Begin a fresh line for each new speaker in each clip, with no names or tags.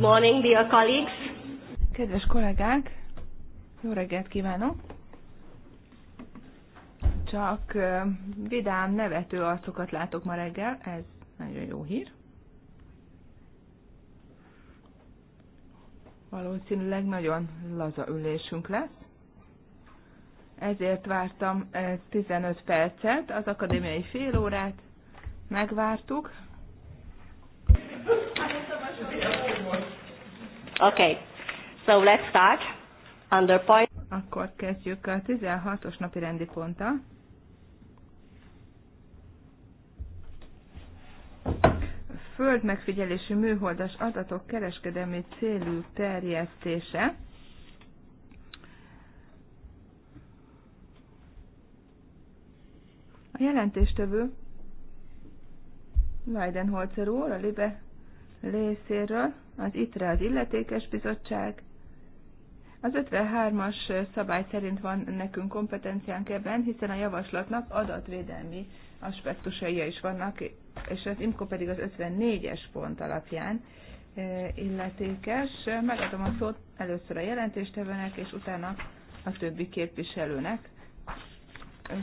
morning, dear colleagues.
Kedves kollégák, jó reggelt kívánok! Csak vidám, nevető arcokat látok ma reggel, ez nagyon jó hír. Valószínűleg nagyon laza ülésünk lesz. Ezért vártam 15 percet, az akadémiai fél órát megvártuk, Okay. So let's start. Under point. Akkor kezdjük a 16-os napi rendi ponttal. Föld megfigyelési műholdas adatok kereskedelmi célú terjesztése. A jelentéstevő Leidenholzer úr, a Libe részéről, az ITRE az illetékes bizottság. Az 53-as szabály szerint van nekünk kompetenciánk ebben, hiszen a javaslatnak adatvédelmi aspektusai is vannak, és az IMCO pedig az 54-es pont alapján eh, illetékes. Megadom a szót először a jelentéstevőnek, és utána a többi képviselőnek.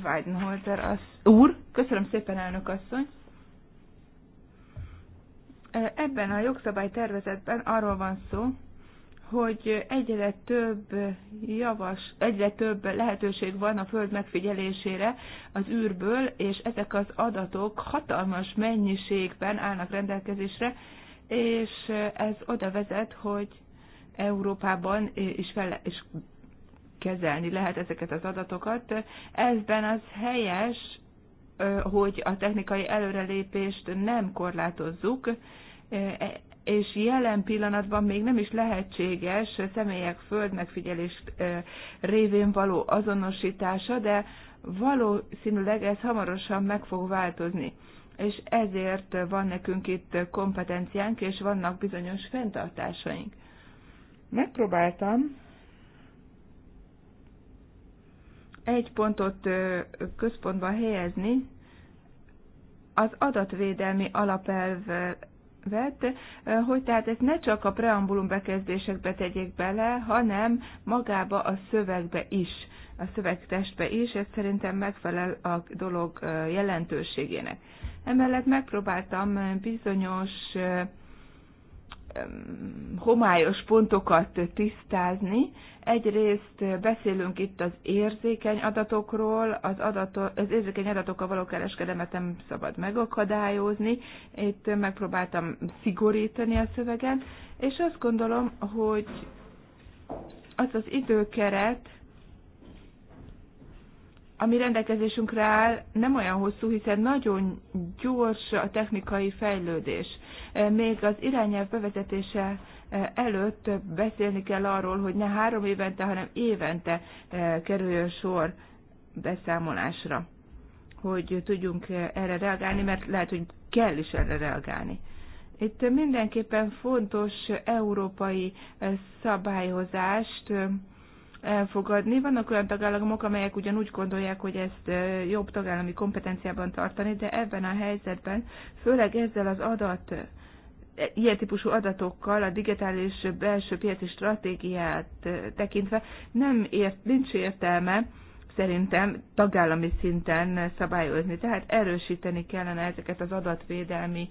Weidenholzer az úr. Köszönöm szépen, elnök asszony. Ebben a jogszabálytervezetben arról van szó, hogy egyre több javas, egyre több lehetőség van a Föld megfigyelésére az űrből, és ezek az adatok hatalmas mennyiségben állnak rendelkezésre, és ez oda vezet, hogy Európában is, fel, is kezelni lehet ezeket az adatokat. Ezben az helyes, hogy a technikai előrelépést nem korlátozzuk, E, és jelen pillanatban még nem is lehetséges személyek földmegfigyelés révén való azonosítása, de valószínűleg ez hamarosan meg fog változni. És ezért van nekünk itt kompetenciánk, és vannak bizonyos fenntartásaink. Megpróbáltam egy pontot központba helyezni, az adatvédelmi alapelv vett, hogy tehát ezt ne csak a preambulum bekezdésekbe tegyék bele, hanem magába a szövegbe is, a szövegtestbe is, ez szerintem megfelel a dolog jelentőségének. Emellett megpróbáltam bizonyos homályos pontokat tisztázni. Egyrészt beszélünk itt az érzékeny adatokról, az, adato- az érzékeny adatokkal való kereskedemet nem szabad megakadályozni. Itt megpróbáltam szigorítani a szövegen, és azt gondolom, hogy az az időkeret, ami rendelkezésünkre áll, nem olyan hosszú, hiszen nagyon gyors a technikai fejlődés. E, még az irányelv bevezetése e, előtt beszélni kell arról, hogy ne három évente, hanem évente e, kerüljön sor beszámolásra, hogy tudjunk erre reagálni, mert lehet, hogy kell is erre reagálni. Itt mindenképpen fontos európai szabályozást elfogadni. Vannak olyan tagállamok, amelyek ugyanúgy gondolják, hogy ezt jobb tagállami kompetenciában tartani, de ebben a helyzetben, főleg ezzel az adat, e, ilyen típusú adatokkal a digitális belső piaci stratégiát tekintve nem ért, nincs értelme szerintem tagállami szinten szabályozni. Tehát erősíteni kellene ezeket az adatvédelmi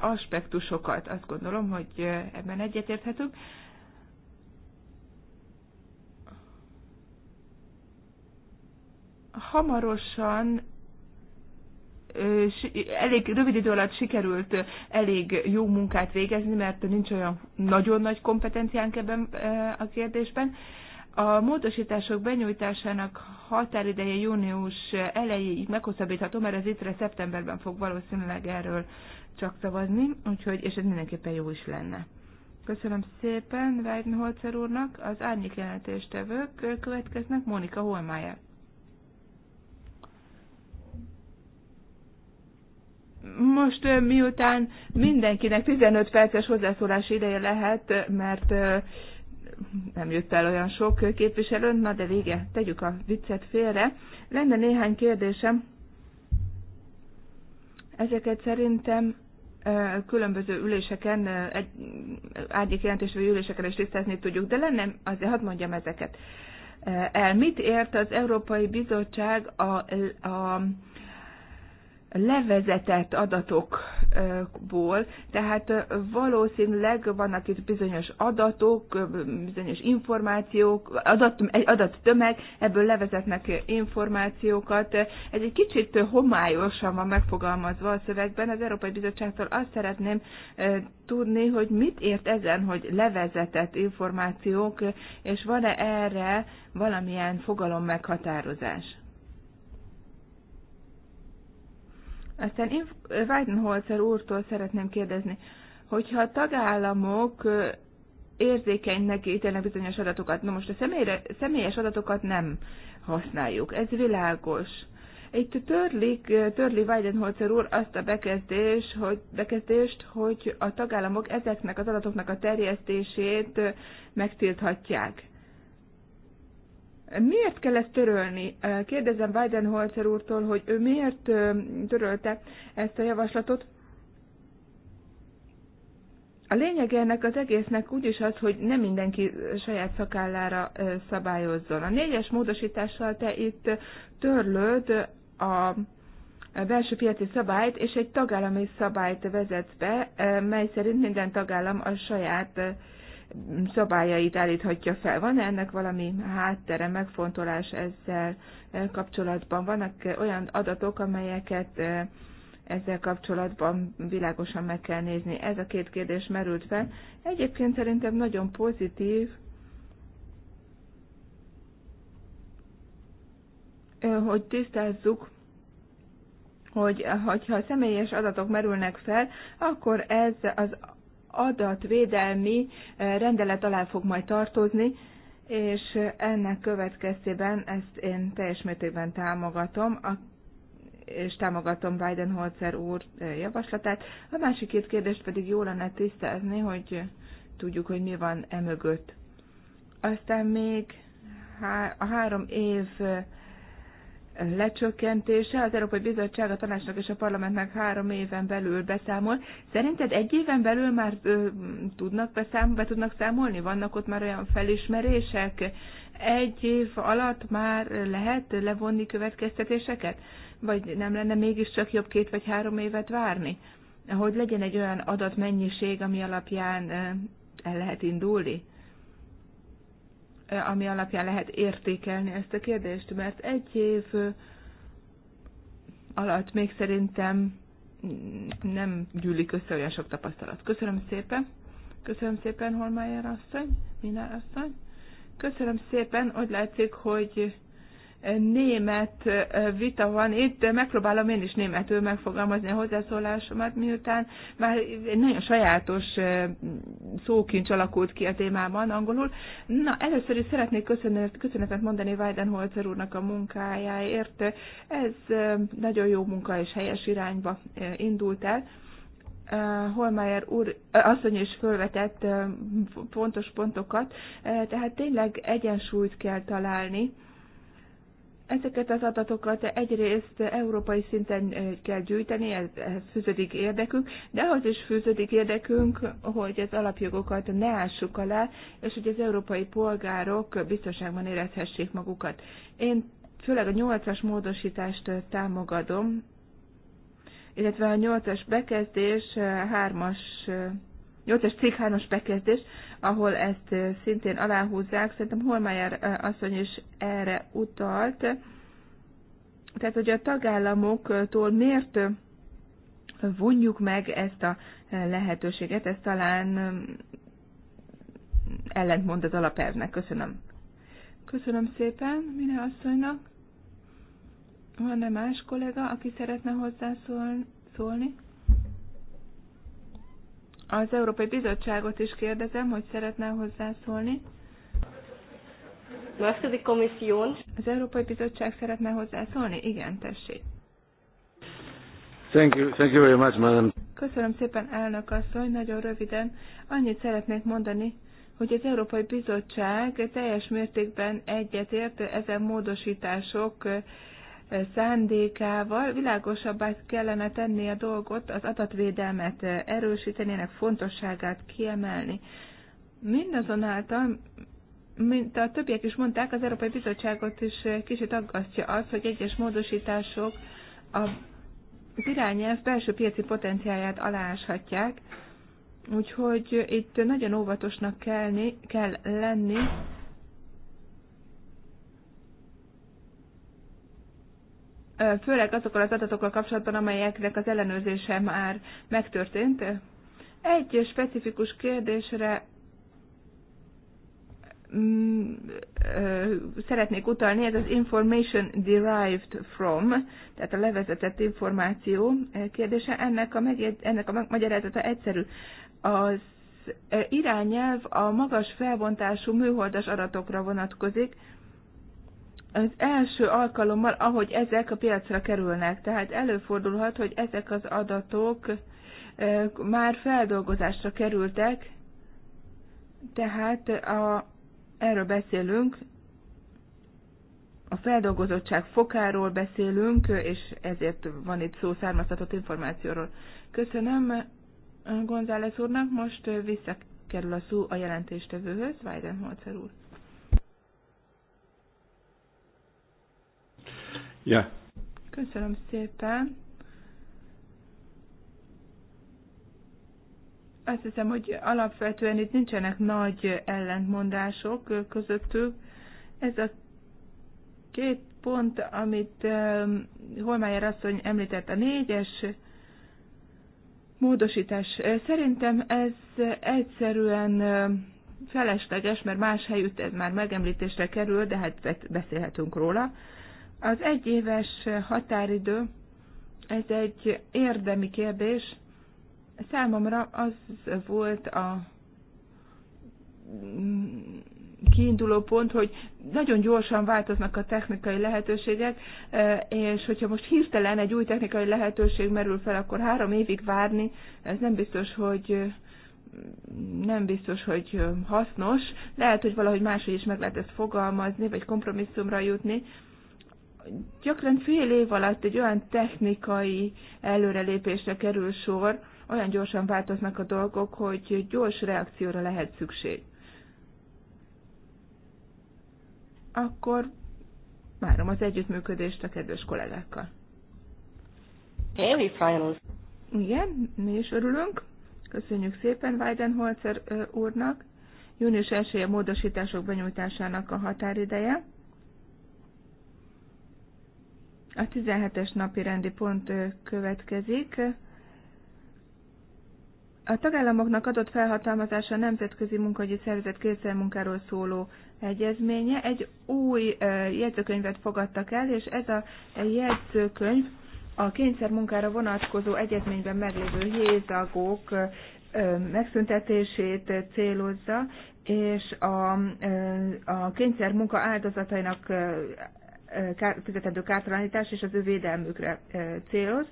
aspektusokat. Azt gondolom, hogy ebben egyetérthetünk. hamarosan elég rövid idő alatt sikerült elég jó munkát végezni, mert nincs olyan nagyon nagy kompetenciánk ebben a kérdésben. A módosítások benyújtásának határideje június elejéig meghosszabbítható, mert az ITRE szeptemberben fog valószínűleg erről csak szavazni, úgyhogy, és ez mindenképpen jó is lenne. Köszönöm szépen Weidenholzer úrnak, az árnyék jelentéstevők következnek, Mónika Holmájer. Most miután mindenkinek 15 perces hozzászólási ideje lehet, mert nem jött el olyan sok képviselő, na de vége, tegyük a viccet félre. Lenne néhány kérdésem. Ezeket szerintem különböző üléseken, egy, árnyék üléseken is tisztázni tudjuk, de lenne, azért hadd mondjam ezeket el. Mit ért az Európai Bizottság a, a levezetett adatokból, tehát valószínűleg vannak itt bizonyos adatok, bizonyos információk, adat, egy adattömeg, ebből levezetnek információkat. Ez egy kicsit homályosan van megfogalmazva a szövegben. Az Európai Bizottságtól azt szeretném e, tudni, hogy mit ért ezen, hogy levezetett információk, és van-e erre valamilyen fogalom meghatározás. Aztán Weidenholzer úrtól szeretném kérdezni, hogyha a tagállamok érzékenynek ítélnek bizonyos adatokat, na most a személyre, személyes adatokat nem használjuk, ez világos. Itt törlik, törli Weidenholzer úr azt a bekezdés, hogy, bekezdést, hogy a tagállamok ezeknek az adatoknak a terjesztését megtilthatják. Miért kell ezt törölni? Kérdezem Weidenholzer úrtól, hogy ő miért törölte ezt a javaslatot. A lényeg ennek az egésznek úgyis az, hogy nem mindenki saját szakállára szabályozzon. A négyes módosítással te itt törlöd a belső piaci szabályt és egy tagállami szabályt vezetsz be, mely szerint minden tagállam a saját szabályait állíthatja fel. Van-e ennek valami háttere, megfontolás ezzel eh, kapcsolatban? Vannak eh, olyan adatok, amelyeket eh, ezzel kapcsolatban világosan meg kell nézni. Ez a két kérdés merült fel. Egyébként szerintem nagyon pozitív, hogy tisztázzuk, hogy ha személyes adatok merülnek fel, akkor ez az adatvédelmi eh, rendelet alá fog majd tartozni, és ennek következtében ezt én teljes mértékben támogatom, a, és támogatom Holzer úr eh, javaslatát. A másik két kérdést pedig jó lenne tisztázni, hogy tudjuk, hogy mi van emögött. Aztán még a három év eh, lecsökkentése. Az Európai Bizottság a tanácsnak és a parlamentnek három éven belül beszámol. Szerinted egy éven belül már ö, tudnak beszám, be tudnak számolni? Vannak ott már olyan felismerések? Egy év alatt már lehet levonni következtetéseket? Vagy nem lenne mégiscsak jobb két vagy három évet várni? Hogy legyen egy olyan adatmennyiség, ami alapján el lehet indulni? ami alapján lehet értékelni ezt a kérdést, mert egy év alatt még szerintem nem gyűlik össze olyan sok tapasztalat. Köszönöm szépen. Köszönöm szépen, Holmeyer asszony, Minár asszony. Köszönöm szépen, hogy látszik, hogy német vita van itt, megpróbálom én is németül megfogalmazni a hozzászólásomat, miután már egy nagyon sajátos szókincs alakult ki a témában angolul. Na, először is szeretnék köszönet, köszönetet mondani Weidenholzer úrnak a munkájáért. Ez nagyon jó munka és helyes irányba indult el. Holmeyer úr asszony is fölvetett fontos pontokat, tehát tényleg egyensúlyt kell találni Ezeket az adatokat egyrészt európai szinten kell gyűjteni, ehhez fűződik érdekünk, de ahhoz is fűződik érdekünk, hogy az alapjogokat ne ássuk alá, és hogy az európai polgárok biztonságban érezhessék magukat. Én főleg a 8-as módosítást támogatom, illetve a 8-as bekezdés, 3-as, 8-as cikk 3-as bekezdés, ahol ezt szintén aláhúzzák. Szerintem Holmeyer asszony is erre utalt. Tehát, hogy a tagállamoktól miért vonjuk meg ezt a lehetőséget, ez talán ellentmond az alapelvnek. Köszönöm. Köszönöm szépen Mine asszonynak. Van-e más kollega, aki szeretne hozzászólni? Az Európai Bizottságot is kérdezem, hogy szeretne hozzászólni. Möchte die Az Európai Bizottság szeretne hozzászólni? Igen, tessék.
Thank you, thank you very much, madam.
Köszönöm szépen, elnök asszony, nagyon röviden. Annyit szeretnék mondani, hogy az Európai Bizottság teljes mértékben egyetért ezen módosítások szándékával világosabbá kellene tenni a dolgot, az adatvédelmet erősíteni, ennek fontosságát kiemelni. Mindazonáltal, mint a többiek is mondták, az Európai Bizottságot is kicsit aggasztja az, hogy egyes módosítások a az irányelv belső piaci potenciáját aláshatják, úgyhogy itt nagyon óvatosnak kell lenni, főleg azokkal az adatokkal kapcsolatban, amelyeknek az ellenőrzése már megtörtént. Egy specifikus kérdésre mm, szeretnék utalni, ez az information derived from, tehát a levezetett információ kérdése. Ennek a, megér- ennek a magyarázata egyszerű. Az irányelv a magas felbontású műholdas adatokra vonatkozik, az első alkalommal, ahogy ezek a piacra kerülnek. Tehát előfordulhat, hogy ezek az adatok már feldolgozásra kerültek, tehát a, erről beszélünk, a feldolgozottság fokáról beszélünk, és ezért van itt szó származtatott információról. Köszönöm González úrnak, most visszakerül a szó a jelentéstevőhöz, Weidenholzer úr. Yeah. Köszönöm szépen. Azt hiszem, hogy alapvetően itt nincsenek nagy ellentmondások közöttük. Ez a két pont, amit um, Holmájer asszony említett, a négyes módosítás. Szerintem ez egyszerűen um, felesleges, mert más helyütt ez már megemlítésre kerül, de hát beszélhetünk róla. Az egyéves határidő, ez egy érdemi kérdés. Számomra az volt a kiinduló pont, hogy nagyon gyorsan változnak a technikai lehetőségek, és hogyha most hirtelen egy új technikai lehetőség merül fel, akkor három évig várni, ez nem biztos, hogy nem biztos, hogy hasznos. Lehet, hogy valahogy máshogy is meg lehet ezt fogalmazni, vagy kompromisszumra jutni gyakran fél év alatt egy olyan technikai előrelépésre kerül sor, olyan gyorsan változnak a dolgok, hogy gyors reakcióra lehet szükség. Akkor várom az együttműködést a kedves kollégákkal.
Haley Finals.
Igen, mi is örülünk. Köszönjük szépen Weidenholzer úrnak. Június 1 a módosítások benyújtásának a határideje. A 17-es napi rendi pont következik. A tagállamoknak adott felhatalmazása a Nemzetközi Munkahogyi Szervezet kétszermunkáról szóló egyezménye. Egy új jegyzőkönyvet fogadtak el, és ez a jegyzőkönyv a kényszermunkára vonatkozó egyezményben meglévő hézagok megszüntetését célozza, és a, a kényszermunka áldozatainak fizetendő kártalanítás és az ő védelmükre céloz.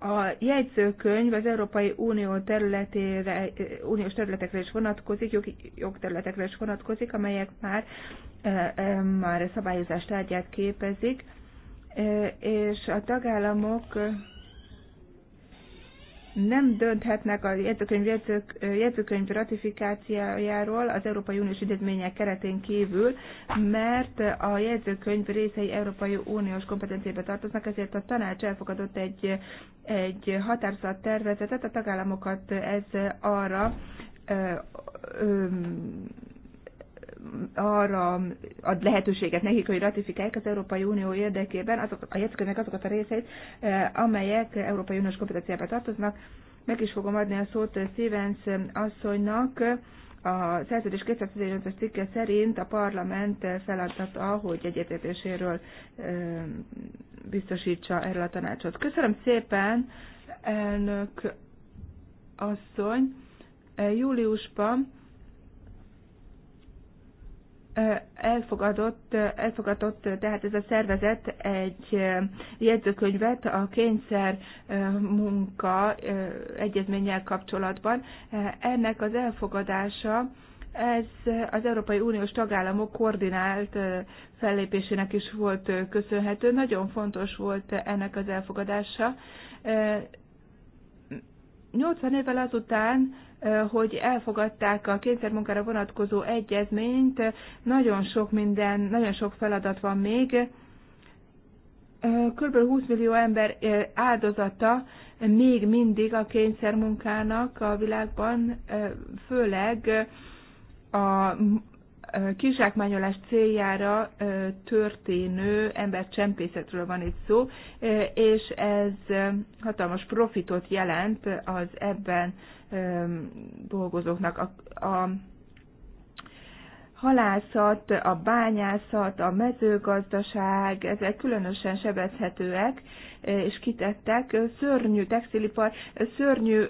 A jegyzőkönyv az Európai Unió területére, uniós területekre is vonatkozik, jog, jogterületekre is vonatkozik, amelyek már, már szabályozást tárgyát képezik, és a tagállamok nem dönthetnek a jegyzőkönyv, jegyzőkönyv ratifikációjáról az Európai Uniós intézmények keretén kívül, mert a jegyzőkönyv részei Európai Uniós kompetenciába tartoznak, ezért a tanács elfogadott egy, egy határozat tervezetet, a tagállamokat ez arra ö, ö, arra ad lehetőséget nekik, hogy ratifikálják az Európai Unió érdekében azok, a jegyzőkönyvnek azokat a részeit, eh, amelyek Európai Uniós kompetenciába tartoznak. Meg is fogom adni a szót Stevens asszonynak. A szerződés 215-es cikke szerint a parlament feladata, hogy egyetértéséről eh, biztosítsa erről a tanácsot. Köszönöm szépen, elnök asszony. Eh, júliusban elfogadott, elfogadott tehát ez a szervezet egy jegyzőkönyvet a kényszer munka egyezménnyel kapcsolatban. Ennek az elfogadása ez az Európai Uniós tagállamok koordinált fellépésének is volt köszönhető. Nagyon fontos volt ennek az elfogadása 80 évvel azután, hogy elfogadták a kényszermunkára vonatkozó egyezményt, nagyon sok minden, nagyon sok feladat van még. Kb. 20 millió ember áldozata még mindig a kényszermunkának a világban, főleg a kizsákmányolás céljára történő embercsempészetről van itt szó, és ez hatalmas profitot jelent az ebben dolgozóknak. A, a halászat, a bányászat, a mezőgazdaság, ezek különösen sebezhetőek és kitettek. Szörnyű textilipar, szörnyű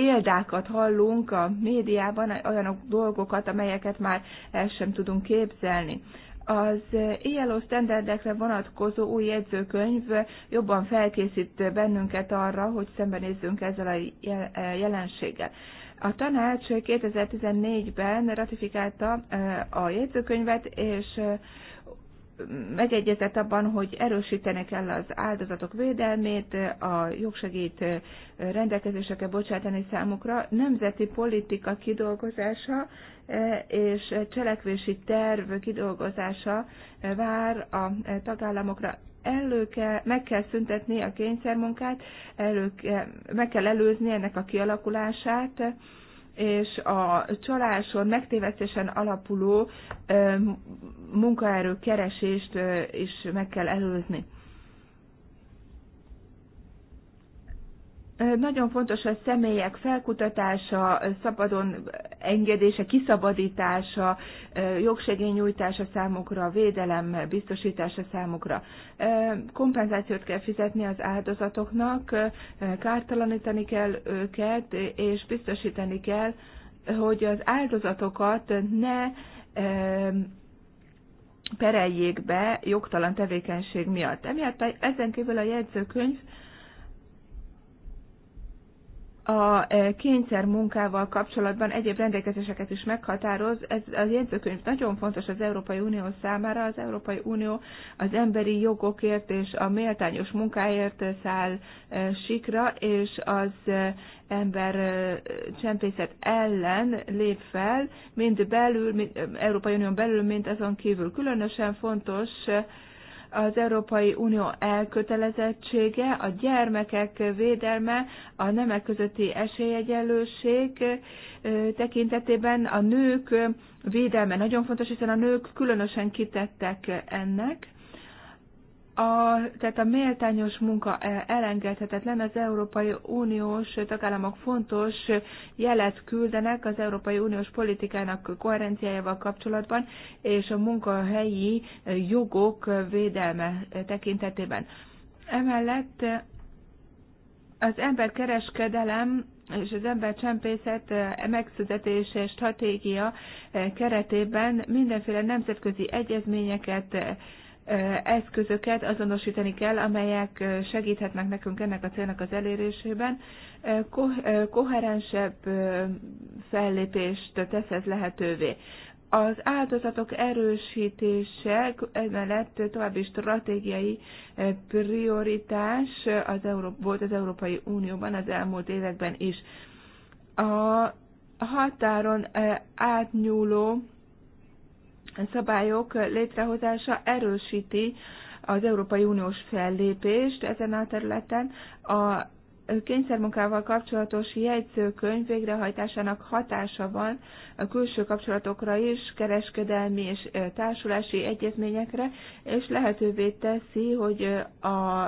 példákat hallunk a médiában, olyan dolgokat, amelyeket már el sem tudunk képzelni. Az ILO standardekre vonatkozó új jegyzőkönyv jobban felkészít bennünket arra, hogy szembenézzünk ezzel a jelenséggel. A tanács 2014-ben ratifikálta a jegyzőkönyvet, és megegyezett abban, hogy erősíteni kell az áldozatok védelmét, a jogsegít rendelkezésekkel bocsátani számukra, nemzeti politika kidolgozása e, és cselekvési terv kidolgozása vár a tagállamokra. Elő kell, meg kell szüntetni a kényszermunkát, elő kell, meg kell előzni ennek a kialakulását, és a csaláson, megtévesztésen alapuló munkaerő keresést is meg kell előzni. Nagyon fontos a személyek felkutatása, szabadon engedése, kiszabadítása, jogsegényújtása számukra, védelem biztosítása számukra. Kompenzációt kell fizetni az áldozatoknak, kártalanítani kell őket, és biztosítani kell, hogy az áldozatokat ne pereljék be jogtalan tevékenység miatt. Emiatt ezen kívül a jegyzőkönyv a e, kényszer munkával kapcsolatban egyéb rendelkezéseket is meghatároz. Ez a jegyzőkönyv nagyon fontos az Európai Unió számára. Az Európai Unió az emberi jogokért és a méltányos munkáért száll e, sikra, és az e, ember csempészet ellen lép fel, mind belül, mind Európai Unión belül, mint azon kívül. Különösen fontos az Európai Unió elkötelezettsége, a gyermekek védelme, a nemek közötti esélyegyenlőség tekintetében a nők védelme nagyon fontos, hiszen a nők különösen kitettek ennek a, tehát a méltányos munka e, elengedhetetlen, az Európai Uniós tagállamok fontos jelet küldenek az Európai Uniós politikának koherenciájával kapcsolatban, és a munkahelyi jogok védelme tekintetében. Emellett az emberkereskedelem és az embercsempészet e, megszüzetése stratégia e, keretében mindenféle nemzetközi egyezményeket eszközöket azonosítani kell, amelyek segíthetnek nekünk ennek a célnak az elérésében. Koherensebb fellépést tesz ez lehetővé. Az áldozatok erősítése emellett további stratégiai prioritás az Euró- volt az Európai Unióban az elmúlt években is. A határon átnyúló szabályok létrehozása erősíti az Európai Uniós fellépést ezen a területen. A kényszermunkával kapcsolatos jegyzőkönyv végrehajtásának hatása van a külső kapcsolatokra is, kereskedelmi és társulási egyezményekre, és lehetővé teszi, hogy a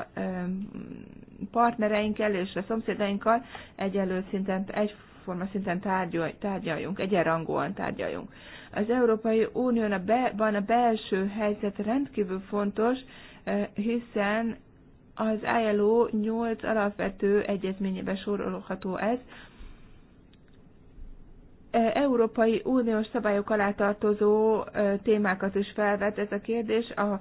partnereinkkel és a szomszédainkkal egyelő szinten egy egyforma szinten tárgyal, tárgyaljunk, egyenrangúan tárgyaljunk. Az Európai Unión a be, a belső helyzet rendkívül fontos, eh, hiszen az ILO 8 alapvető egyezményébe sorolható ez, e, Európai Uniós szabályok alá tartozó eh, témákat is felvet ez a kérdés. A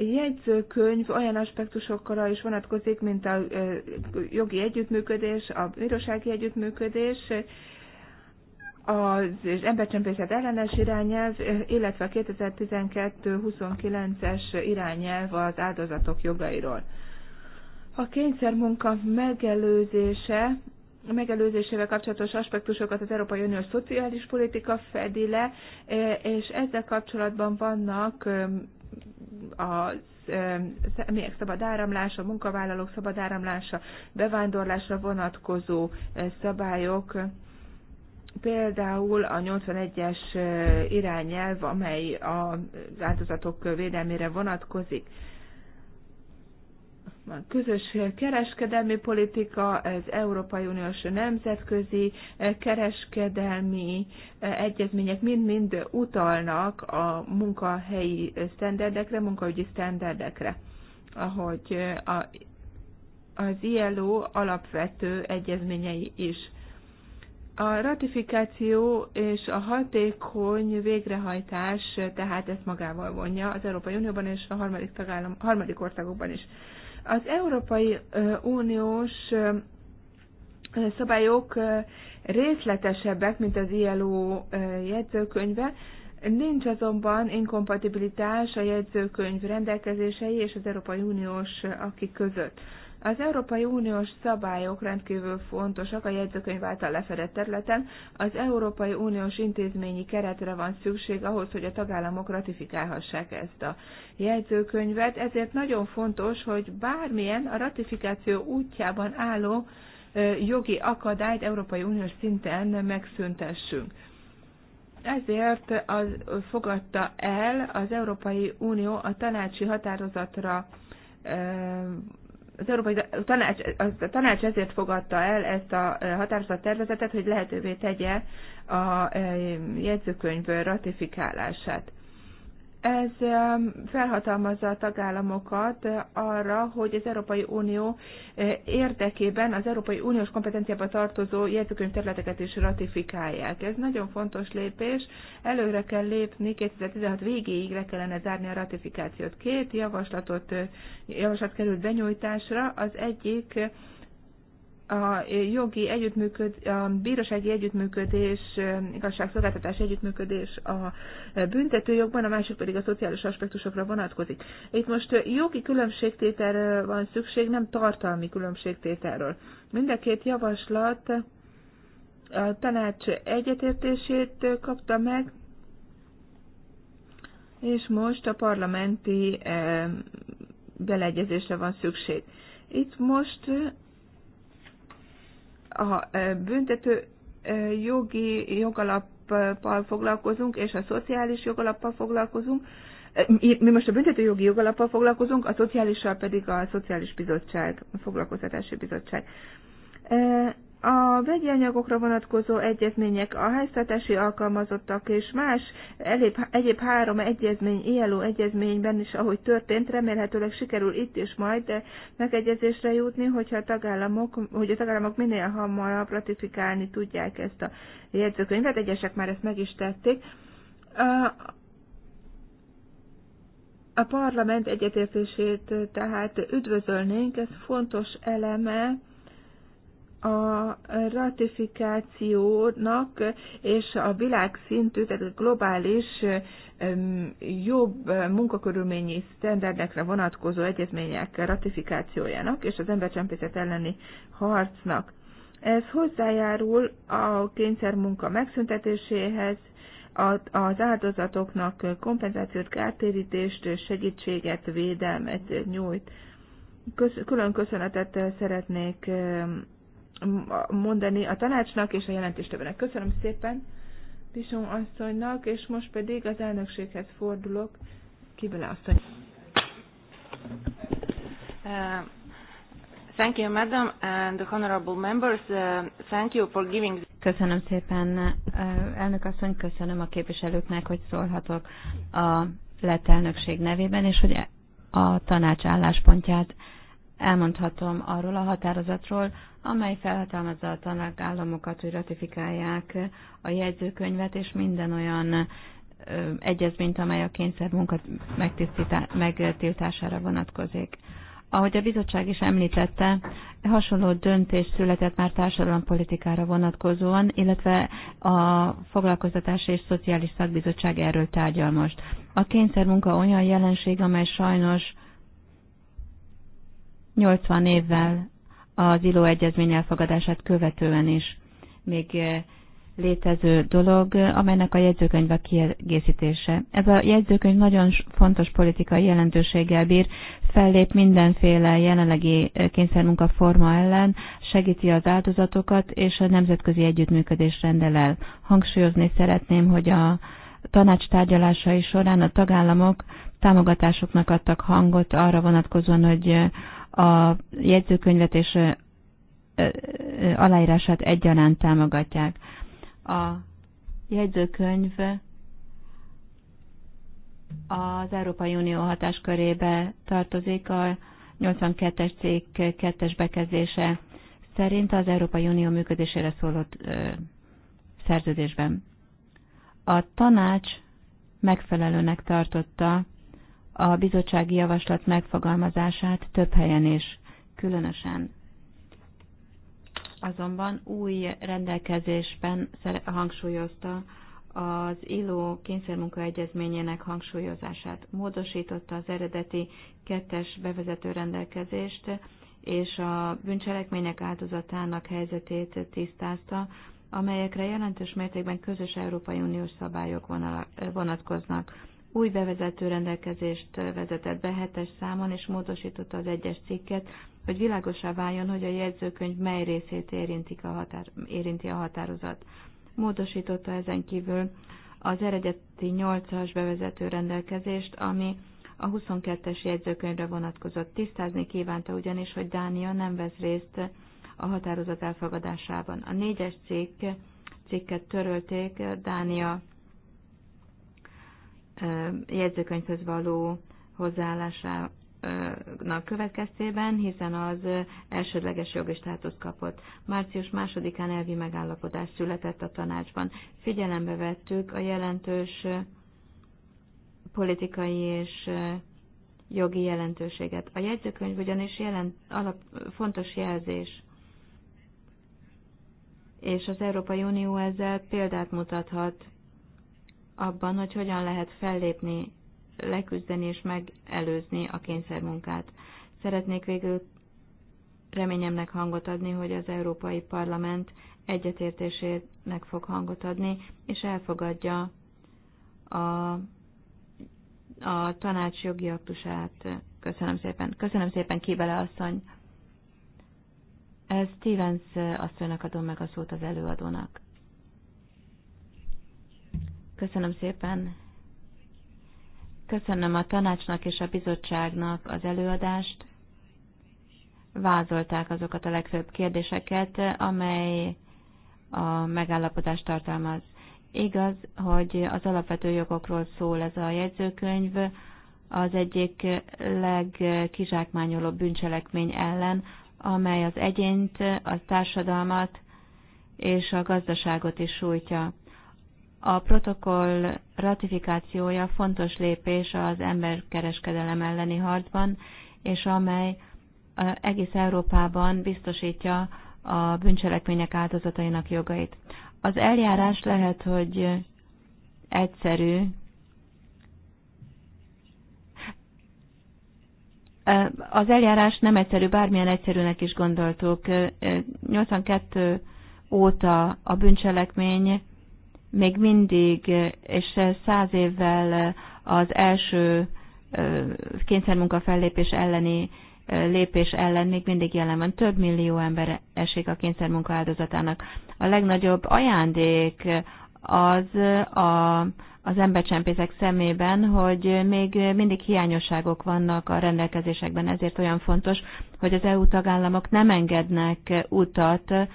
jegyzőkönyv olyan aspektusokra is vonatkozik, mint a jogi együttműködés, a bírósági együttműködés, az embercsempészet ellenes irányelv, illetve a 2012-29-es irányelv az áldozatok jogairól. A kényszermunka megelőzése megelőzésével kapcsolatos aspektusokat az Európai Unió Szociális Politika fedi le, és ezzel kapcsolatban vannak a személyek szabad áramlása, munkavállalók szabad áramlása, bevándorlásra vonatkozó szabályok, például a 81-es irányelv, amely az áldozatok védelmére vonatkozik. Van közös kereskedelmi politika, az Európai Uniós nemzetközi eh, kereskedelmi eh, egyezmények mind-mind utalnak a munkahelyi sztenderdekre, munkaügyi sztenderdekre, ahogy eh, a, az ILO alapvető egyezményei is. A ratifikáció és a hatékony végrehajtás tehát ezt magával vonja az Európai Unióban és a harmadik, tagállam, harmadik országokban is. Az Európai Uniós szabályok részletesebbek, mint az ILO jegyzőkönyve, nincs azonban inkompatibilitás a jegyzőkönyv rendelkezései és az Európai Uniós akik között. Az Európai Uniós szabályok rendkívül fontosak a jegyzőkönyv által lefedett területen. Az Európai Uniós intézményi keretre van szükség ahhoz, hogy a tagállamok ratifikálhassák ezt a jegyzőkönyvet. Ezért nagyon fontos, hogy bármilyen a ratifikáció útjában álló jogi akadályt Európai Uniós szinten megszüntessünk. Ezért az, fogadta el az Európai Unió a tanácsi határozatra az Európai Tanács, a tanács ezért fogadta el ezt a eh, tervezetet, hogy lehetővé tegye a eh, jegyzőkönyv ratifikálását. Ez felhatalmazza a tagállamokat arra, hogy az Európai Unió eh, érdekében az Európai Uniós kompetenciába tartozó jegyzőkönyv területeket is ratifikálják. Ez nagyon fontos lépés. Előre kell lépni, 2016 végéig le kellene zárni a ratifikációt. Két javaslatot, eh, javaslat került benyújtásra. Az egyik a jogi együttműköd, a bírósági együttműködés, igazságszolgáltatás együttműködés a büntetőjogban, a másik pedig a szociális aspektusokra vonatkozik. Itt most jogi különbségtételről van szükség, nem tartalmi különbségtételről. Mind a két javaslat a tanács egyetértését kapta meg, és most a parlamenti beleegyezésre van szükség. Itt most a büntető jogi jogalappal foglalkozunk, és a szociális jogalappal foglalkozunk. Mi most a büntető jogi jogalappal foglalkozunk, a szociálissal pedig a Szociális Bizottság, a Foglalkoztatási Bizottság. A vegyi anyagokra vonatkozó egyezmények, a háztartási alkalmazottak és más elébb, egyéb három egyezmény, ILO egyezményben is, ahogy történt, remélhetőleg sikerül itt is majd megegyezésre jutni, hogyha a tagállamok, hogy a tagállamok minél hamarabb ratifikálni tudják ezt a jegyzőkönyvet, egyesek már ezt meg is tették. A parlament egyetértését tehát üdvözölnénk, ez fontos eleme a ratifikációnak és a világszintű, tehát a globális jobb munkakörülményi sztenderdekre vonatkozó egyezmények ratifikációjának és az embercsempészet elleni harcnak. Ez hozzájárul a kényszermunka megszüntetéséhez, az áldozatoknak kompenzációt, kártérítést, segítséget, védelmet nyújt. Külön köszönetet szeretnék mondani a tanácsnak és a jelentéstevőnek. Köszönöm szépen Pison asszonynak, és most pedig az elnökséghez fordulok. Kibele asszony. Uh, thank you, madam, and honorable members. Uh, thank you
for giving... Köszönöm szépen, uh, elnök asszony, köszönöm a képviselőknek, hogy szólhatok a lett elnökség nevében, és hogy a tanács álláspontját elmondhatom arról a határozatról, amely felhatalmazza a tagállamokat, hogy ratifikálják a jegyzőkönyvet és minden olyan egyezményt, amely a kényszer munka megtiltására vonatkozik. Ahogy a bizottság is említette, hasonló döntés született már társadalompolitikára vonatkozóan, illetve a foglalkoztatási és szociális szakbizottság erről tárgyal most. A munka olyan jelenség, amely sajnos 80 évvel az ILO egyezmény elfogadását követően is még eh, létező dolog, amelynek a jegyzőkönyv a kiegészítése. Ez a jegyzőkönyv nagyon fontos politikai jelentőséggel bír, fellép mindenféle jelenlegi eh, kényszermunkaforma ellen, segíti az áldozatokat, és a nemzetközi együttműködés rendel el. Hangsúlyozni szeretném, hogy a tanács tárgyalásai során a tagállamok támogatásoknak adtak hangot arra vonatkozóan, hogy eh, a jegyzőkönyvet és aláírását egyaránt támogatják. A jegyzőkönyv az Európai Unió hatáskörébe tartozik a 82-es cikk 2 bekezdése szerint az Európai Unió működésére szóló szerződésben. A tanács megfelelőnek tartotta a bizottsági javaslat megfogalmazását több helyen is, különösen. Azonban új rendelkezésben hangsúlyozta az ILO kényszermunkaegyezményének hangsúlyozását. Módosította az eredeti kettes bevezető rendelkezést, és a bűncselekmények áldozatának helyzetét tisztázta, amelyekre jelentős mértékben közös Európai Uniós szabályok vonatkoznak új bevezető rendelkezést vezetett be hetes számon, és módosította az egyes cikket, hogy világosá váljon, hogy a jegyzőkönyv mely részét érintik a határ, érinti a határozat. Módosította ezen kívül az eredeti 8-as bevezető rendelkezést, ami a 22-es jegyzőkönyvre vonatkozott. Tisztázni kívánta ugyanis, hogy Dánia nem vesz részt a határozat elfogadásában. A 4-es cikk, cikket törölték, Dánia jegyzőkönyvhöz való hozzáállásának következtében, hiszen az elsődleges jogi státuszt kapott. Március másodikán elvi megállapodás született a tanácsban. Figyelembe vettük a jelentős politikai és jogi jelentőséget. A jegyzőkönyv ugyanis jelent, alap, fontos jelzés, és az Európai Unió ezzel példát mutathat abban, hogy hogyan lehet fellépni, leküzdeni és megelőzni a kényszermunkát. Szeretnék végül reményemnek hangot adni, hogy az Európai Parlament egyetértésének fog hangot adni, és elfogadja a, a tanács jogi aktusát. Köszönöm szépen. Köszönöm szépen, Kibele asszony. Stevens asszonynak adom meg a szót az előadónak. Köszönöm szépen. Köszönöm a tanácsnak és a bizottságnak az előadást. Vázolták azokat a legfőbb kérdéseket, amely a megállapodást tartalmaz. Igaz, hogy az alapvető jogokról szól ez a jegyzőkönyv, az egyik legkizsákmányolóbb bűncselekmény ellen, amely az egyént, a társadalmat és a gazdaságot is sújtja. A protokoll ratifikációja fontos lépés az emberkereskedelem elleni harcban, és amely egész Európában biztosítja a bűncselekmények áldozatainak jogait. Az eljárás lehet, hogy egyszerű, Az eljárás nem egyszerű, bármilyen egyszerűnek is gondoltuk. 82 óta a bűncselekmény még mindig, és száz évvel az első kényszermunka fellépés elleni lépés ellen még mindig jelen van. Több millió ember esik a kényszermunka áldozatának. A legnagyobb ajándék az a, az embercsempészek szemében, hogy még mindig hiányosságok vannak a rendelkezésekben, ezért olyan fontos, hogy az EU tagállamok nem engednek utat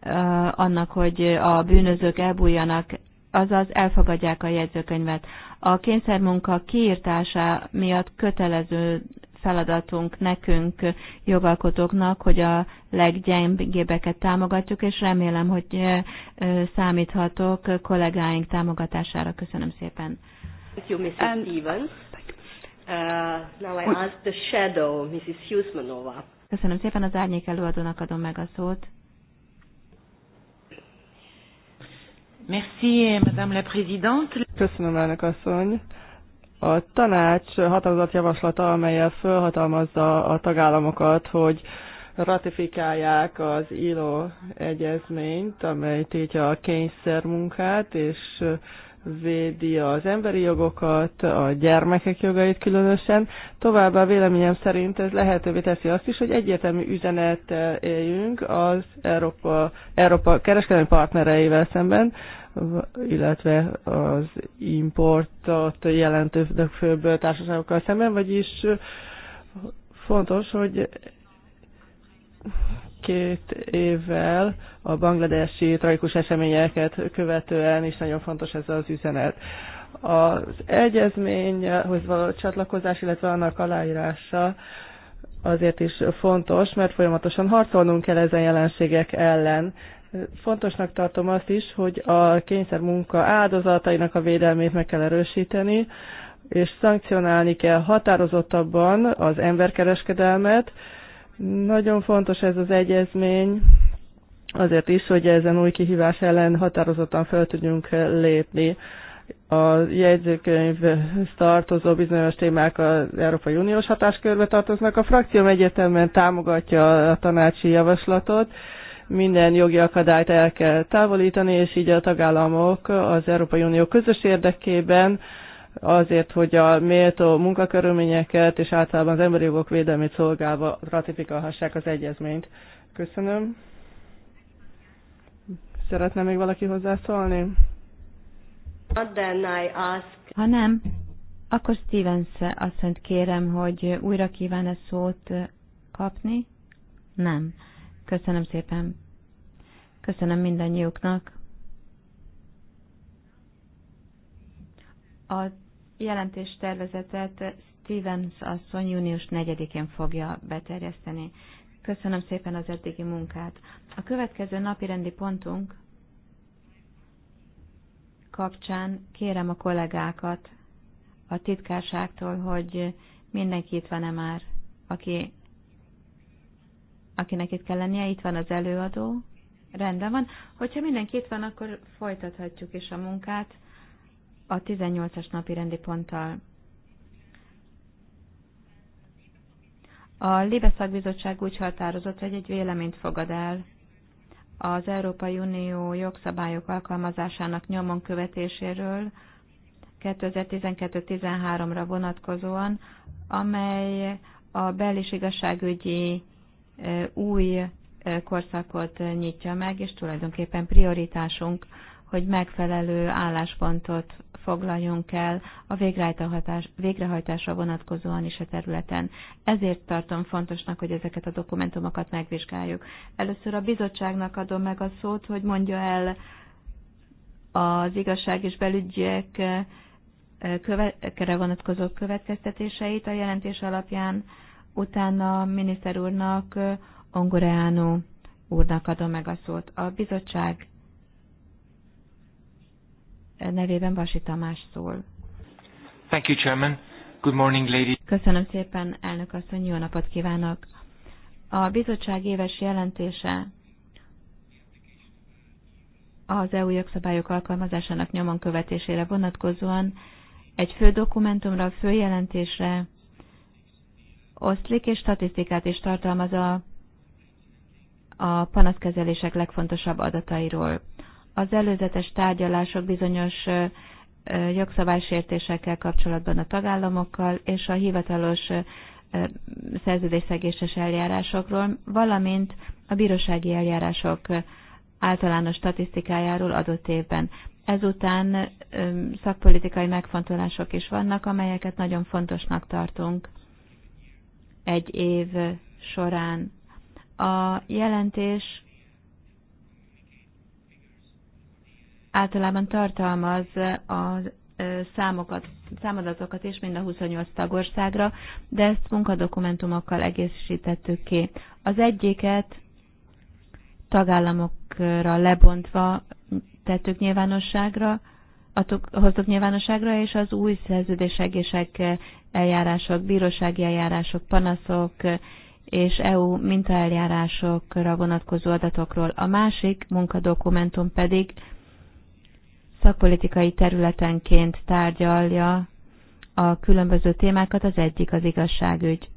Eh, annak, hogy a bűnözők elbújjanak, azaz elfogadják a jegyzőkönyvet. A kényszermunka kiírtása miatt kötelező feladatunk nekünk, jogalkotóknak, hogy a leggyengébbeket támogatjuk, és remélem, hogy eh, eh, számíthatok kollégáink támogatására. Köszönöm szépen. Thank you, Mrs. Stevens. Uh, now I ask the shadow, Mrs. Köszönöm szépen, az árnyék előadónak adom meg a szót.
Merci, Madame la Présidente.
Köszönöm, elnök asszony.
A tanács határozatjavaslata, amelyel felhatalmazza a tagállamokat, hogy ratifikálják az ILO egyezményt, amely tétje a kényszermunkát, és védi az emberi jogokat, a gyermekek jogait különösen. Továbbá véleményem szerint ez lehetővé teszi azt is, hogy egyértelmű üzenet éljünk az Európa, Európa kereskedelmi partnereivel szemben, illetve az importot jelentő főbb társaságokkal szemben, vagyis fontos, hogy két évvel a bangladesi tragikus eseményeket követően is nagyon fontos ez az üzenet. Az egyezményhez való csatlakozás, illetve annak aláírása azért is fontos, mert folyamatosan harcolnunk kell ezen jelenségek ellen. Fontosnak tartom azt is, hogy a kényszermunka áldozatainak a védelmét meg kell erősíteni, és szankcionálni kell határozottabban az emberkereskedelmet. Nagyon fontos ez az egyezmény, azért is, hogy ezen új kihívás ellen határozottan fel tudjunk lépni. A jegyzőkönyv tartozó bizonyos témák az Európai Uniós hatáskörbe tartoznak. A frakcióm egyetemben támogatja a tanácsi javaslatot, minden jogi akadályt el kell távolítani, és így a tagállamok az Európai Unió közös érdekében azért, hogy a méltó munkakörülményeket és általában az emberi jogok védelmét szolgálva ratifikálhassák az egyezményt. Köszönöm.
Szeretne még valaki hozzászólni? Ha nem, akkor Stevens azt asszonyt kérem, hogy újra kíván-e szót kapni? Nem. Köszönöm szépen. Köszönöm mindannyiuknak. A jelentés tervezetet Stevens asszony június 4-én fogja beterjeszteni. Köszönöm szépen az eddigi munkát. A következő napi rendi pontunk kapcsán kérem a kollégákat a titkárságtól, hogy mindenki itt van-e már, aki akinek itt kell lennie, itt van az előadó. Rendben van. Hogyha mindenki itt van, akkor folytathatjuk is a munkát a 18-as napi rendi ponttal. A Libe szakbizottság úgy határozott, hogy egy véleményt fogad el az Európai Unió jogszabályok alkalmazásának nyomon követéséről 2012-13-ra vonatkozóan, amely a belis igazságügyi új korszakot nyitja meg, és tulajdonképpen prioritásunk, hogy megfelelő álláspontot foglaljunk el a végrehajtásra vonatkozóan is a területen. Ezért tartom fontosnak, hogy ezeket a dokumentumokat megvizsgáljuk. Először a bizottságnak adom meg a szót, hogy mondja el az igazság és belügyek követ, vonatkozó következtetéseit a jelentés alapján utána miniszter úrnak, Ongoreánó úrnak adom meg a szót. A bizottság nevében Vasi Tamás szól.
Thank you, Chairman. Good morning, lady.
Köszönöm szépen, elnök asszony, jó napot kívánok. A bizottság éves jelentése az EU jogszabályok alkalmazásának nyomon követésére vonatkozóan egy fő dokumentumra, fő jelentésre, oszlik, és statisztikát is tartalmaz a, a panaszkezelések legfontosabb adatairól. Az előzetes tárgyalások bizonyos jogszabálysértésekkel kapcsolatban a tagállamokkal és a hivatalos szerződésszegéses eljárásokról, valamint a bírósági eljárások általános statisztikájáról adott évben. Ezután szakpolitikai megfontolások is vannak, amelyeket nagyon fontosnak tartunk egy év során. A jelentés általában tartalmaz a számokat, számadatokat is mind a 28 tagországra, de ezt munkadokumentumokkal egészítettük ki. Az egyiket tagállamokra lebontva tettük nyilvánosságra, adtuk, hoztuk nyilvánosságra, és az új szerződésegések, eh, eljárások, bírósági eljárások, panaszok eh, és EU mintaeljárásokra vonatkozó adatokról. A másik munkadokumentum pedig szakpolitikai területenként tárgyalja a különböző témákat, az egyik az igazságügy.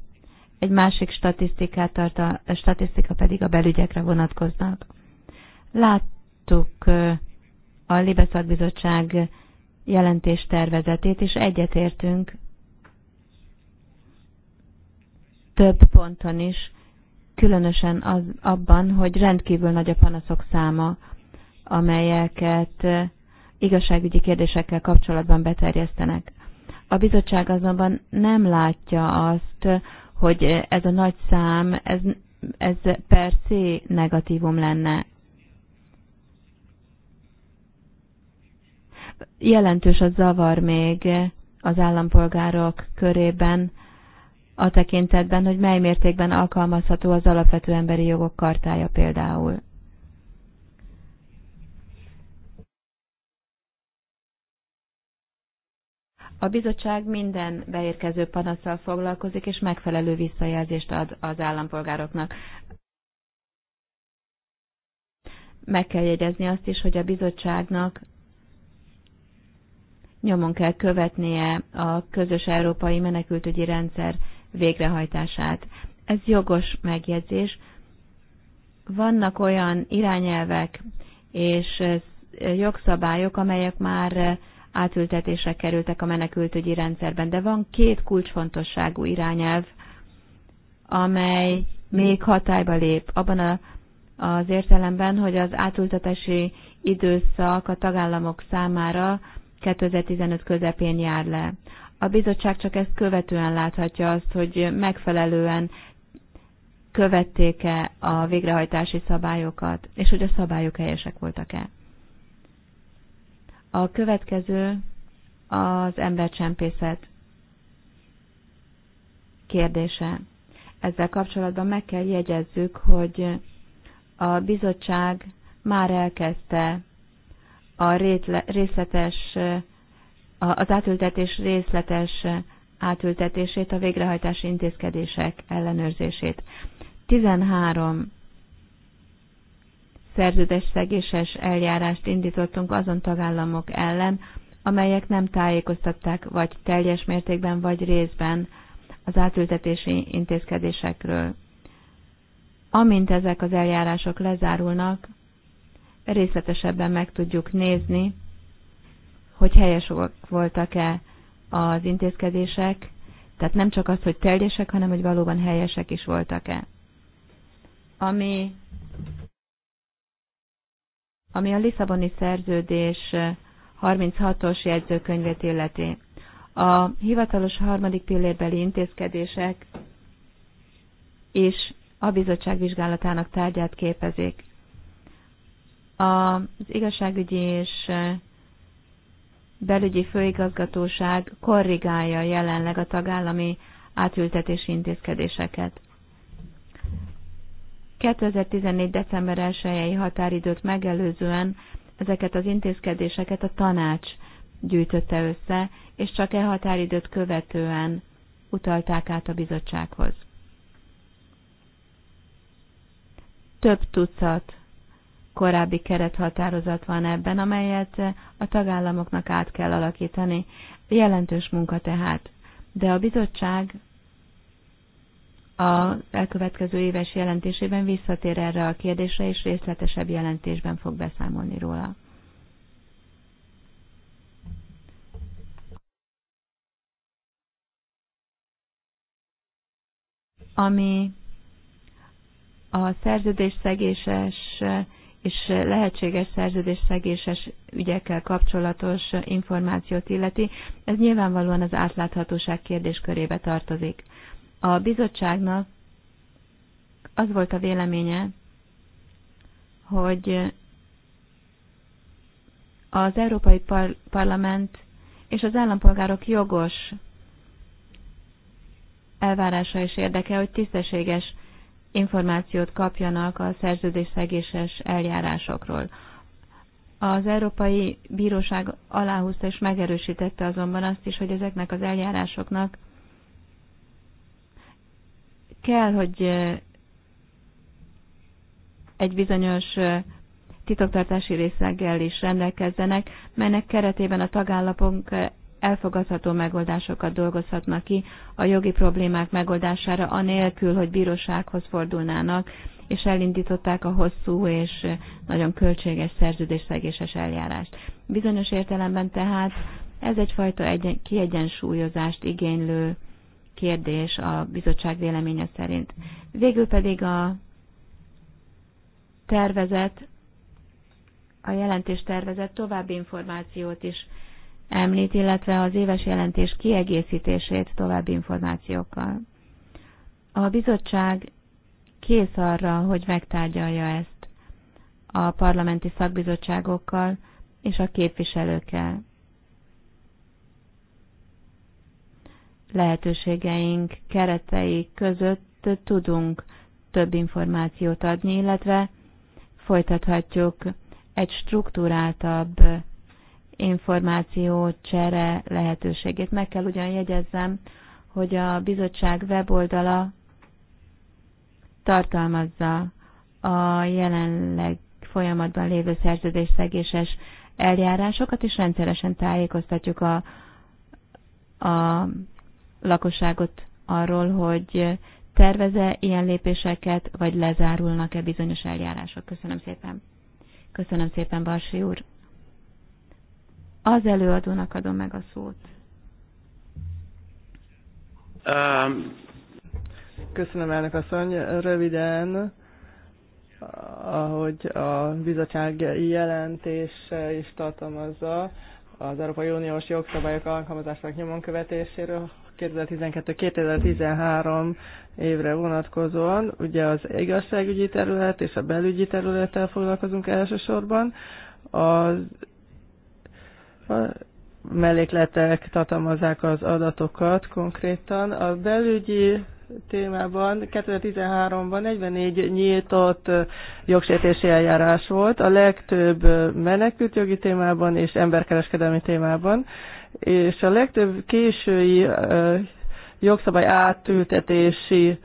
Egy másik statisztikát tart a statisztika pedig a belügyekre vonatkoznak. Láttuk eh, a Libe Szakbizottság jelentés tervezetét, és egyetértünk több ponton is, különösen az, abban, hogy rendkívül nagy a panaszok száma, amelyeket igazságügyi kérdésekkel kapcsolatban beterjesztenek. A bizottság azonban nem látja azt, hogy ez a nagy szám, ez, ez per se negatívum lenne. jelentős a zavar még az állampolgárok körében a tekintetben, hogy mely mértékben alkalmazható az alapvető emberi jogok kartája például. A bizottság minden beérkező panaszsal foglalkozik, és megfelelő visszajelzést ad az állampolgároknak. Meg kell jegyezni azt is, hogy a bizottságnak nyomon kell követnie a közös európai menekültügyi rendszer végrehajtását. Ez jogos megjegyzés. Vannak olyan irányelvek és jogszabályok, amelyek már átültetésre kerültek a menekültügyi rendszerben, de van két kulcsfontosságú irányelv, amely még hatályba lép abban a, az értelemben, hogy az átültetési időszak a tagállamok számára 2015 közepén jár le. A bizottság csak ezt követően láthatja azt, hogy megfelelően követték-e a végrehajtási szabályokat, és hogy a szabályok helyesek voltak-e. A következő az embercsempészet kérdése. Ezzel kapcsolatban meg kell jegyezzük, hogy a bizottság már elkezdte a részletes, az átültetés részletes átültetését, a végrehajtási intézkedések ellenőrzését. 13 szegéses eljárást indítottunk azon tagállamok ellen, amelyek nem tájékoztatták vagy teljes mértékben vagy részben az átültetési intézkedésekről. Amint ezek az eljárások lezárulnak, részletesebben meg tudjuk nézni, hogy helyesek voltak-e az intézkedések, tehát nem csak az, hogy teljesek, hanem hogy valóban helyesek is voltak-e. Ami, ami a Lisszaboni szerződés 36-os jegyzőkönyvét illeti. A hivatalos harmadik pillérbeli intézkedések és a bizottság vizsgálatának tárgyát képezik. Az igazságügyi és eh, belügyi főigazgatóság korrigálja jelenleg a tagállami átültetési intézkedéseket. 2014. december 1 határidőt megelőzően ezeket az intézkedéseket a tanács gyűjtötte össze, és csak e határidőt követően utalták át a bizottsághoz. Több tucat korábbi kerethatározat van ebben, amelyet a tagállamoknak át kell alakítani. Jelentős munka tehát. De a bizottság az elkövetkező éves jelentésében visszatér erre a kérdésre, és részletesebb jelentésben fog beszámolni róla. Ami a szerződés szegéses és lehetséges szerződésszegéses ügyekkel kapcsolatos információt illeti, ez nyilvánvalóan az átláthatóság kérdéskörébe tartozik. A bizottságnak az volt a véleménye, hogy az Európai Par- Parlament és az állampolgárok jogos elvárása és érdeke, hogy tisztességes információt kapjanak a szerződésszegéses eljárásokról. Az Európai Bíróság aláhúzta és megerősítette azonban azt is, hogy ezeknek az eljárásoknak kell, hogy eh, egy bizonyos eh, titoktartási részleggel is rendelkezzenek, melynek keretében a tagállapok. Eh, elfogadható megoldásokat dolgozhatnak ki a jogi problémák megoldására, anélkül, hogy bírósághoz fordulnának, és elindították a hosszú és nagyon költséges szerződésszegéses eljárást. Bizonyos értelemben tehát ez egyfajta egy kiegyensúlyozást igénylő kérdés a bizottság véleménye szerint. Végül pedig a tervezet, a jelentés tervezet további információt is említ, illetve az éves jelentés kiegészítését további információkkal. A bizottság kész arra, hogy megtárgyalja ezt a parlamenti szakbizottságokkal és a képviselőkkel. Lehetőségeink keretei között tudunk több információt adni, illetve folytathatjuk egy struktúráltabb információ csere lehetőségét. Meg kell ugyan jegyezzem, hogy a bizottság weboldala tartalmazza a jelenleg folyamatban lévő szegéses eljárásokat, és rendszeresen tájékoztatjuk a, a lakosságot arról, hogy terveze ilyen lépéseket, vagy lezárulnak-e bizonyos eljárások. Köszönöm szépen. Köszönöm szépen, Barsi úr. Az előadónak adom meg a szót. Um.
Köszönöm, elnök asszony. Röviden, ahogy a bizottság jelentés is tartalmazza, az Európai Uniós jogszabályok alkalmazásának nyomon követéséről 2012-2013 évre vonatkozóan. Ugye az igazságügyi terület és a belügyi területtel foglalkozunk elsősorban. Az a mellékletek tartalmazzák az adatokat konkrétan. A belügyi témában 2013-ban 44 nyíltott jogsértési eljárás volt, a legtöbb menekült jogi témában és emberkereskedelmi témában, és a legtöbb késői jogszabály átültetési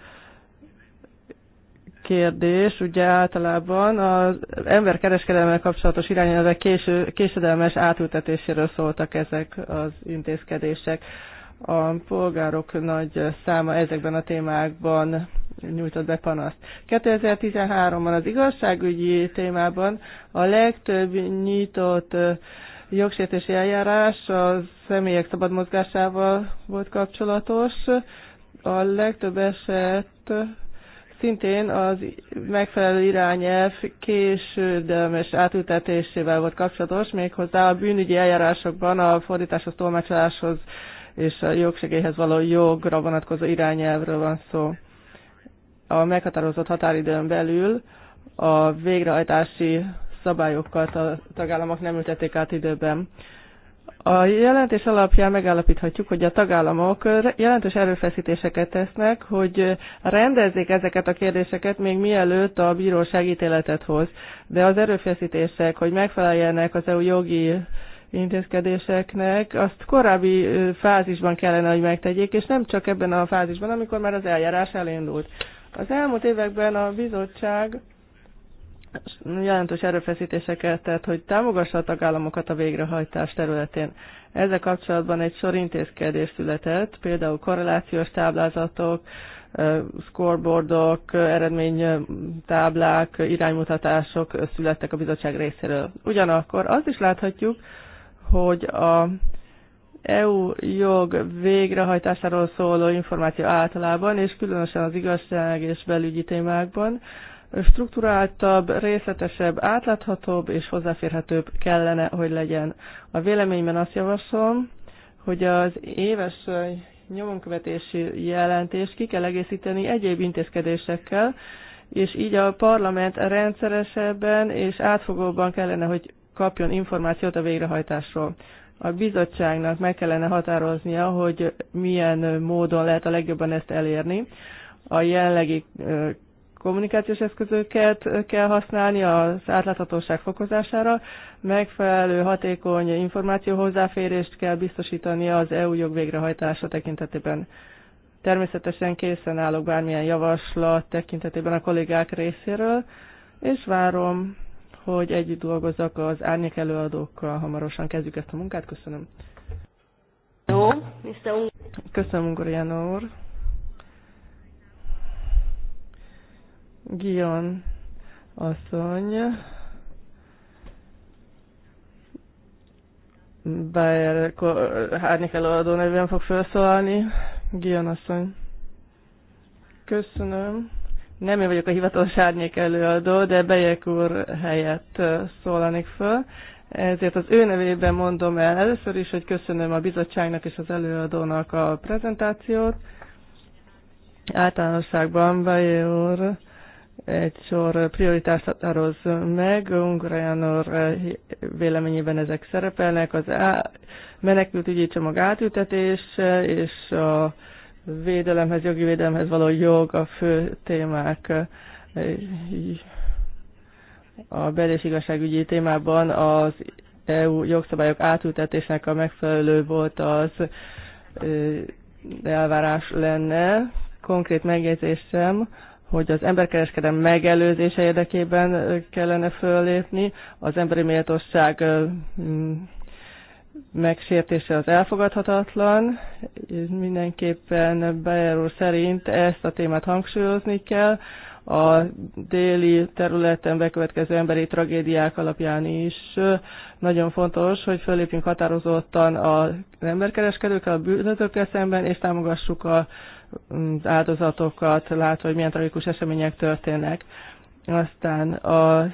kérdés, ugye általában az emberkereskedelemmel kapcsolatos irányelvek késő, késedelmes átültetéséről szóltak ezek az intézkedések. A polgárok nagy száma ezekben a témákban nyújtott be panaszt. 2013-ban az igazságügyi témában a legtöbb nyitott jogsértési eljárás a személyek szabad mozgásával volt kapcsolatos. A legtöbb eset szintén az megfelelő irányelv késődelmes átültetésével volt kapcsolatos, méghozzá a bűnügyi eljárásokban a fordításhoz, tolmácsoláshoz és a jogsegélyhez való jogra vonatkozó irányelvről van szó. A meghatározott határidőn belül a végrehajtási szabályokat a tagállamok nem ültették át időben. A jelentés alapján megállapíthatjuk, hogy a tagállamok jelentős erőfeszítéseket tesznek, hogy rendezzék ezeket a kérdéseket még mielőtt a bíróság ítéletet hoz. De az erőfeszítések, hogy megfeleljenek az EU jogi intézkedéseknek, azt korábbi fázisban kellene, hogy megtegyék, és nem csak ebben a fázisban, amikor már az eljárás elindult. Az elmúlt években a bizottság jelentős erőfeszítéseket tett, hogy támogassa a tagállamokat a végrehajtás területén. Ezzel kapcsolatban egy sor intézkedés született, például korrelációs táblázatok, scoreboardok, eredménytáblák, iránymutatások születtek a bizottság részéről. Ugyanakkor azt is láthatjuk, hogy a EU jog végrehajtásáról szóló információ általában, és különösen az igazság és belügyi témákban struktúráltabb, részletesebb, átláthatóbb és hozzáférhetőbb kellene, hogy legyen. A véleményben azt javaslom, hogy az éves nyomonkövetési jelentést ki kell egészíteni egyéb intézkedésekkel, és így a parlament rendszeresebben és átfogóban kellene, hogy kapjon információt a végrehajtásról. A bizottságnak meg kellene határoznia, hogy milyen módon lehet a legjobban ezt elérni. A jelenlegi kommunikációs eszközöket kell használni az átláthatóság fokozására, megfelelő hatékony információ hozzáférést kell biztosítani az EU jog végrehajtása tekintetében. Természetesen készen állok bármilyen javaslat tekintetében a kollégák részéről, és várom, hogy együtt dolgozzak az árnyék előadókkal. Hamarosan kezdjük ezt a munkát. Köszönöm. Jó, Köszönöm, Ungoriano úr. Gion asszony, Bájer árnyék előadó nevén fog felszólalni. Gion asszony. Köszönöm. Nem én vagyok a hivatalos árnyék előadó, de Bejek úr helyett szólanik föl. Ezért az ő nevében mondom el először is, hogy köszönöm a bizottságnak és az előadónak a prezentációt. Általánosságban Bejek úr egy sor prioritást határoz meg, Ungarán eh, véleményében ezek szerepelnek, az á, ügyi csomag átültetése és a védelemhez, jogi védelemhez való jog a fő témák a bel- és igazságügyi témában az EU jogszabályok átültetésnek a megfelelő volt az eh, elvárás lenne. Konkrét megjegyzésem, hogy az emberkereskedem megelőzése érdekében kellene föllépni, az emberi méltóság mm, megsértése az elfogadhatatlan, és mindenképpen Bayer úr szerint ezt a témát hangsúlyozni kell, a déli területen bekövetkező emberi tragédiák alapján is nagyon fontos, hogy fölépjünk határozottan az emberkereskedőkkel, a bűnözőkkel szemben, és támogassuk a az áldozatokat, látva, hogy milyen tragikus események történnek. Aztán az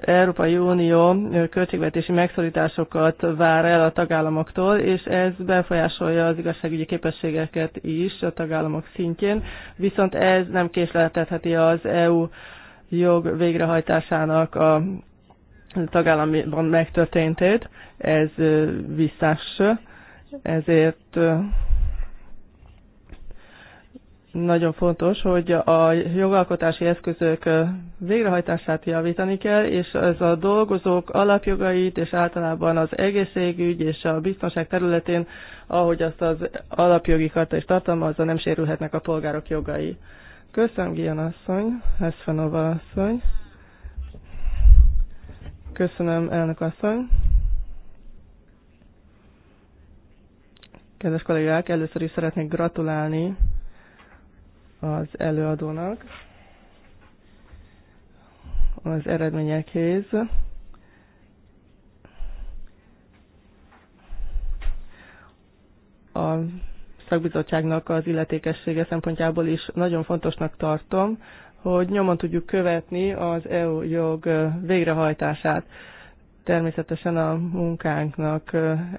Európai Unió költségvetési megszorításokat vár el a tagállamoktól, és ez befolyásolja az igazságügyi képességeket is a tagállamok szintjén, viszont ez nem késleltetheti az EU jog végrehajtásának a tagállamban megtörténtét, ez visszás, ezért nagyon fontos, hogy a jogalkotási eszközök végrehajtását javítani kell, és ez a dolgozók alapjogait, és általában az egészségügy és a biztonság területén, ahogy azt az alapjogi karta is tartalmazza, nem sérülhetnek a polgárok jogai. Köszönöm, Gian asszony, Eszfenova asszony. Köszönöm, elnök asszony. Kedves kollégák, először is szeretnék gratulálni az előadónak az eredményekhez. A szakbizottságnak az illetékessége szempontjából is nagyon fontosnak tartom, hogy nyomon tudjuk követni az EU jog végrehajtását. Természetesen a munkánknak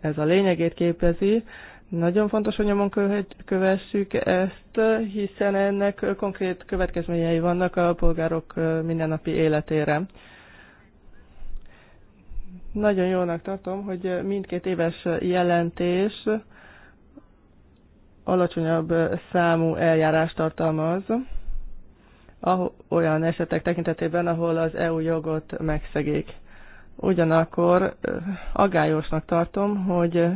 ez a lényegét képezi, nagyon fontos, hogy nyomon kövessük ezt, hiszen ennek konkrét következményei vannak a polgárok mindennapi életére. Nagyon jónak tartom, hogy mindkét éves jelentés alacsonyabb számú eljárást tartalmaz, olyan esetek tekintetében, ahol az EU jogot megszegik. Ugyanakkor agályosnak tartom, hogy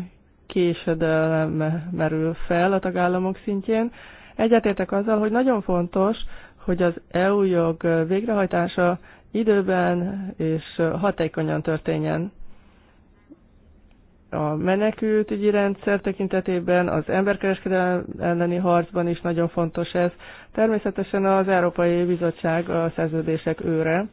késedelem merül fel a tagállamok szintjén. Egyetértek azzal, hogy nagyon fontos, hogy az EU jog végrehajtása időben és hatékonyan történjen. A menekültügyi rendszer tekintetében, az emberkereskedelem elleni harcban is nagyon fontos ez. Természetesen az Európai Bizottság a szerződések őre,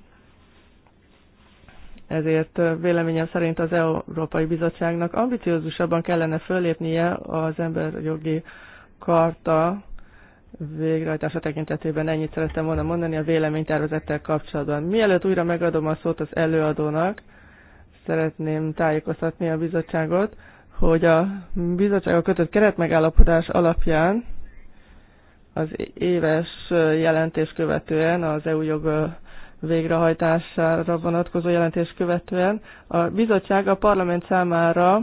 ezért véleményem szerint az Európai Bizottságnak ambiciózusabban kellene fölépnie az emberjogi karta végrehajtása tekintetében ennyit szerettem volna mondani a véleménytervezettel kapcsolatban. Mielőtt újra megadom a szót az előadónak, szeretném tájékoztatni a bizottságot, hogy a bizottság a kötött keretmegállapodás alapján az éves jelentés követően az EU jog végrehajtására vonatkozó jelentés követően. A bizottság a parlament számára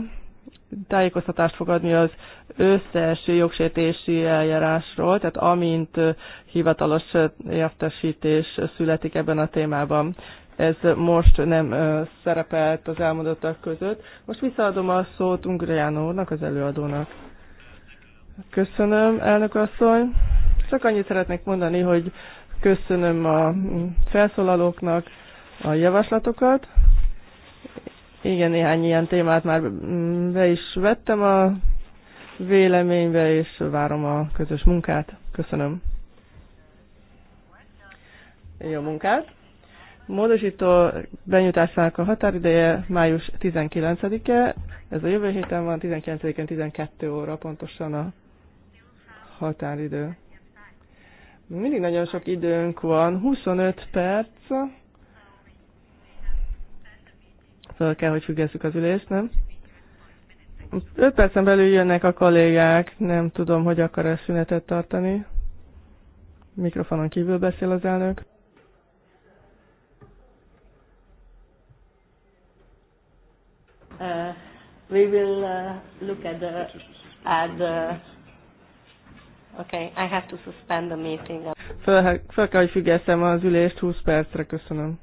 tájékoztatást fog adni az összes jogsértési eljárásról, tehát amint hivatalos értesítés születik ebben a témában. Ez most nem szerepelt az elmondottak között. Most visszaadom a szót Ungrián úrnak, az előadónak. Köszönöm, elnök asszony. Csak annyit szeretnék mondani, hogy Köszönöm a felszólalóknak a javaslatokat. Igen, néhány ilyen témát már be is vettem a véleménybe, és várom a közös munkát. Köszönöm. Jó munkát! Módosító benyújtásának a határideje május 19-e, ez a jövő héten van, 19 en 12 óra pontosan a határidő. Mindig nagyon sok időnk van, 25 perc. Fel kell, hogy függesszük az ülést, nem? 5 percen belül jönnek a kollégák, nem tudom, hogy akar-e szünetet tartani. Mikrofonon kívül beszél az elnök.
Uh, we will uh, look at the, at the Okay, I have to suspend the meeting.
Fel, fel kell, hogy függesszem az ülést 20 percre, köszönöm.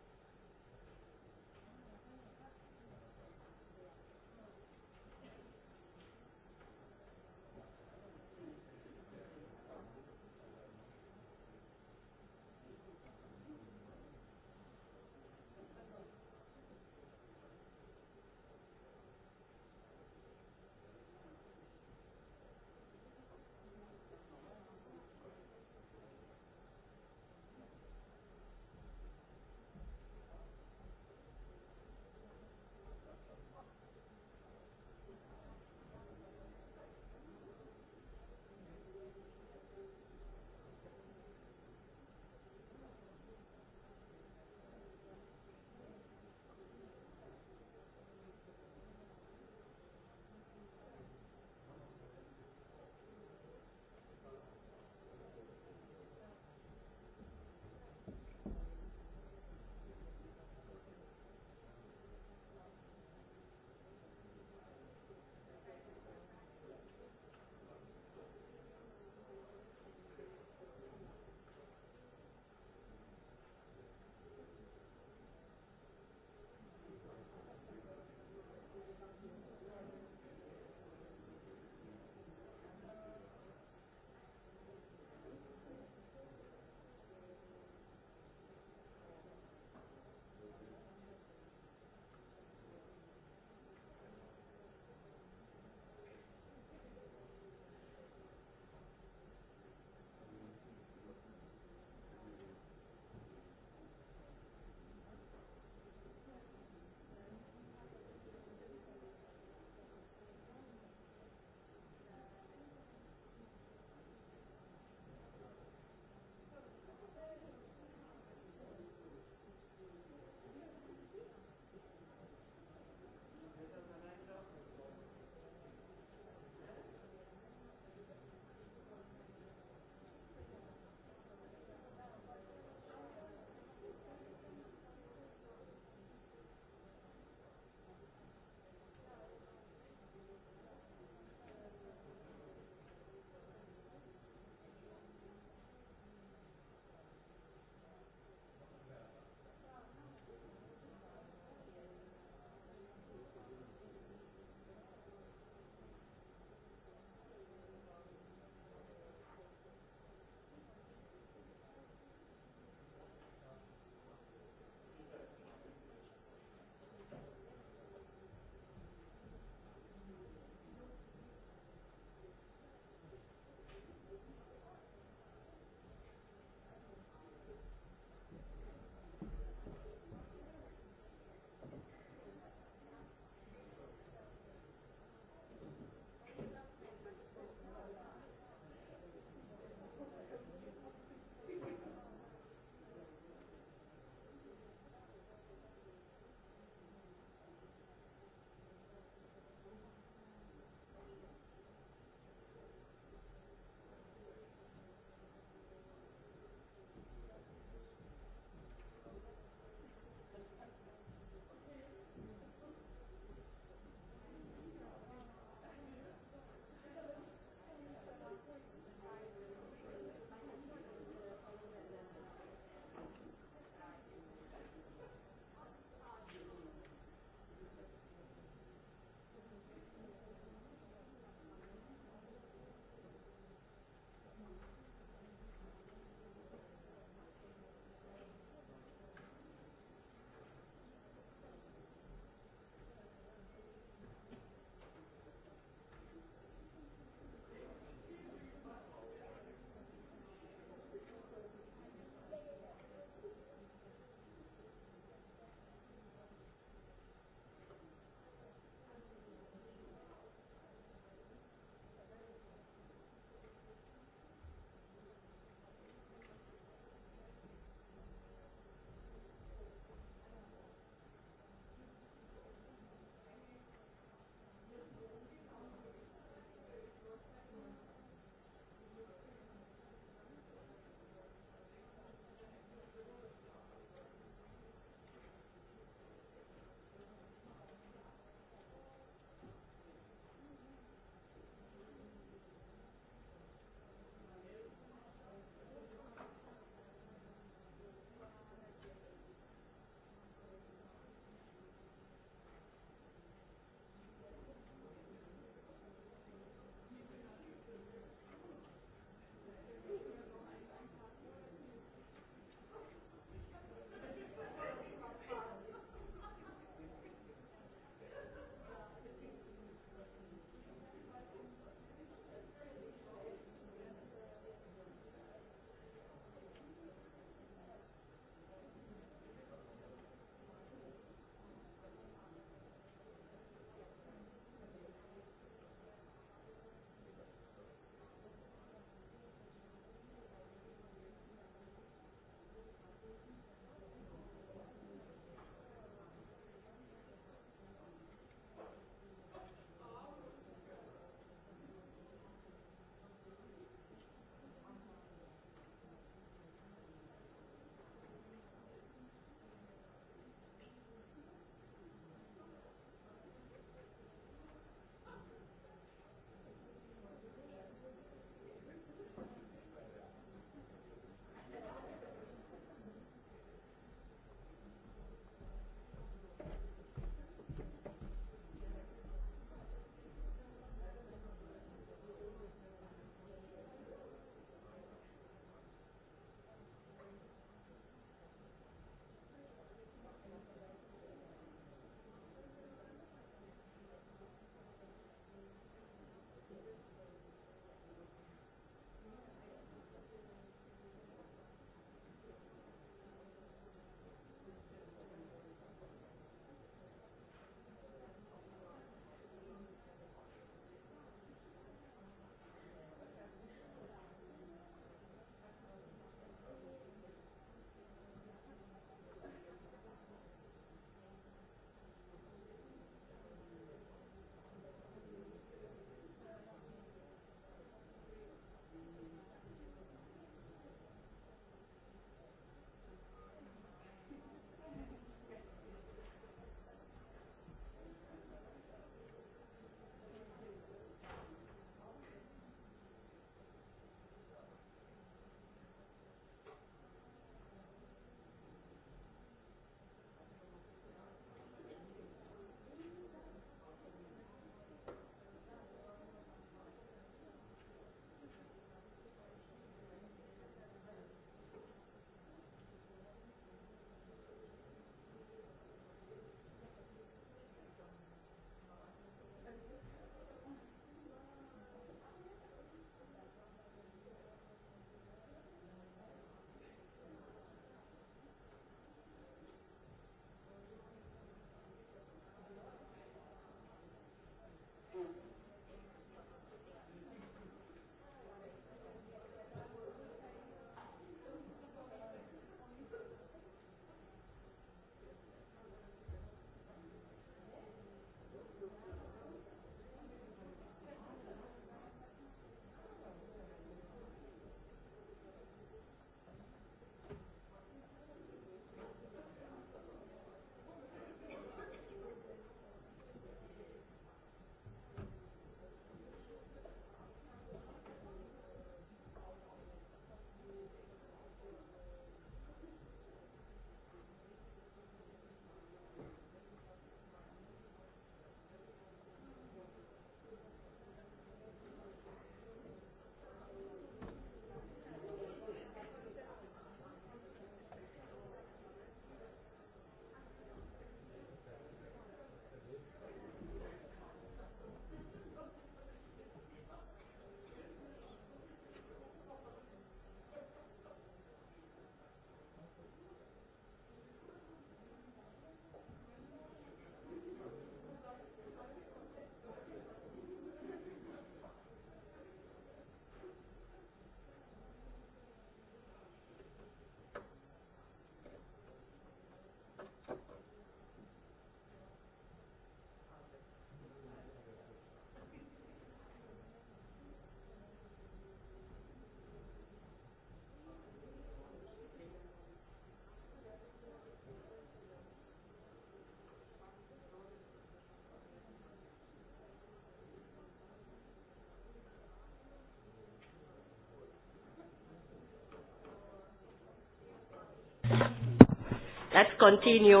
Let's continue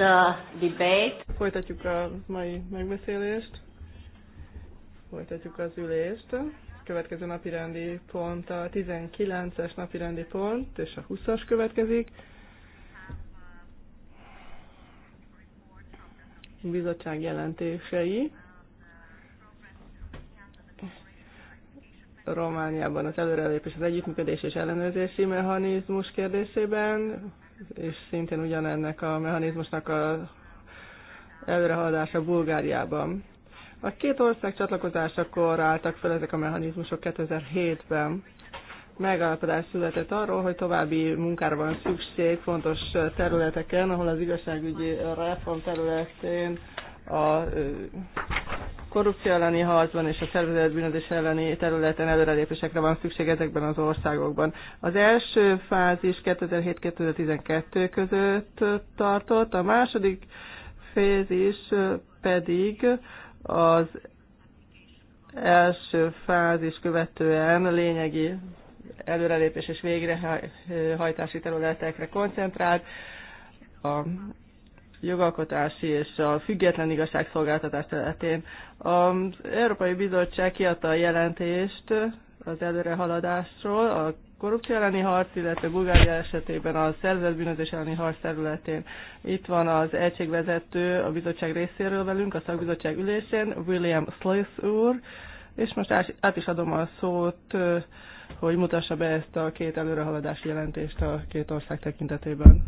the debate.
Folytatjuk a mai megbeszélést. Folytatjuk az ülést. Következő napi rendi pont a 19-es napi rendi pont, és a 20-as következik. Bizottság jelentései. Romániában az előrelépés az együttműködés és ellenőrzési mechanizmus kérdésében, és szintén ugyanennek a mechanizmusnak a előrehaladása Bulgáriában. A két ország csatlakozásakor álltak fel ezek a mechanizmusok 2007-ben. Megállapodás született arról, hogy további munkára van szükség fontos területeken, ahol az igazságügyi reform területén a korrupció elleni harcban és a szervezetbűnözés elleni területen előrelépésekre van szükség ezekben az országokban. Az első fázis 2007-2012 között tartott, a második fázis pedig az első fázis követően lényegi előrelépés és végrehajtási területekre koncentrált. A jogalkotási és a független igazságszolgáltatás területén. Az Európai Bizottság kiadta a jelentést az előrehaladásról, a korrupció elleni harc, illetve Bulgária esetében a szervezetbűnözés elleni harc területén. Itt van az egységvezető a bizottság részéről velünk, a szakbizottság ülésén, William Sliss úr, és most át is adom a szót, hogy mutassa be ezt a két előrehaladási jelentést a két ország tekintetében.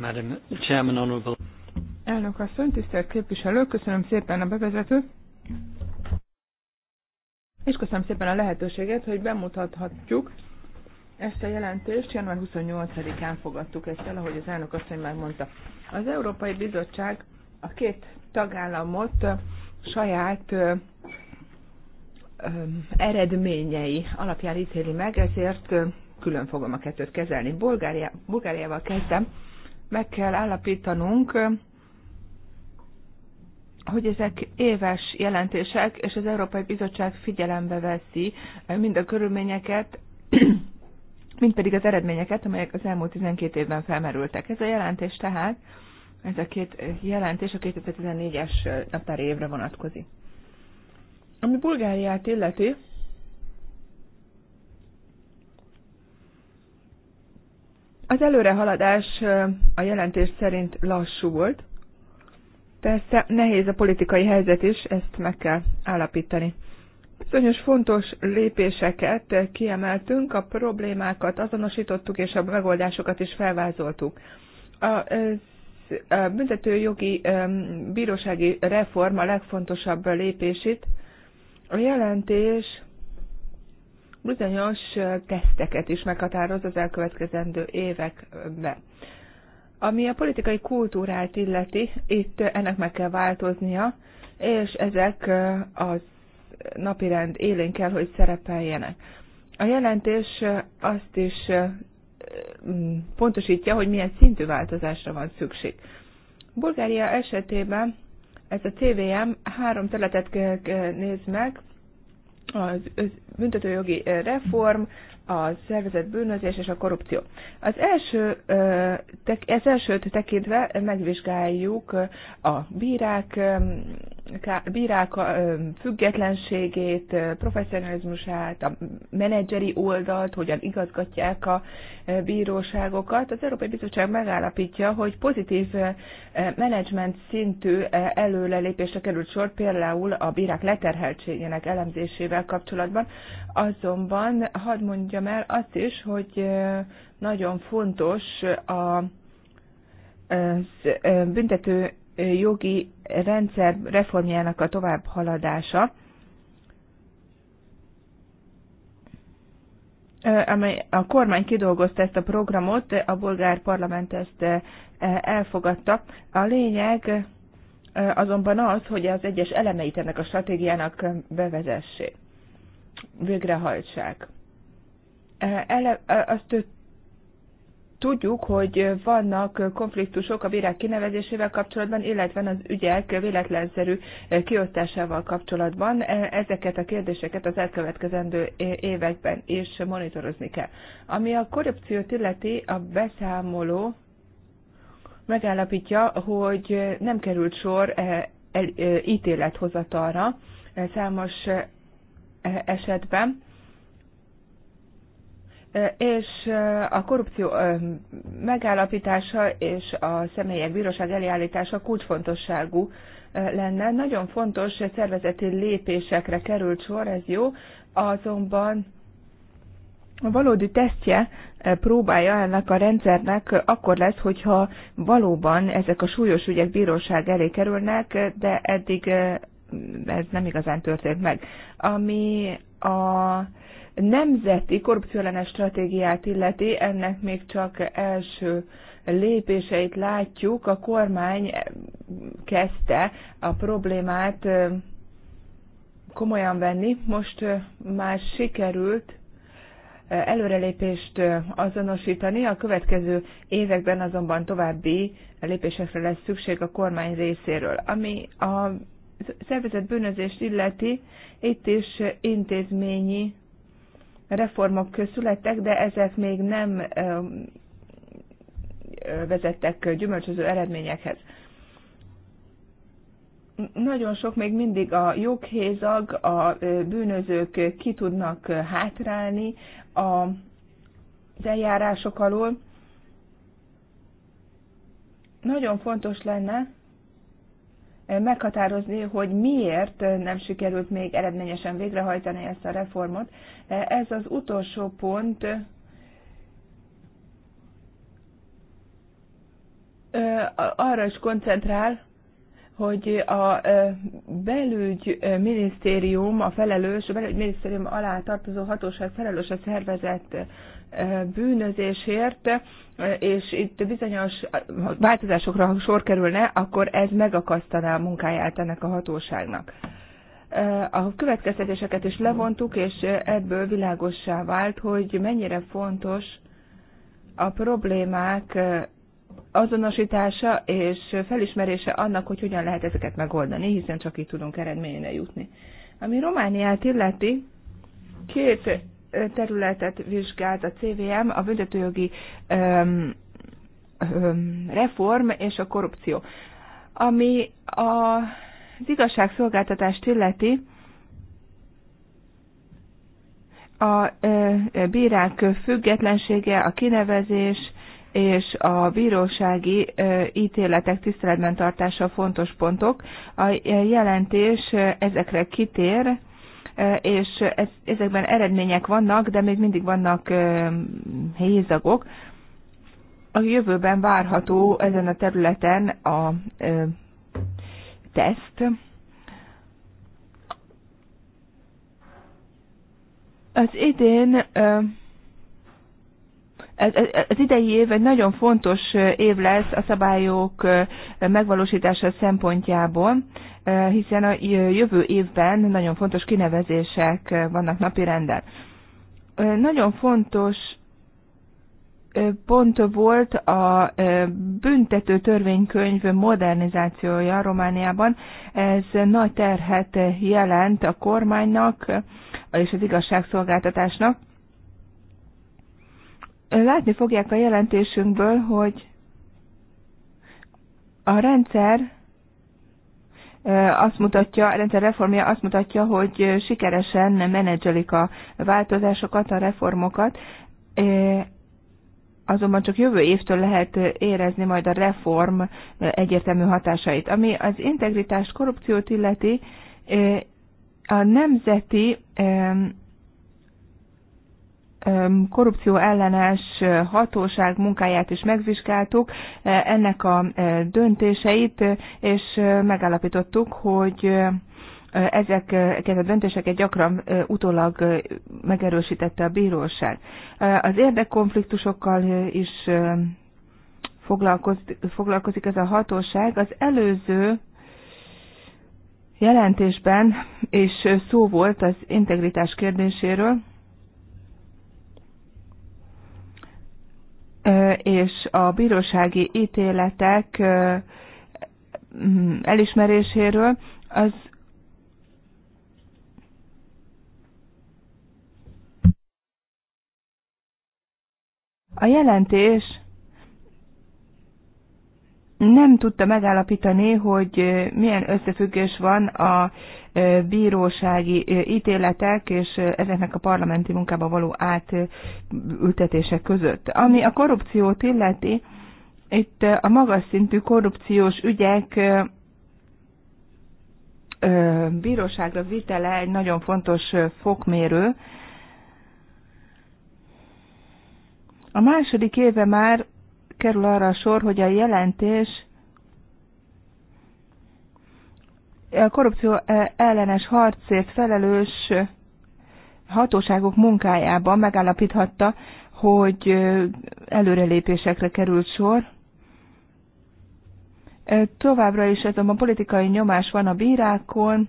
Madam Chairman, Honorable
Elnök asszony, tisztelt képviselő, köszönöm szépen a bevezető, és köszönöm szépen a lehetőséget, hogy bemutathatjuk ezt a jelentést. Január 28-án fogadtuk ezt el, ahogy az elnök asszony már mondta. Az Európai Bizottság a két tagállamot saját eredményei alapján ítéli meg, ezért külön fogom a kettőt kezelni. Bulgáriával kezdem, meg kell állapítanunk hogy ezek éves jelentések, és az Európai Bizottság figyelembe veszi eh, mind a körülményeket, mint pedig az eredményeket, amelyek az elmúlt 12 évben felmerültek. Ez a jelentés tehát, ez a két jelentés a 2014-es naptári évre vonatkozik. Ami Bulgáriát illeti, az előrehaladás eh, a jelentés szerint lassú volt, Persze nehéz a politikai helyzet is, ezt meg kell állapítani. Bizonyos fontos lépéseket kiemeltünk, a problémákat azonosítottuk, és a megoldásokat is felvázoltuk. A büntetőjogi bírósági reform a legfontosabb lépését. A jelentés bizonyos teszteket is meghatároz az elkövetkezendő években. Ami a politikai kultúrát illeti, itt ennek meg kell változnia, és ezek az napirend élén kell, hogy szerepeljenek. A jelentés azt is pontosítja, hogy milyen szintű változásra van szükség. Bulgária esetében ez a CVM három területet néz meg, az büntetőjogi reform, a szervezett bűnözés és a korrupció. Az első, az elsőt tekintve megvizsgáljuk a bírák bírák függetlenségét, professzionalizmusát, a menedzseri oldalt, hogyan igazgatják a bíróságokat. Az Európai Bizottság megállapítja, hogy pozitív menedzsment szintű előlelépésre került sor például a bírák leterheltségének elemzésével kapcsolatban. Azonban hadd mondjam el azt is, hogy nagyon fontos a büntető jogi rendszer reformjának a továbbhaladása, amely a kormány kidolgozta ezt a programot, a bolgár parlament ezt elfogadta. A lényeg azonban az, hogy az egyes elemeit ennek a stratégiának bevezessék, végrehajtsák. Ele, azt Tudjuk, hogy vannak konfliktusok a bírák kinevezésével kapcsolatban, illetve az ügyek véletlenszerű kiosztásával kapcsolatban. Ezeket a kérdéseket az elkövetkezendő években is monitorozni kell. Ami a korrupciót illeti, a beszámoló megállapítja, hogy nem került sor e, e, ítélethozatalra e, számos esetben és a korrupció megállapítása és a személyek bíróság eljállítása kulcsfontosságú lenne. Nagyon fontos szervezeti lépésekre került sor, ez jó, azonban a valódi tesztje, próbája ennek a rendszernek akkor lesz, hogyha valóban ezek a súlyos ügyek bíróság elé kerülnek, de eddig ez nem igazán történt meg. Ami a nemzeti korrupcióellenes stratégiát illeti, ennek még csak első lépéseit látjuk. A kormány kezdte a problémát komolyan venni, most már sikerült előrelépést azonosítani, a következő években azonban további lépésekre lesz szükség a kormány részéről. Ami a szervezet bűnözést illeti, itt is intézményi reformok születtek, de ezek még nem vezettek gyümölcsöző eredményekhez. Nagyon sok még mindig a joghézag, a bűnözők ki tudnak hátrálni az eljárások alól. Nagyon fontos lenne, meghatározni, hogy miért nem sikerült még eredményesen végrehajtani ezt a reformot. Ez az utolsó pont, arra is koncentrál, hogy a belügyminisztérium, a felelős, a belügyminisztérium alá tartozó hatóság felelős a szervezet bűnözésért, és itt bizonyos változásokra ha sor kerülne, akkor ez megakasztaná a munkáját ennek a hatóságnak. A következtetéseket is levontuk, és ebből világossá vált, hogy mennyire fontos a problémák azonosítása és felismerése annak, hogy hogyan lehet ezeket megoldani, hiszen csak így tudunk eredményre jutni. Ami Romániát illeti, két területet vizsgált a CVM, a büntetőjogi öm, öm, reform és a korrupció. Ami a, az igazságszolgáltatást illeti, a bírák függetlensége, a kinevezés és a bírósági ítéletek tiszteletben tartása fontos pontok. A jelentés ezekre kitér, és ez, ezekben eredmények vannak, de még mindig vannak hézagok. A jövőben várható ezen a területen a teszt. Az idén az idei év egy nagyon fontos év lesz a szabályok megvalósítása szempontjából. Eh, hiszen a eh, jövő évben nagyon fontos kinevezések eh, vannak napirenden. Nagyon fontos pont volt a büntető törvénykönyv modernizációja Romániában. Ez nagy terhet jelent a kormánynak és az igazságszolgáltatásnak. Látni fogják a jelentésünkből, hogy a rendszer azt mutatja, a rendszer reformja azt mutatja, hogy sikeresen menedzselik a változásokat, a reformokat, azonban csak jövő évtől lehet érezni majd a reform egyértelmű hatásait. Ami az integritást, korrupciót illeti, a nemzeti korrupció ellenes hatóság munkáját is megvizsgáltuk, ennek a döntéseit, és megállapítottuk, hogy ezeket a döntéseket gyakran utólag megerősítette a bíróság. Az érdekkonfliktusokkal is foglalkozik ez a hatóság. Az előző jelentésben is szó volt az integritás kérdéséről, és a bírósági ítéletek mm, elismeréséről, az a jelentés nem tudta megállapítani, hogy milyen összefüggés van a bírósági ítéletek és ezeknek a parlamenti munkába való átültetése között. Ami a korrupciót illeti, itt a magas szintű korrupciós ügyek bíróságra vitele egy nagyon fontos fokmérő. A második éve már kerül arra a sor, hogy a jelentés korrupció e, ellenes harcért felelős hatóságok munkájában megállapíthatta, hogy e, előrelépésekre került sor. E, továbbra is azonban politikai nyomás van a bírákon,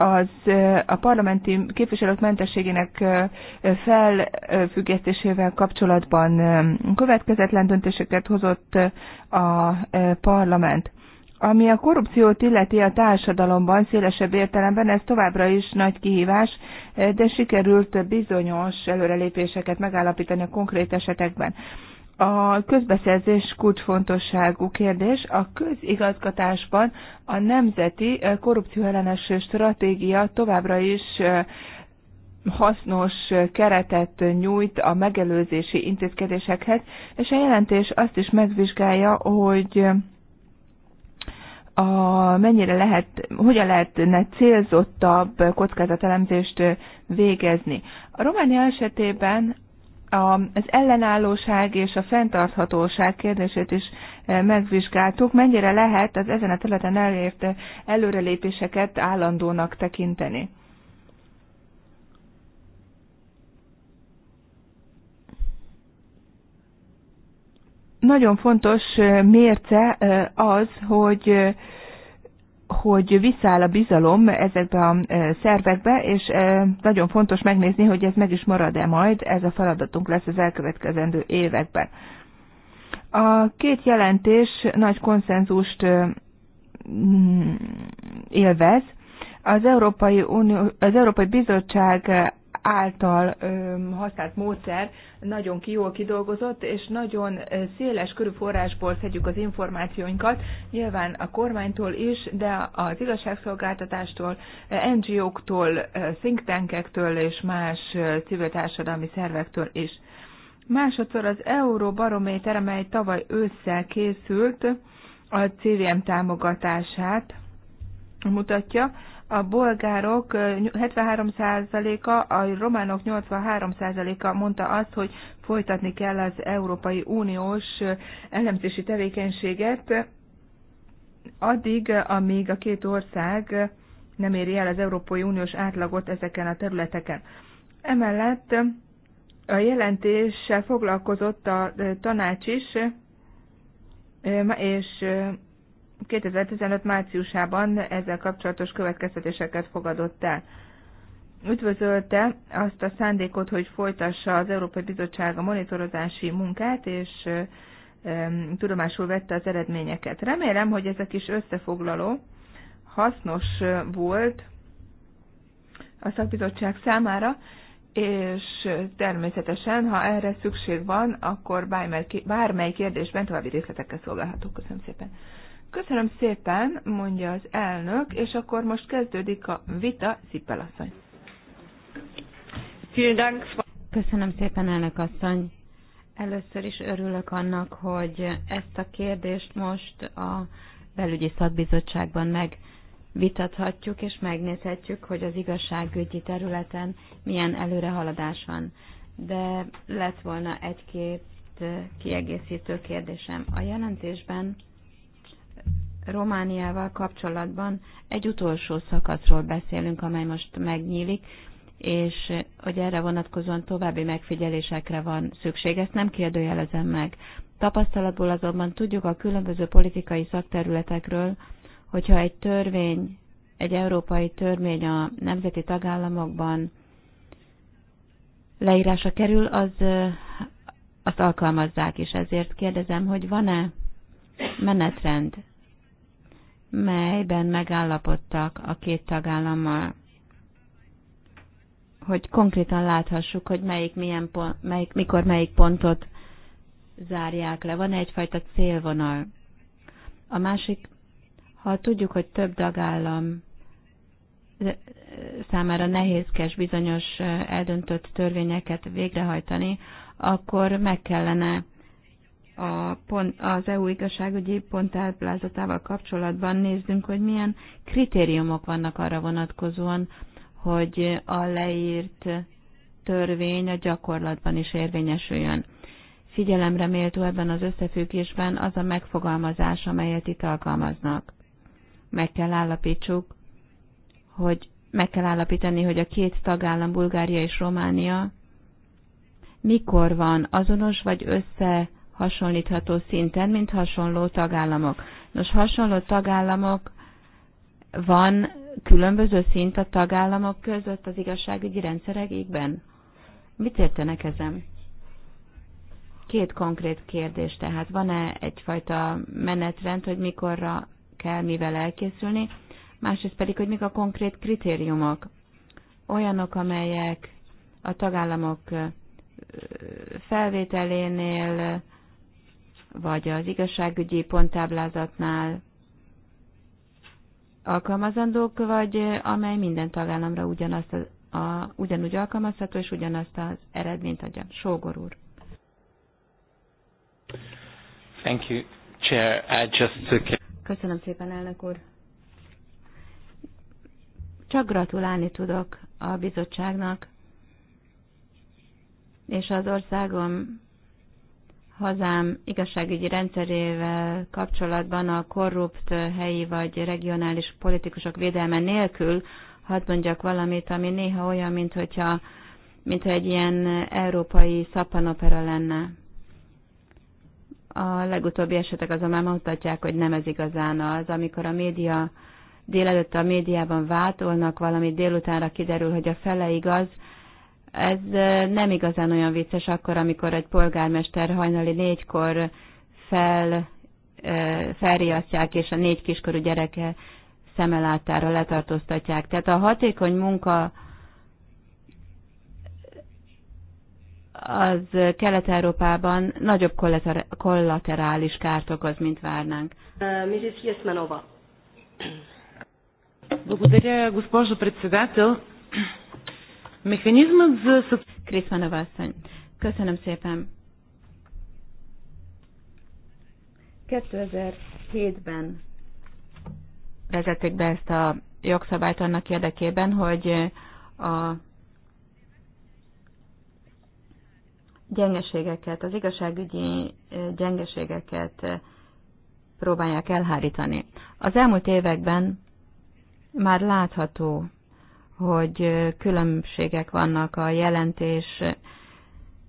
az a parlamenti képviselők mentességének felfüggesztésével kapcsolatban következetlen döntéseket hozott a parlament. Ami a korrupciót illeti a társadalomban, szélesebb értelemben ez továbbra is nagy kihívás, de sikerült bizonyos előrelépéseket megállapítani a konkrét esetekben. A közbeszerzés kulcsfontosságú kérdés. A közigazgatásban a nemzeti korrupcióellenes stratégia továbbra is hasznos keretet nyújt a megelőzési intézkedésekhez, és a jelentés azt is megvizsgálja, hogy a, mennyire lehet, hogyan lehetne célzottabb kockázatelemzést végezni. A Románia esetében az ellenállóság és a fenntarthatóság kérdését is e, megvizsgáltuk, mennyire lehet az ezen a területen elért előrelépéseket állandónak tekinteni. nagyon fontos mérce az, hogy hogy visszaáll a bizalom ezekbe a szervekbe, és nagyon fontos megnézni, hogy ez meg is marad-e majd, ez a feladatunk lesz az elkövetkezendő években. A két jelentés nagy konszenzust mm, élvez. Az Európai, Unió, az Európai Bizottság által használt módszer nagyon jól kidolgozott, és nagyon széles körű forrásból szedjük az információinkat, nyilván a kormánytól is, de az igazságszolgáltatástól, NGO-któl, think tankektől és más civil társadalmi szervektől is. Másodszor az Euró barométer, amely tavaly ősszel készült, a CVM támogatását mutatja a bolgárok 73%-a, a románok 83%-a mondta azt, hogy folytatni kell az Európai Uniós elemzési tevékenységet, addig, amíg a két ország nem éri el az Európai Uniós átlagot ezeken a területeken. Emellett a jelentéssel foglalkozott a tanács is, és 2015 márciusában ezzel kapcsolatos következtetéseket fogadott el. Üdvözölte azt a szándékot, hogy folytassa az Európai Bizottság a monitorozási munkát, és tudomásul vette az eredményeket. Remélem, hogy ez a kis összefoglaló hasznos volt a szakbizottság számára, és természetesen, ha erre szükség van, akkor bármely kérdésben további részletekkel szolgálhatunk. Köszönöm szépen. Köszönöm szépen, mondja az elnök, és akkor
most kezdődik a vita, Szipelasszony. Köszönöm szépen, elnök asszony. Először is örülök annak, hogy ezt a kérdést most a belügyi szakbizottságban megvitathatjuk, és megnézhetjük, hogy az igazságügyi területen milyen előrehaladás van. De lett volna egy-két kiegészítő kérdésem. A jelentésben Romániával kapcsolatban egy utolsó szakaszról beszélünk, amely most megnyílik, és hogy erre vonatkozóan további megfigyelésekre van szükség. Ezt nem kérdőjelezem meg. Tapasztalatból azonban tudjuk a különböző politikai szakterületekről, hogyha egy törvény, egy európai törvény a nemzeti tagállamokban leírása kerül, az azt alkalmazzák is. Ezért kérdezem, hogy van-e menetrend melyben megállapodtak a két tagállammal, hogy konkrétan láthassuk, hogy melyik, milyen pont, melyik, mikor melyik pontot zárják le. Van egyfajta célvonal. A másik, ha tudjuk, hogy több tagállam számára nehézkes bizonyos eldöntött törvényeket végrehajtani, akkor meg kellene a pont, az EU igazságügyi ponttáblázatával kapcsolatban nézzünk, hogy milyen kritériumok vannak arra vonatkozóan, hogy a leírt törvény a gyakorlatban is érvényesüljön. Figyelemre méltó ebben az összefüggésben az a megfogalmazás, amelyet itt alkalmaznak. Meg kell állapítsuk, hogy meg kell állapítani, hogy a két tagállam, Bulgária és Románia, mikor van azonos vagy össze hasonlítható szinten, mint hasonló tagállamok. Nos, hasonló tagállamok van különböző szint a tagállamok között az igazságügyi rendszeregékben? Mit értenek ezen? Két konkrét kérdés, tehát van-e egyfajta menetrend, hogy mikorra kell mivel elkészülni, másrészt pedig, hogy mik a konkrét kritériumok, olyanok, amelyek a tagállamok felvételénél, vagy az igazságügyi ponttáblázatnál alkalmazandók, vagy eh, amely minden tagállamra ugyanazt a, a, ugyanúgy alkalmazható, és ugyanazt az eredményt adja. Sógor úr. Thank you, Chair. I just took... Köszönöm szépen, elnök úr. Csak gratulálni tudok a bizottságnak, és az országom hazám igazságügyi rendszerével kapcsolatban a korrupt helyi vagy regionális politikusok védelme nélkül hadd mondjak valamit, ami néha olyan, mint hogyha, mint hogy egy ilyen európai szappanopera lenne. A legutóbbi esetek azonban mutatják, hogy nem ez igazán az, amikor a média délelőtt a médiában vádolnak valamit, délutánra kiderül, hogy a fele igaz, ez nem igazán olyan vicces akkor, amikor egy polgármester hajnali négykor fel, felriasztják, és a négy kiskorú gyereke szemelátára letartóztatják. Tehát a hatékony munka az Kelet-Európában nagyobb kollaterális kárt okoz, mint várnánk. Mrs. Yesmanova. Благодаря, госпожо председател. Mechanizmus за... a asszony. Köszönöm szépen. 2007-ben vezették be ezt a jogszabályt annak érdekében, hogy a gyengeségeket, az igazságügyi gyengeségeket próbálják elhárítani. Az elmúlt években már látható hogy különbségek vannak a jelentés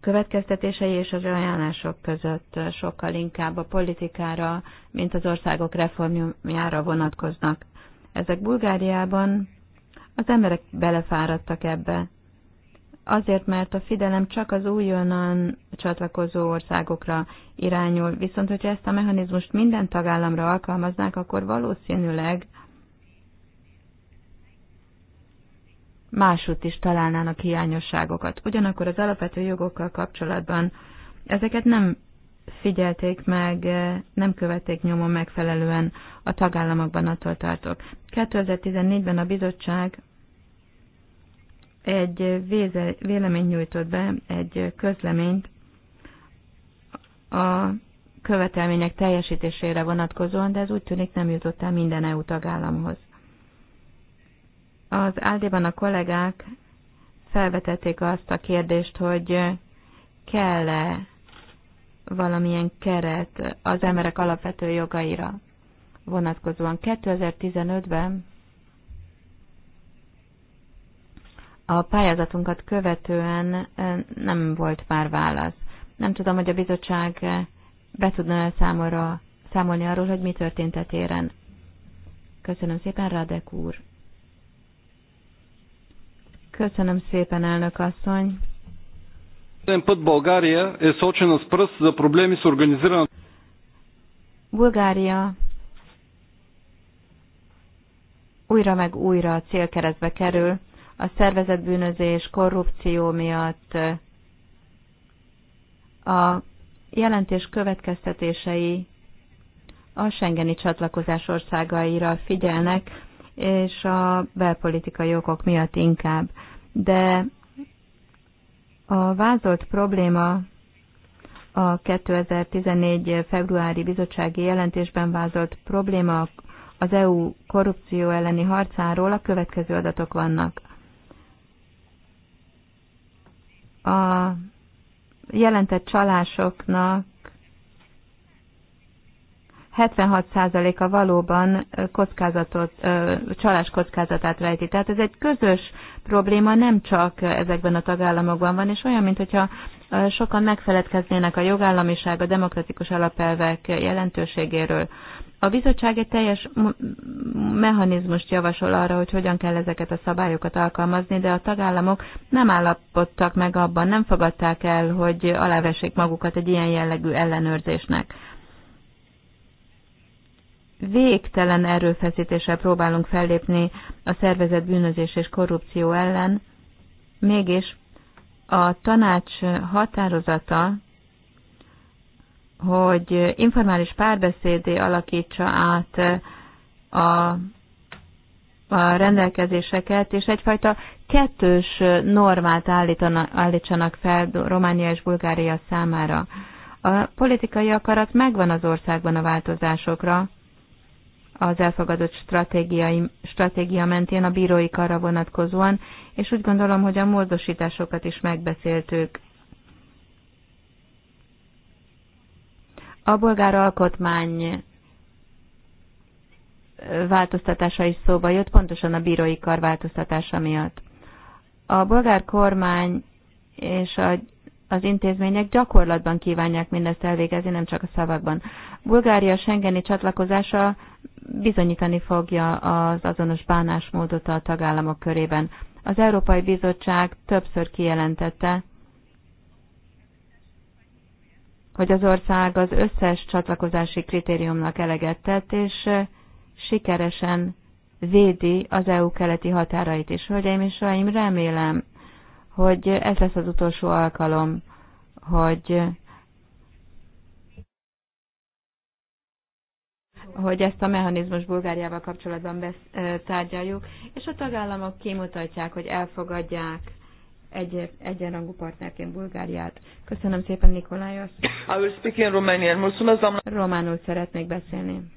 következtetései és az ajánlások között sokkal inkább a politikára, mint az országok reformjára vonatkoznak. Ezek Bulgáriában az emberek belefáradtak ebbe. Azért, mert a fidelem csak az újonnan csatlakozó országokra irányul, viszont hogyha ezt a mechanizmust minden tagállamra alkalmaznák, akkor valószínűleg máshogy is találnának hiányosságokat. Ugyanakkor az alapvető jogokkal kapcsolatban ezeket nem figyelték meg, eh, nem követték nyomon megfelelően a tagállamokban, attól tartok. 2014-ben a bizottság egy véleményt nyújtott be, egy közleményt a követelmények teljesítésére vonatkozóan, de ez úgy tűnik nem jutott el minden EU tagállamhoz. Az Áldiban a kollégák felvetették azt a kérdést, hogy kell-e valamilyen keret az emberek alapvető jogaira vonatkozóan. 2015-ben a pályázatunkat követően eh, nem volt már válasz. Nem tudom, hogy a bizottság eh, be tudna -e számolni arról, hogy mi történt a téren. Köszönöm szépen, Radek úr. Köszönöm szépen, elnök asszony.
Bulgária
újra meg újra a célkeresztbe kerül, a szervezetbűnözés, korrupció miatt a jelentés következtetései a Schengeni csatlakozás országaira figyelnek, és a belpolitikai okok miatt inkább. De a vázolt probléma a 2014. februári bizottsági jelentésben vázolt probléma az EU korrupció elleni harcáról a következő adatok vannak. A jelentett csalásoknak 76%-a valóban kockázatot, csalás kockázatát rejti. Tehát ez egy közös probléma, nem csak ezekben a tagállamokban van, és olyan, mintha sokan megfeledkeznének a jogállamiság, a demokratikus alapelvek jelentőségéről. A bizottság egy teljes mechanizmust javasol arra, hogy hogyan kell ezeket a szabályokat alkalmazni, de a tagállamok nem állapodtak meg abban, nem fogadták el, hogy alávessék magukat egy ilyen jellegű ellenőrzésnek végtelen erőfeszítéssel próbálunk fellépni a szervezet bűnözés és korrupció ellen, mégis a tanács határozata, hogy informális párbeszédé alakítsa át a, a rendelkezéseket, és egyfajta kettős normát állítsanak fel Románia és Bulgária számára. A politikai akarat megvan az országban a változásokra, az elfogadott stratégiai, stratégia mentén a bírói karra vonatkozóan, és úgy gondolom, hogy a módosításokat is megbeszéltük. A bolgár alkotmány változtatása is szóba jött, pontosan a bírói kar változtatása miatt. A bolgár kormány és a az intézmények gyakorlatban kívánják mindezt elvégezni, nem csak a szavakban. Bulgária Schengeni csatlakozása bizonyítani fogja az azonos bánásmódot a tagállamok körében. Az Európai Bizottság többször kijelentette, hogy az ország az összes csatlakozási kritériumnak eleget tett, és sikeresen védi az EU keleti határait is. Hölgyeim és Uraim, remélem, hogy ez lesz az utolsó alkalom, hogy hogy ezt a mechanizmus Bulgáriával kapcsolatban besz, tárgyaljuk, és a tagállamok kimutatják, hogy elfogadják egy, egyenrangú partnerként Bulgáriát. Köszönöm szépen, Nikolajos. I will speak in Romanian. Románul szeretnék beszélni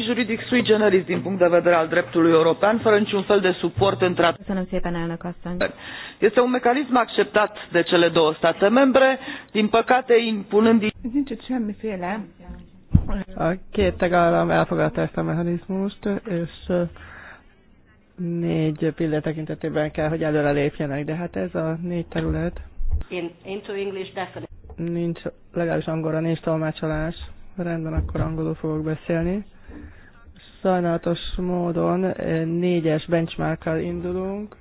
juridic sui generis din punct de vedere al dreptului european, fără niciun fel de suport în tratat. Este un mecanism acceptat de cele
două state membre, din păcate impunând...
A két tagállam elfogadta ezt a mechanizmust, és négy pillanat tekintetében kell, hogy előre lépjenek, de hát ez a négy terület.
In, into English definitely.
Nincs, legalábbis angolra nincs tolmácsolás. Rendben, akkor angolul fogok beszélni. Sajnálatos módon eh, négyes benchmarkkal indulunk,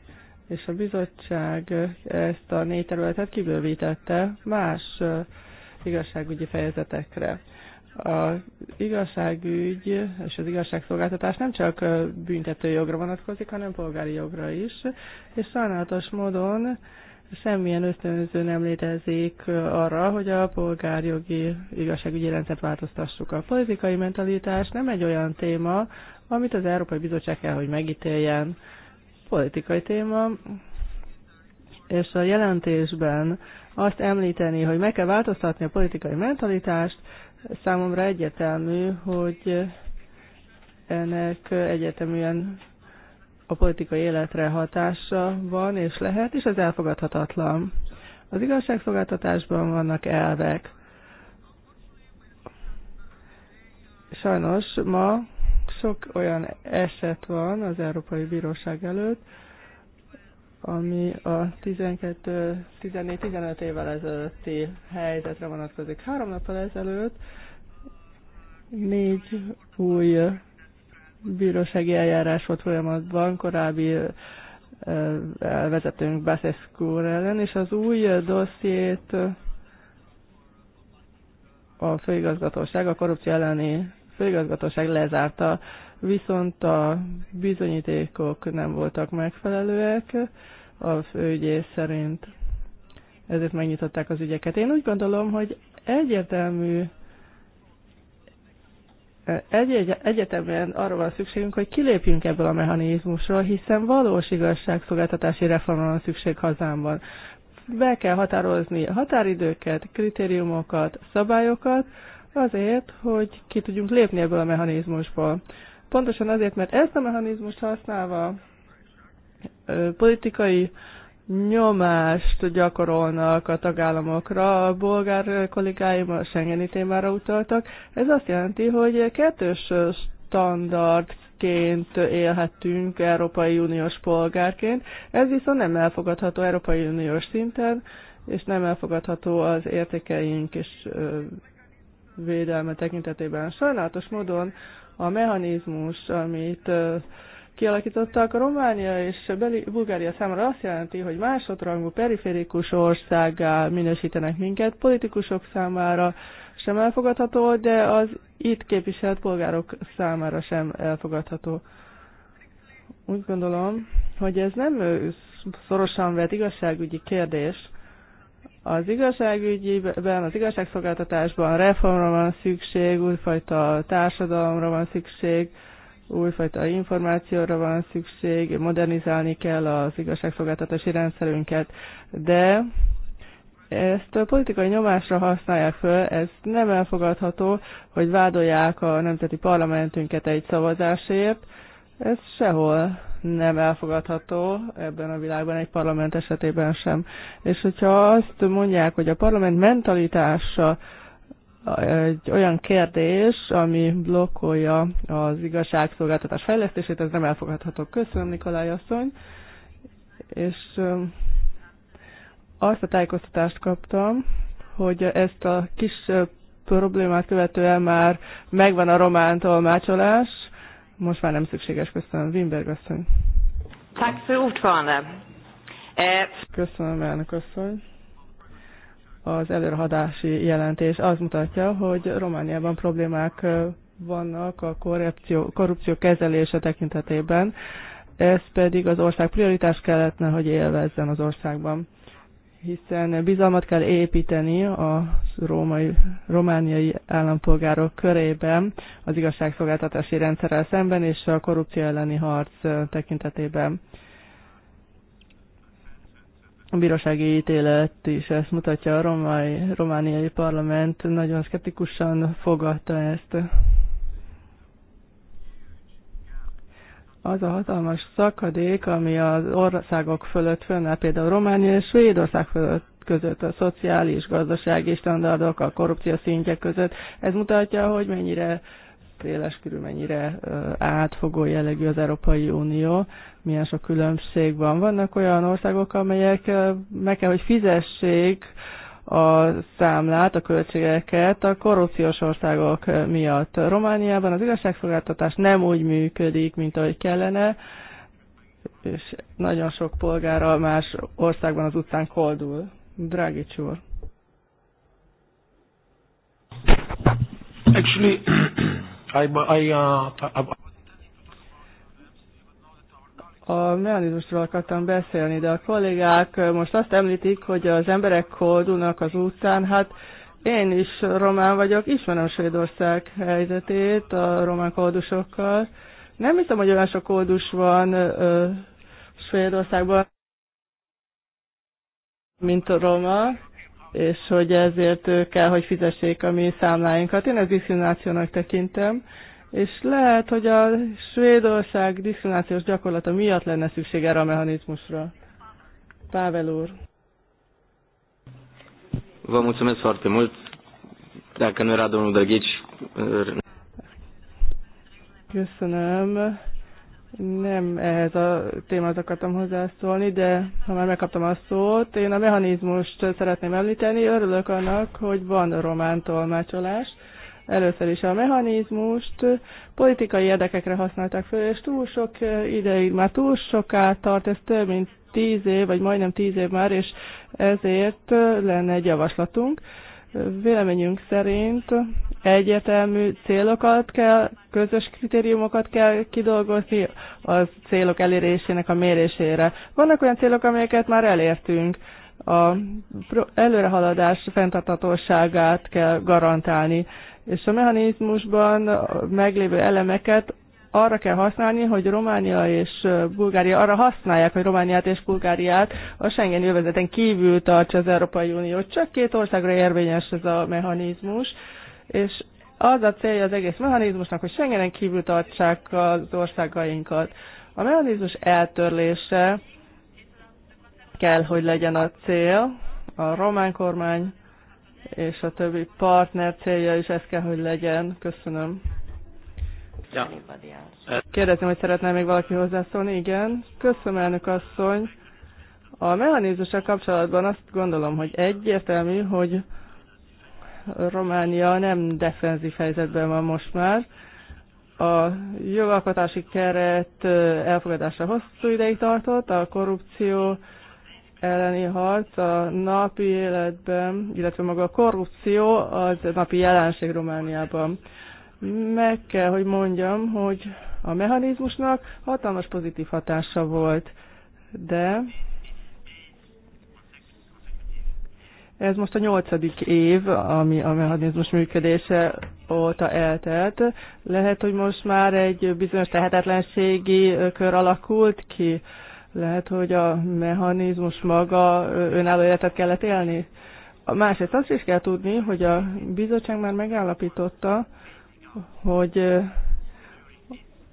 és a bizottság eh, ezt a négy területet kibővítette más eh, igazságügyi fejezetekre. A igazságügy és az igazságszolgáltatás nem csak büntető jogra vonatkozik, hanem polgári jogra is, és sajnálatos módon semmilyen ösztönző nem létezik arra, hogy a polgárjogi igazságügyi rendszert változtassuk. A politikai mentalitás nem egy olyan téma, amit az Európai Bizottság kell, hogy megítéljen. Politikai téma, és a jelentésben azt említeni, hogy meg kell változtatni a politikai mentalitást, számomra egyetelmű, hogy ennek egyeteműen a politikai életre hatása van és lehet, és ez elfogadhatatlan. Az igazságszolgáltatásban vannak elvek. Sajnos ma sok olyan eset van az Európai Bíróság előtt, ami a 12-14-15 évvel ezelőtti helyzetre vonatkozik. Három nappal ezelőtt négy új bírósági eljárás volt folyamatban korábbi elvezetőnk Basescu ellen, és az új dossziét a főigazgatóság, a korrupció elleni főigazgatóság lezárta, viszont a bizonyítékok nem voltak megfelelőek a főügyész szerint. Ezért megnyitották az ügyeket. Én úgy gondolom, hogy egyértelmű egy, egy, egyetemben arra van szükségünk, hogy kilépjünk ebből a mechanizmusról, hiszen valós igazságszolgáltatási reformra van szükség hazámban. Be kell határozni határidőket, kritériumokat, szabályokat, azért, hogy ki tudjunk lépni ebből a mechanizmusból. Pontosan azért, mert ezt a mechanizmust használva politikai nyomást gyakorolnak a tagállamokra. A bolgár kollégáim a Schengeni témára utaltak. Ez azt jelenti, hogy kettős standardként élhetünk Európai Uniós polgárként. Ez viszont nem elfogadható Európai Uniós szinten, és nem elfogadható az értékeink és védelme tekintetében. Sajnálatos módon a mechanizmus, amit kialakítottak. Románia és Bulgária számára azt jelenti, hogy másodrangú periférikus országgá minősítenek minket, politikusok számára sem elfogadható, de az itt képviselt polgárok számára sem elfogadható. Úgy gondolom, hogy ez nem szorosan vett igazságügyi kérdés. Az igazságügyiben, az igazságszolgáltatásban reformra van szükség, újfajta társadalomra van szükség, újfajta információra van szükség, modernizálni kell az igazságszolgáltatási rendszerünket, de ezt a politikai nyomásra használják föl, ez nem elfogadható, hogy vádolják a nemzeti parlamentünket egy szavazásért, ez sehol nem elfogadható ebben a világban, egy parlament esetében sem. És hogyha azt mondják, hogy a parlament mentalitása egy olyan kérdés, ami blokkolja az igazságszolgáltatás fejlesztését, ez nem elfogadható. Köszönöm, Nikolaj asszony. És azt a tájékoztatást kaptam, hogy ezt a kis problémát követően már megvan a román tolmácsolás, most már nem szükséges, köszönöm. Wimberg asszony. Eh, köszönöm, elnök asszony az előrehadási jelentés az mutatja, hogy Romániában problémák vannak a korrupció, korrupció kezelése tekintetében, ez pedig az ország prioritás kellettne, hogy élvezzen az országban hiszen bizalmat kell építeni a római, romániai állampolgárok körében az igazságszolgáltatási rendszerrel szemben és a korrupció elleni harc tekintetében. A bírósági ítélet is ezt mutatja, a romai, romániai parlament nagyon szkeptikusan fogadta ezt. Az a hatalmas szakadék, ami az országok fölött fönnáll, például Románia és Svédország fölött között, a szociális, gazdasági standardok, a korrupció szintje között. Ez mutatja, hogy mennyire uh, széles körül mennyire átfogó jellegű az Európai Unió, milyen sok különbség van. Vannak olyan országok, amelyek meg kell, hogy fizessék a számlát, a költségeket a korrupciós országok miatt. Romániában az igazságszolgáltatás nem úgy működik, mint ahogy kellene, és nagyon sok polgára más országban az utcán koldul. Drági
csúr. Actually, I, I, uh,
a mechanizmusról akartam beszélni, de a kollégák most azt említik, hogy az emberek koldulnak az utcán, hát én is román vagyok, ismerem Svédország helyzetét a román koldusokkal. Nem hiszem, hogy olyan sok koldus van ö, Svédországban, mint a roma és hogy ezért kell, hogy fizessék a mi számláinkat. Én ezt diszkriminációnak tekintem, és lehet, hogy a Svédország diszkriminációs gyakorlata miatt lenne szükség erre a mechanizmusra. Pável úr.
Vă mulțumesc foarte mult. Dacă nu era domnul
Köszönöm. Nem ehhez a témához akartam hozzászólni, de ha már megkaptam a szót, én a mechanizmust szeretném említeni. Örülök annak, hogy van román tolmácsolás. Először is a mechanizmust politikai érdekekre használták föl, és túl sok ideig, már túl soká tart, ez több mint tíz év, vagy majdnem tíz év már, és ezért lenne egy javaslatunk, Véleményünk szerint egyértelmű célokat kell, közös kritériumokat kell kidolgozni a célok elérésének a mérésére. Vannak olyan célok, amelyeket már elértünk. A előrehaladás fenntartatóságát kell garantálni, és a mechanizmusban meglévő elemeket arra kell használni, hogy Románia és Bulgária arra használják, hogy Romániát és Bulgáriát a Schengen jövezeten kívül tartsa az Európai Unió. Csak két országra érvényes ez a mechanizmus, és az a célja az egész mechanizmusnak, hogy Schengenen kívül tartsák az országainkat. A mechanizmus eltörlése kell, hogy legyen a cél, a román kormány és a többi partner célja is ez kell, hogy legyen. Köszönöm
ja.
Kérdezem, hogy szeretne még valaki hozzászólni? Igen. Köszönöm, elnök asszony. A mechanizmussal kapcsolatban azt gondolom, hogy egyértelmű, hogy Románia nem defenzív helyzetben van most már. A jogalkotási keret elfogadása hosszú ideig tartott, a korrupció elleni harc a napi életben, illetve maga a korrupció az napi jelenség Romániában. Meg kell, hogy mondjam, hogy a mechanizmusnak hatalmas pozitív hatása volt, de ez most a nyolcadik év, ami a mechanizmus működése óta eltelt. Lehet, hogy most már egy bizonyos tehetetlenségi kör alakult ki. Lehet, hogy a mechanizmus maga önálló életet kellett élni. Másrészt azt is kell tudni, hogy a bizottság már megállapította, hogy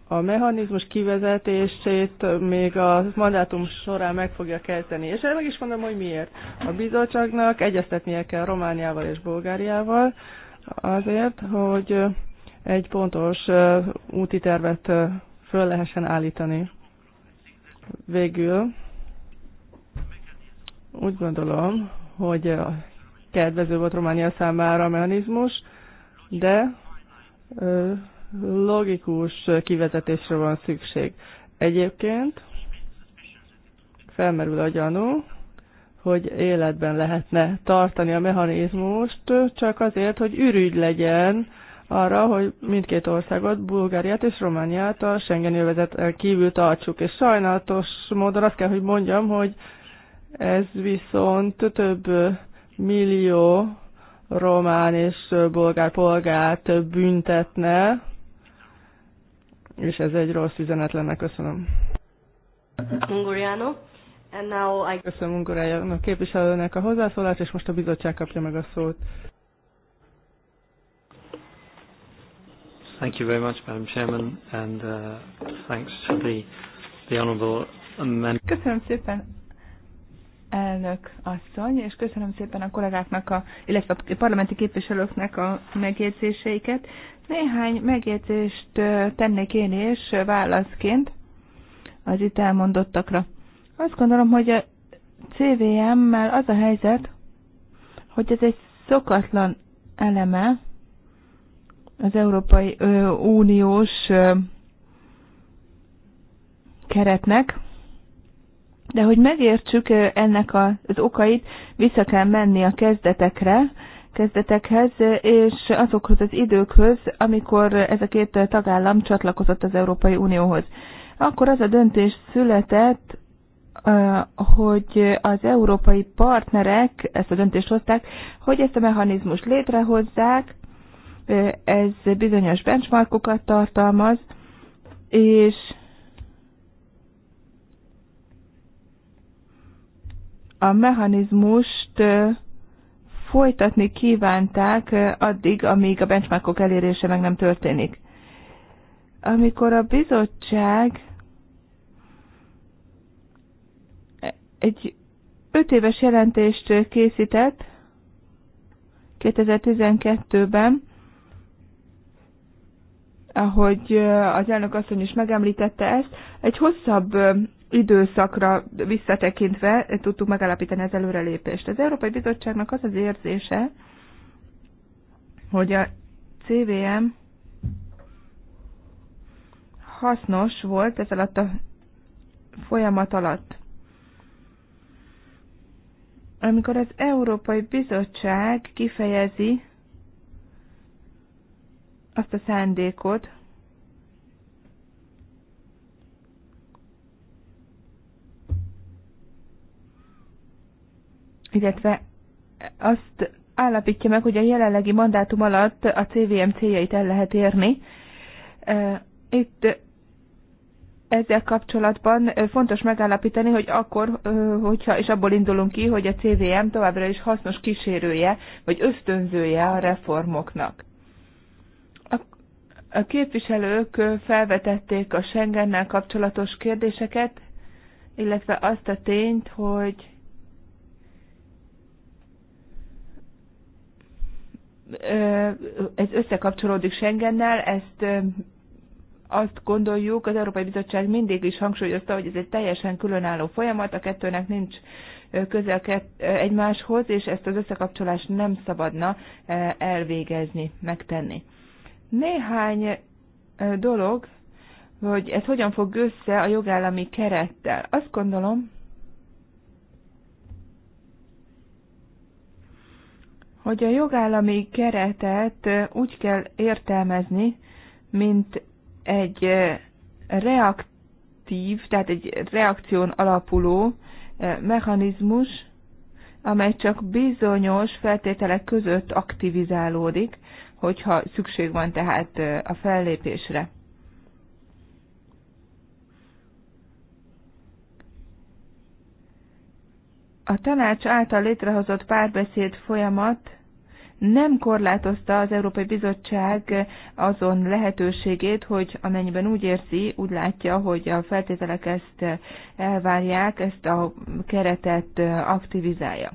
a mechanizmus kivezetését még a mandátum során meg fogja kezdeni. És meg is mondom, hogy miért. A bizottságnak egyeztetnie kell Romániával és Bulgáriával azért, hogy egy pontos úti tervet föl lehessen állítani. Végül úgy gondolom, hogy kedvező volt Románia számára a mechanizmus, de logikus kivezetésre van szükség. Egyébként felmerül a gyanú, hogy életben lehetne tartani a mechanizmust, csak azért, hogy ürügy legyen arra, hogy mindkét országot, Bulgáriát és Romániát a Schengen övezet kívül tartsuk. És sajnálatos módon azt kell, hogy mondjam, hogy ez viszont több millió román és bolgár polgárt büntetne, és ez egy rossz üzenet lenne. Köszönöm.
Unguriano. And now I...
Köszönöm Ungurájának képviselőnek a hozzászólást, és most a bizottság kapja meg a szót.
Thank you very much, Madam Chairman, and uh, thanks to the, the Honourable
Amendment.
Köszönöm szépen, elnök asszony, és köszönöm szépen a kollégáknak, a, illetve a parlamenti képviselőknek a megjegyzéseiket. Néhány megjegyzést tennék én is válaszként az itt elmondottakra. Azt gondolom, hogy a CVM-mel az a helyzet, hogy ez egy szokatlan eleme az Európai Uniós keretnek, de hogy megértsük ennek az okait, vissza kell menni a kezdetekre, kezdetekhez, és azokhoz az időkhöz, amikor ez a két tagállam csatlakozott az Európai Unióhoz. Akkor az a döntés született, hogy az európai partnerek ezt a döntést hozták, hogy ezt a mechanizmust létrehozzák, ez bizonyos benchmarkokat tartalmaz, és a mechanizmust folytatni kívánták addig, amíg a benchmarkok elérése meg nem történik. Amikor a bizottság egy öt éves jelentést készített 2012-ben, ahogy az elnök asszony is megemlítette ezt, egy hosszabb időszakra visszatekintve tudtuk megállapítani az előrelépést. Az Európai Bizottságnak az az érzése, hogy a CVM hasznos volt ez alatt a folyamat alatt. Amikor az Európai Bizottság kifejezi azt a szándékot, illetve azt állapítja meg, hogy a jelenlegi mandátum alatt a CVM céljait el lehet érni. Itt ezzel kapcsolatban fontos megállapítani, hogy akkor, hogyha, és abból indulunk ki, hogy a CVM továbbra is hasznos kísérője, vagy ösztönzője a reformoknak. A képviselők felvetették a Schengennel kapcsolatos kérdéseket, illetve azt a tényt, hogy ez összekapcsolódik Schengennel, ezt azt gondoljuk, az Európai Bizottság mindig is hangsúlyozta, hogy ez egy teljesen különálló folyamat, a kettőnek nincs közel egymáshoz, és ezt az összekapcsolást nem szabadna elvégezni, megtenni. Néhány dolog, hogy ez hogyan fog össze a jogállami kerettel. Azt gondolom, hogy a jogállami keretet úgy kell értelmezni, mint egy reaktív, tehát egy reakción alapuló mechanizmus, amely csak bizonyos feltételek között aktivizálódik, hogyha szükség van tehát a fellépésre. A tanács által létrehozott párbeszéd folyamat nem korlátozta az Európai Bizottság azon lehetőségét, hogy amennyiben úgy érzi, úgy látja, hogy a feltételek ezt elvárják, ezt a keretet aktivizálja.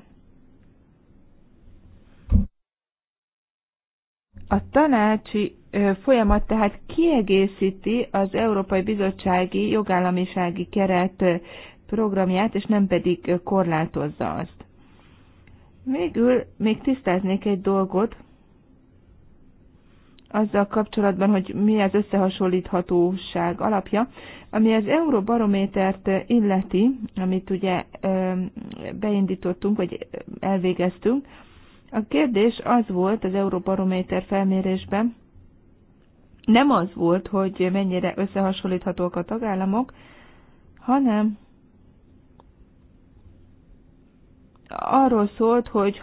A tanácsi folyamat tehát kiegészíti az Európai Bizottsági Jogállamisági Keret programját, és nem pedig korlátozza azt. Végül még tisztáznék egy dolgot azzal kapcsolatban, hogy mi az összehasonlíthatóság alapja, ami az Euróbarométert illeti, amit ugye beindítottunk, vagy elvégeztünk. A kérdés az volt az Euróbarométer felmérésben, nem az volt, hogy mennyire összehasonlíthatók a tagállamok, hanem arról szólt, hogy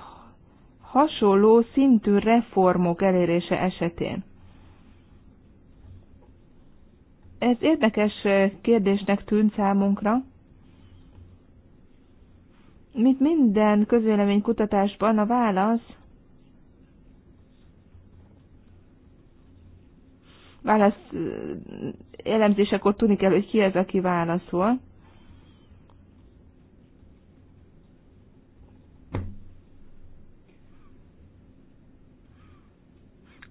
hasonló szintű reformok elérése esetén. Ez érdekes kérdésnek tűnt számunkra. Mint minden közvéleménykutatásban a válasz válasz elemzésekor tudni kell, hogy ki ez aki válaszol.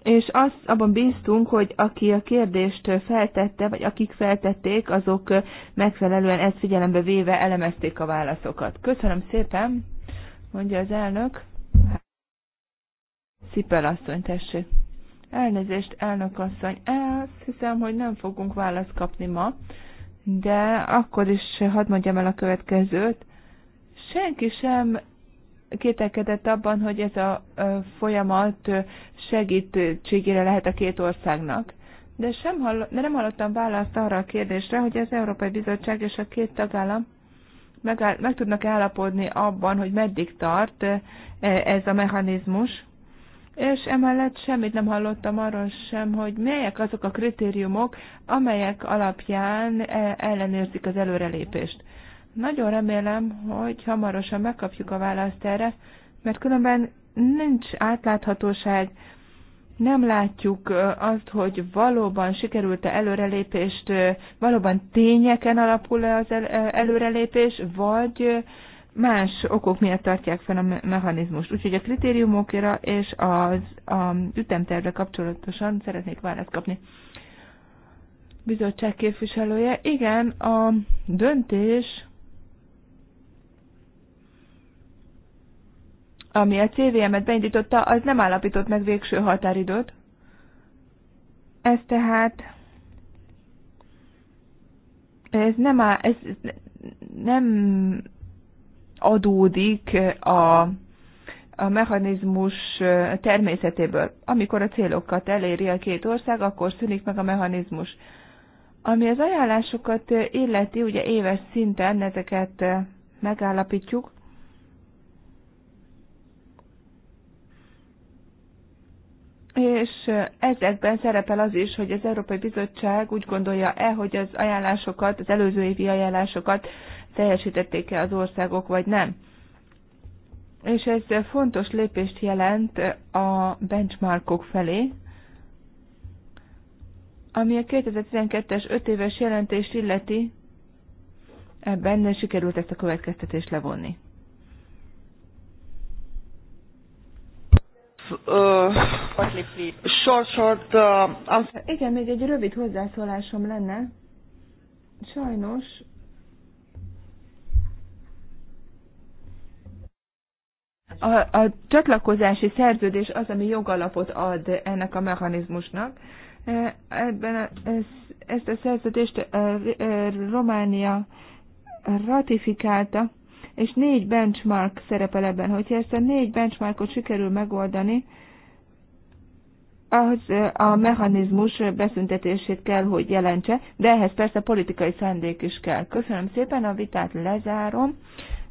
és azt abban bíztunk, hogy aki a kérdést feltette, vagy akik feltették, azok megfelelően ezt figyelembe véve elemezték a válaszokat. Köszönöm szépen, mondja az elnök. Szipel asszony, tessék. Elnézést, elnök asszony. Azt hiszem, hogy nem fogunk választ kapni ma, de akkor is hadd mondjam el a következőt. Senki sem kételkedett abban, hogy ez a folyamat segítségére lehet a két országnak. De, sem hall, de nem hallottam választ arra a kérdésre, hogy az Európai Bizottság és a két tagállam meg, meg tudnak állapodni abban, hogy meddig tart ez a mechanizmus, és emellett semmit nem hallottam arról sem, hogy melyek azok a kritériumok, amelyek alapján e, ellenőrzik az előrelépést. Nagyon remélem, hogy hamarosan megkapjuk a választ erre, mert különben nincs átláthatóság, nem látjuk azt, hogy valóban sikerült-e előrelépést, valóban tényeken alapul-e az előrelépés, vagy más okok miatt tartják fel a mechanizmust. Úgyhogy a kritériumokra és az, az ütemtervre kapcsolatosan szeretnék választ kapni. Bizottság képviselője, igen, a döntés ami a CVM-et beindította, az nem állapított meg végső határidőt. Ez tehát ez nem, áll... ez nem adódik a, a mechanizmus természetéből. Amikor a célokat eléri a két ország, akkor szűnik meg a mechanizmus. Ami az ajánlásokat illeti, ugye éves szinten ezeket megállapítjuk, és ezekben szerepel az is, hogy az Európai Bizottság úgy gondolja-e, hogy az ajánlásokat, az előző évi ajánlásokat teljesítették-e az országok, vagy nem. És ez fontos lépést jelent a benchmarkok felé, ami a 2012-es 5 éves jelentést illeti, ebben sikerült ezt a következtetést levonni. uh, short, short uh, Igen, még egy rövid hozzászólásom lenne. Sajnos A, a csatlakozási szerződés az, ami jogalapot ad ennek a mechanizmusnak. Ebben a, ezt a szerződést Románia ratifikálta, és négy benchmark szerepel ebben. Hogyha ezt a négy benchmarkot sikerül megoldani, az a mechanizmus beszüntetését kell, hogy jelentse, de ehhez persze politikai szándék is kell. Köszönöm szépen, a vitát lezárom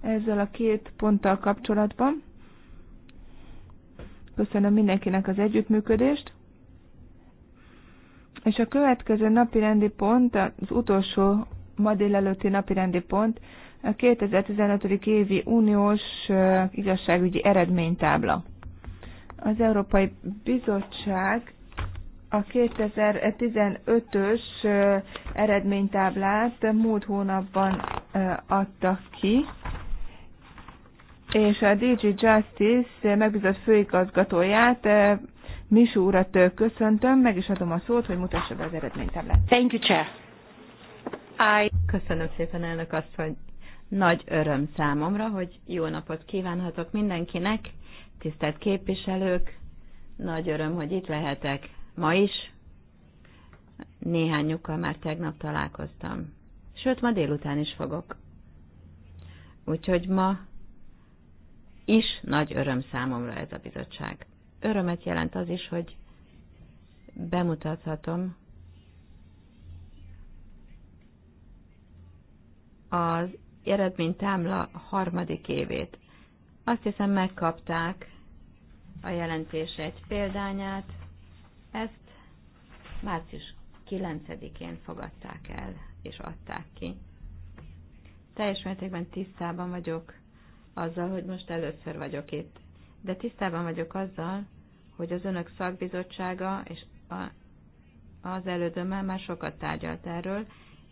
ezzel a két ponttal kapcsolatban. Köszönöm mindenkinek az együttműködést. És a következő napi rendi pont, az utolsó ma délelőtti napi rendi pont, a 2015. évi uniós igazságügyi eredménytábla. Az Európai Bizottság a 2015-ös eredménytáblát múlt hónapban adta ki, és a DG Justice megbízott főigazgatóját, Misú urat köszöntöm, meg is adom a szót, hogy
mutassa be az eredménytáblát. Thank you, Chair. I... Köszönöm szépen, elnök asszony. Nagy öröm számomra, hogy jó napot kívánhatok mindenkinek, tisztelt képviselők, nagy öröm, hogy itt lehetek ma is. Néhányukkal már tegnap találkoztam, sőt, ma délután is fogok. Úgyhogy ma is nagy öröm számomra ez a bizottság. Örömet jelent az is, hogy bemutathatom az eredménytámla harmadik évét. Azt hiszem megkapták a jelentés egy példányát, ezt március 9-én fogadták el és adták ki. Teljes mértékben tisztában vagyok azzal, hogy most először vagyok itt, de tisztában vagyok azzal, hogy az önök szakbizottsága és a, az elődömmel már sokat tárgyalt erről,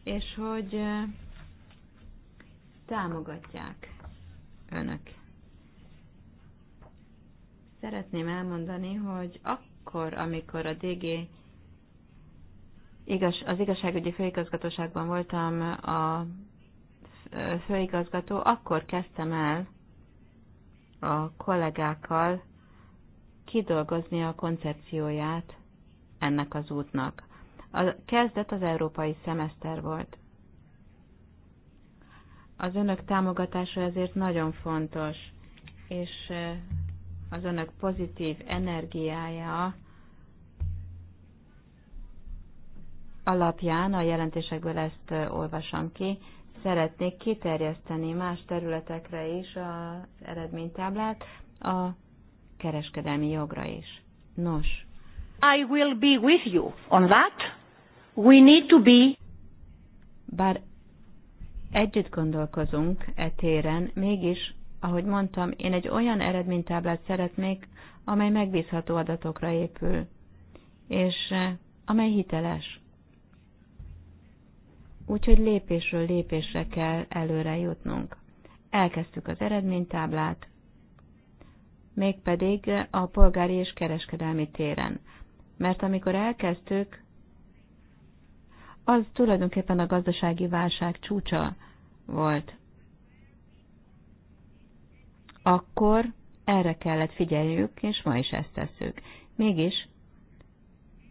és hogy támogatják önök. Szeretném elmondani, hogy akkor, amikor a DG igaz, az igazságügyi főigazgatóságban voltam a főigazgató, akkor kezdtem el a kollégákkal kidolgozni a koncepcióját ennek az útnak. A kezdet az európai szemeszter volt. Az önök támogatása ezért nagyon fontos, és az önök pozitív energiája alapján, a jelentésekből ezt olvasom ki, szeretnék kiterjeszteni más területekre is az eredménytáblát, a kereskedelmi jogra is. Nos. I will be with you on that. We need to be. Bár együtt gondolkozunk e téren, mégis, ahogy mondtam, én egy olyan eredménytáblát szeretnék, amely megbízható adatokra épül, és e, amely hiteles. Úgyhogy lépésről lépésre kell előre jutnunk. Elkezdtük az eredménytáblát, mégpedig a polgári és kereskedelmi téren. Mert amikor elkezdtük, az tulajdonképpen a gazdasági válság csúcsa volt. Akkor erre kellett figyeljük, és ma is ezt tesszük. Mégis,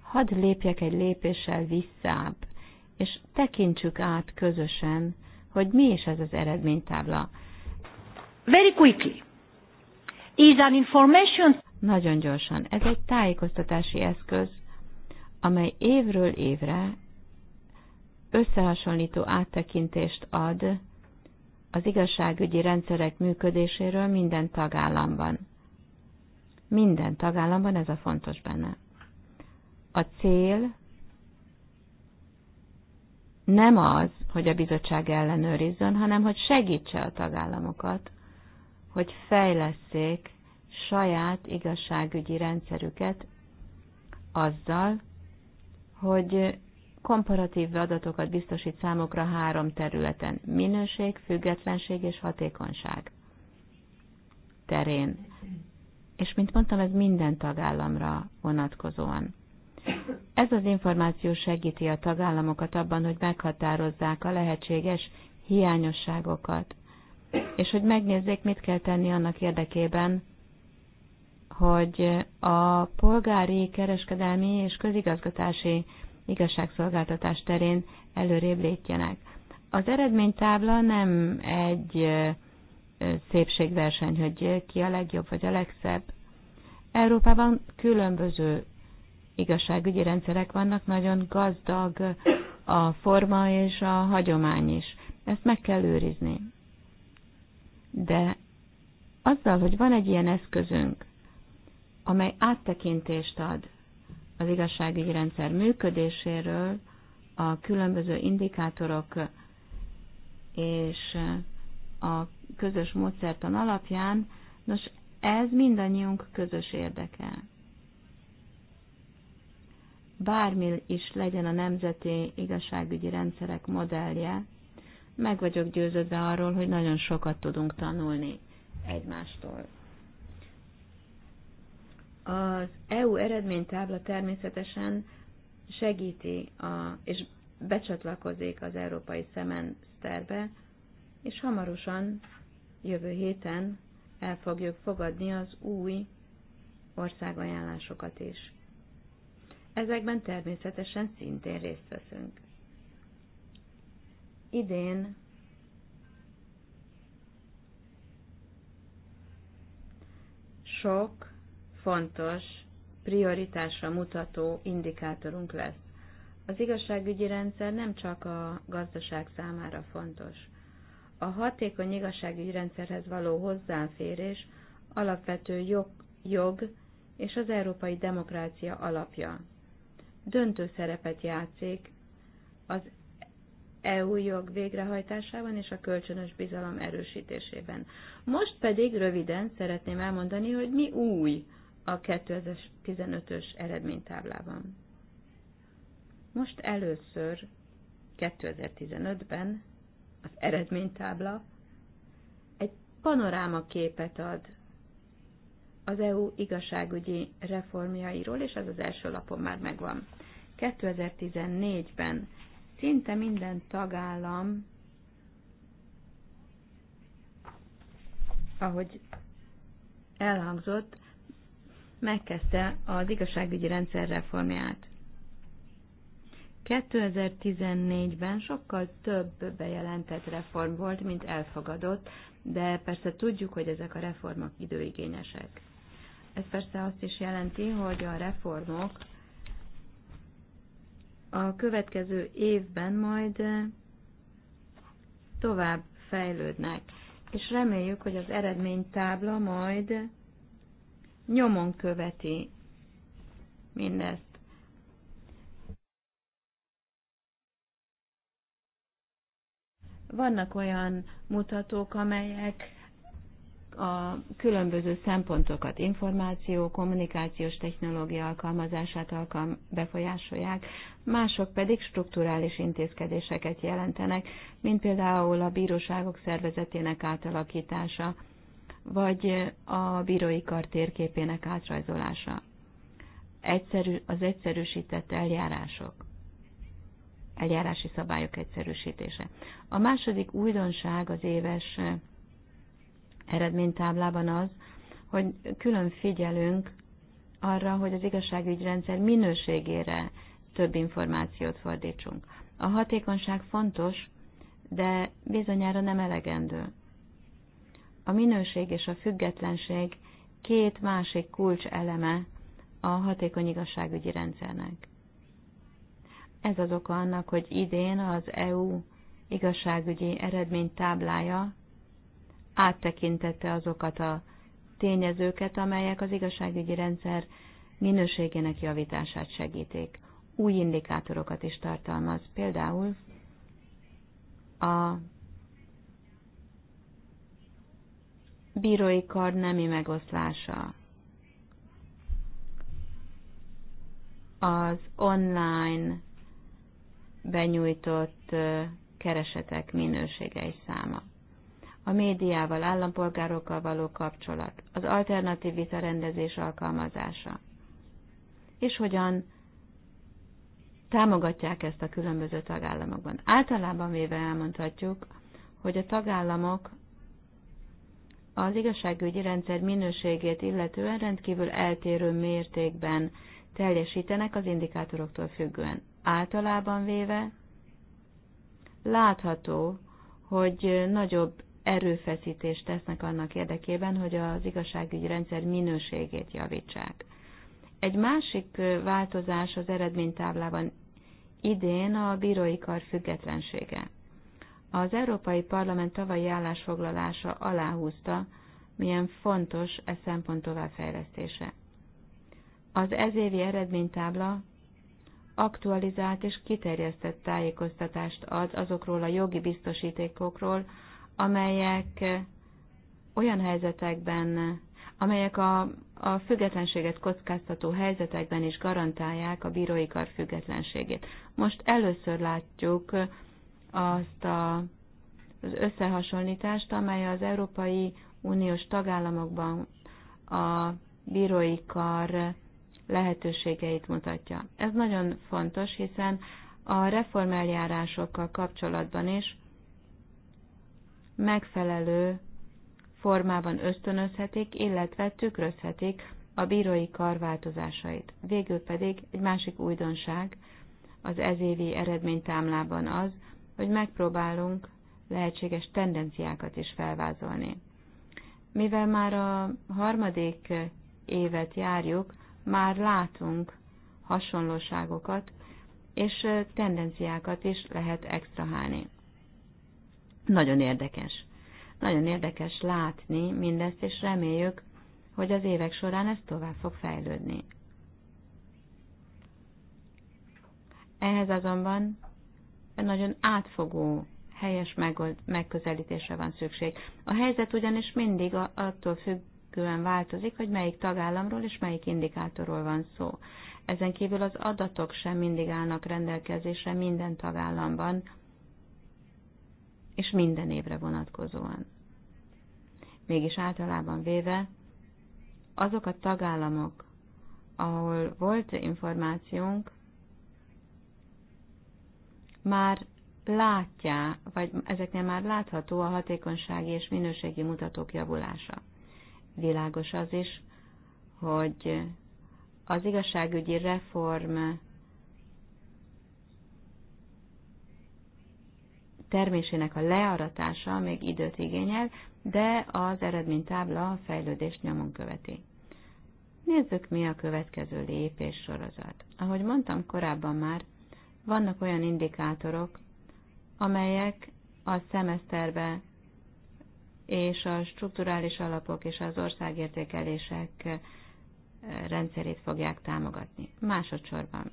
hadd lépjek egy lépéssel visszább, és tekintsük át közösen, hogy mi is ez az eredménytábla. Very quickly. Is an information... Nagyon gyorsan. Ez egy tájékoztatási eszköz, amely évről évre összehasonlító áttekintést ad az igazságügyi rendszerek működéséről minden tagállamban. Minden tagállamban ez a fontos benne. A cél nem az, hogy a bizottság ellenőrizzön, hanem hogy segítse a tagállamokat, hogy fejleszék saját igazságügyi rendszerüket azzal, hogy komparatív adatokat biztosít számokra három területen. Minőség, függetlenség és hatékonyság terén. És mint mondtam, ez minden tagállamra vonatkozóan. Ez az információ segíti a tagállamokat abban, hogy meghatározzák a lehetséges hiányosságokat, és hogy megnézzék, mit kell tenni annak érdekében, hogy a polgári, kereskedelmi és közigazgatási igazságszolgáltatás terén előrébb lépjenek. Az eredménytábla nem egy szépségverseny, hogy ki a legjobb vagy a legszebb. Európában különböző igazságügyi rendszerek vannak, nagyon gazdag a forma és a hagyomány is. Ezt meg kell őrizni. De azzal, hogy van egy ilyen eszközünk, amely áttekintést ad az igazságügyi rendszer működéséről, a különböző indikátorok és a közös módszertan alapján, nos, ez mindannyiunk közös érdeke. Bármi is legyen a nemzeti igazságügyi rendszerek modellje, meg vagyok győződve arról, hogy nagyon sokat tudunk tanulni egymástól. Az EU eredménytábla természetesen segíti a, és becsatlakozik az európai szemeszterbe, és hamarosan, jövő héten el fogjuk fogadni az új országajánlásokat is. Ezekben természetesen szintén részt veszünk. Idén sok fontos, prioritásra mutató indikátorunk lesz. Az igazságügyi rendszer nem csak a gazdaság számára fontos. A hatékony igazságügyi rendszerhez való hozzáférés alapvető jog, jog és az európai demokrácia alapja. Döntő szerepet játszik az EU jog végrehajtásában és a kölcsönös bizalom erősítésében. Most pedig röviden szeretném elmondani, hogy mi új a 2015-ös eredménytáblában. Most először 2015-ben az eredménytábla egy panorámaképet ad az EU igazságügyi reformjairól, és ez az első lapon már megvan. 2014-ben szinte minden tagállam, ahogy elhangzott, megkezdte az igazságügyi rendszer reformját. 2014-ben sokkal több bejelentett reform volt, mint elfogadott, de persze tudjuk, hogy ezek a reformok időigényesek. Ez persze azt is jelenti, hogy a reformok a következő évben majd tovább fejlődnek, és reméljük, hogy az eredménytábla majd nyomon követi mindezt. Vannak olyan mutatók, amelyek a különböző szempontokat, információ, kommunikációs technológia alkalmazását alkalm befolyásolják, mások pedig strukturális intézkedéseket jelentenek, mint például a bíróságok szervezetének átalakítása, vagy a bírói kar térképének átrajzolása. Egyszerű, az egyszerűsített eljárások, eljárási szabályok egyszerűsítése. A második újdonság az éves eredménytáblában az, hogy külön figyelünk arra, hogy az igazságügyrendszer minőségére több információt fordítsunk. A hatékonyság fontos, de bizonyára nem elegendő. A minőség és a függetlenség két másik kulcs eleme a hatékony igazságügyi rendszernek. Ez az oka annak, hogy idén az EU igazságügyi eredménytáblája áttekintette azokat a tényezőket, amelyek az igazságügyi rendszer minőségének javítását segítik. Új indikátorokat is tartalmaz, például a bírói kar nemi megoszlása. Az online benyújtott keresetek minősége és száma. A médiával, állampolgárokkal való kapcsolat, az alternatív vitarendezés alkalmazása. És hogyan támogatják ezt a különböző tagállamokban. Általában véve elmondhatjuk, hogy a tagállamok az igazságügyi rendszer minőségét illetően rendkívül eltérő mértékben teljesítenek az indikátoroktól függően. Általában véve látható, hogy nagyobb erőfeszítést tesznek annak érdekében, hogy az igazságügyi rendszer minőségét javítsák. Egy másik változás az eredménytáblában idén a bírói kar függetlensége. Az Európai Parlament tavalyi állásfoglalása aláhúzta, milyen fontos e szempont továbbfejlesztése. Az ezévi eredménytábla aktualizált és kiterjesztett tájékoztatást ad azokról a jogi biztosítékokról, amelyek olyan helyzetekben, amelyek a, a függetlenséget kockáztató helyzetekben is garantálják a bírói kar függetlenségét. Most először látjuk azt a, az összehasonlítást, amely az Európai Uniós tagállamokban a bírói kar lehetőségeit mutatja. Ez nagyon fontos, hiszen a reformeljárásokkal kapcsolatban is megfelelő formában ösztönözhetik, illetve tükrözhetik a bírói kar változásait. Végül pedig egy másik újdonság az ezévi eredménytámlában az, hogy megpróbálunk lehetséges tendenciákat is felvázolni. Mivel már a harmadik évet járjuk, már látunk hasonlóságokat, és tendenciákat is lehet extrahálni. Nagyon érdekes. Nagyon érdekes látni mindezt, és reméljük, hogy az évek során ez tovább fog fejlődni. Ehhez azonban nagyon átfogó, helyes megközelítésre van szükség. A helyzet ugyanis mindig attól függően változik, hogy melyik tagállamról és melyik indikátorról van szó. Ezen kívül az adatok sem mindig állnak rendelkezésre minden tagállamban, és minden évre vonatkozóan. Mégis általában véve, azok a tagállamok, ahol volt információnk, már látja, vagy ezeknél már látható a hatékonysági és minőségi mutatók javulása. Világos az is, hogy az igazságügyi reform termésének a learatása még időt igényel, de az eredménytábla a fejlődést nyomon követi. Nézzük, mi a következő lépés sorozat. Ahogy mondtam korábban már, vannak olyan indikátorok, amelyek a szemeszterbe és a strukturális alapok és az országértékelések eh, rendszerét fogják támogatni. Másodszorban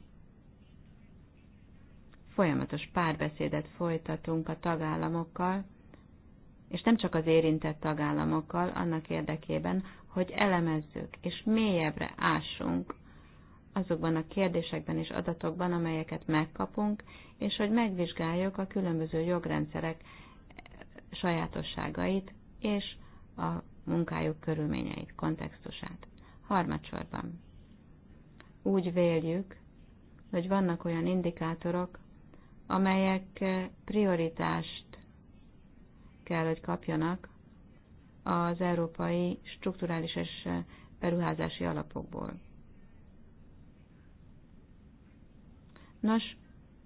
folyamatos párbeszédet folytatunk a tagállamokkal, és nem csak az érintett tagállamokkal, annak érdekében, hogy elemezzük és mélyebbre ássunk azokban a kérdésekben és adatokban, amelyeket megkapunk, és hogy megvizsgáljuk a különböző jogrendszerek sajátosságait és a munkájuk körülményeit, kontextusát. Harmadsorban úgy véljük, hogy vannak olyan indikátorok, amelyek prioritást kell, hogy kapjanak az európai strukturális és beruházási alapokból. Nos,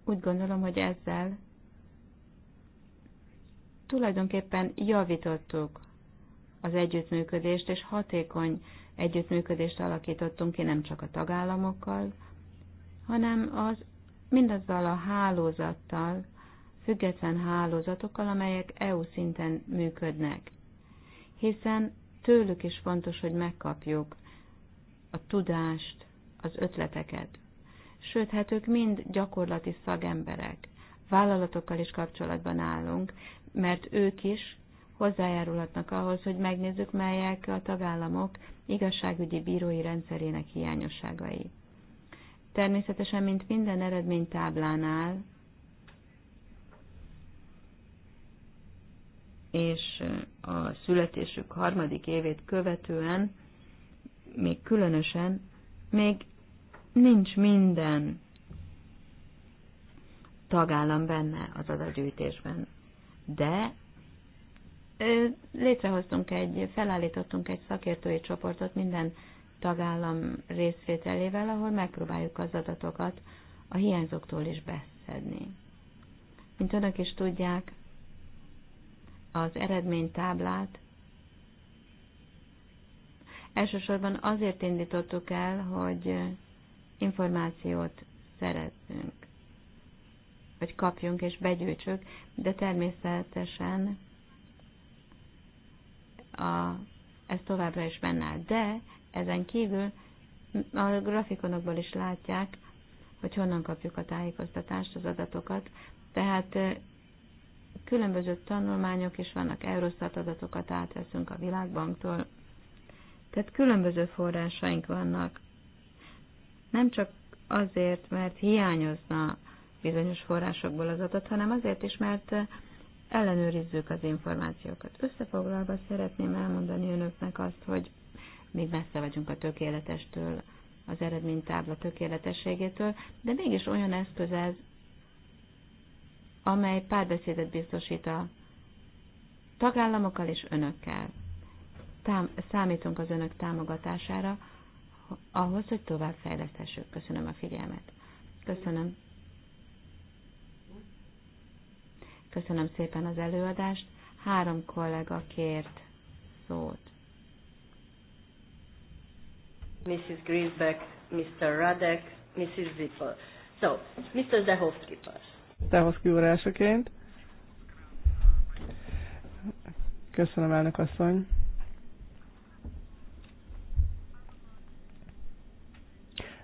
úgy gondolom, hogy ezzel tulajdonképpen javítottuk az együttműködést, és hatékony együttműködést alakítottunk ki nem csak a tagállamokkal, hanem az mindazzal a hálózattal, független hálózatokkal, amelyek EU szinten működnek. Hiszen tőlük is fontos, hogy megkapjuk a tudást, az ötleteket sőt, hát ők mind gyakorlati szagemberek. Vállalatokkal is kapcsolatban állunk, mert ők is hozzájárulhatnak ahhoz, hogy megnézzük, melyek a tagállamok igazságügyi bírói rendszerének hiányosságai. Természetesen, mint minden eredménytáblánál, és a születésük harmadik évét követően, még különösen, még nincs minden tagállam benne az adatgyűjtésben. De létrehoztunk egy, felállítottunk egy szakértői csoportot minden tagállam részvételével, ahol megpróbáljuk az adatokat a hiányzóktól is beszedni. Mint önök is tudják, az eredménytáblát elsősorban azért indítottuk el, hogy információt szerezzünk, vagy kapjunk és begyűjtsük, de természetesen a, ez továbbra is benne áll. De ezen kívül a grafikonokból is látják, hogy honnan kapjuk a tájékoztatást, az adatokat. Tehát különböző tanulmányok is vannak, Eurostat adatokat átveszünk a világbanktól. Tehát különböző forrásaink vannak. Nem csak azért, mert hiányozna bizonyos forrásokból az adat, hanem azért is, mert eh, ellenőrizzük az információkat. Összefoglalva szeretném elmondani önöknek azt, hogy még messze vagyunk a tökéletestől, az eredménytábla tökéletességétől, de mégis olyan eszköz ez, amely párbeszédet biztosít a tagállamokkal és önökkel. Tám- számítunk az önök támogatására, ahhoz, hogy tovább fejleszthessük. Köszönöm a figyelmet. Köszönöm. Köszönöm szépen az előadást. Három kollega kért szót. Mrs. Greenback, Mr. Radek, Mrs. Zippel. So, Mr. Zehovsky first.
Zehovsky úr elsőként. Köszönöm, elnök asszony.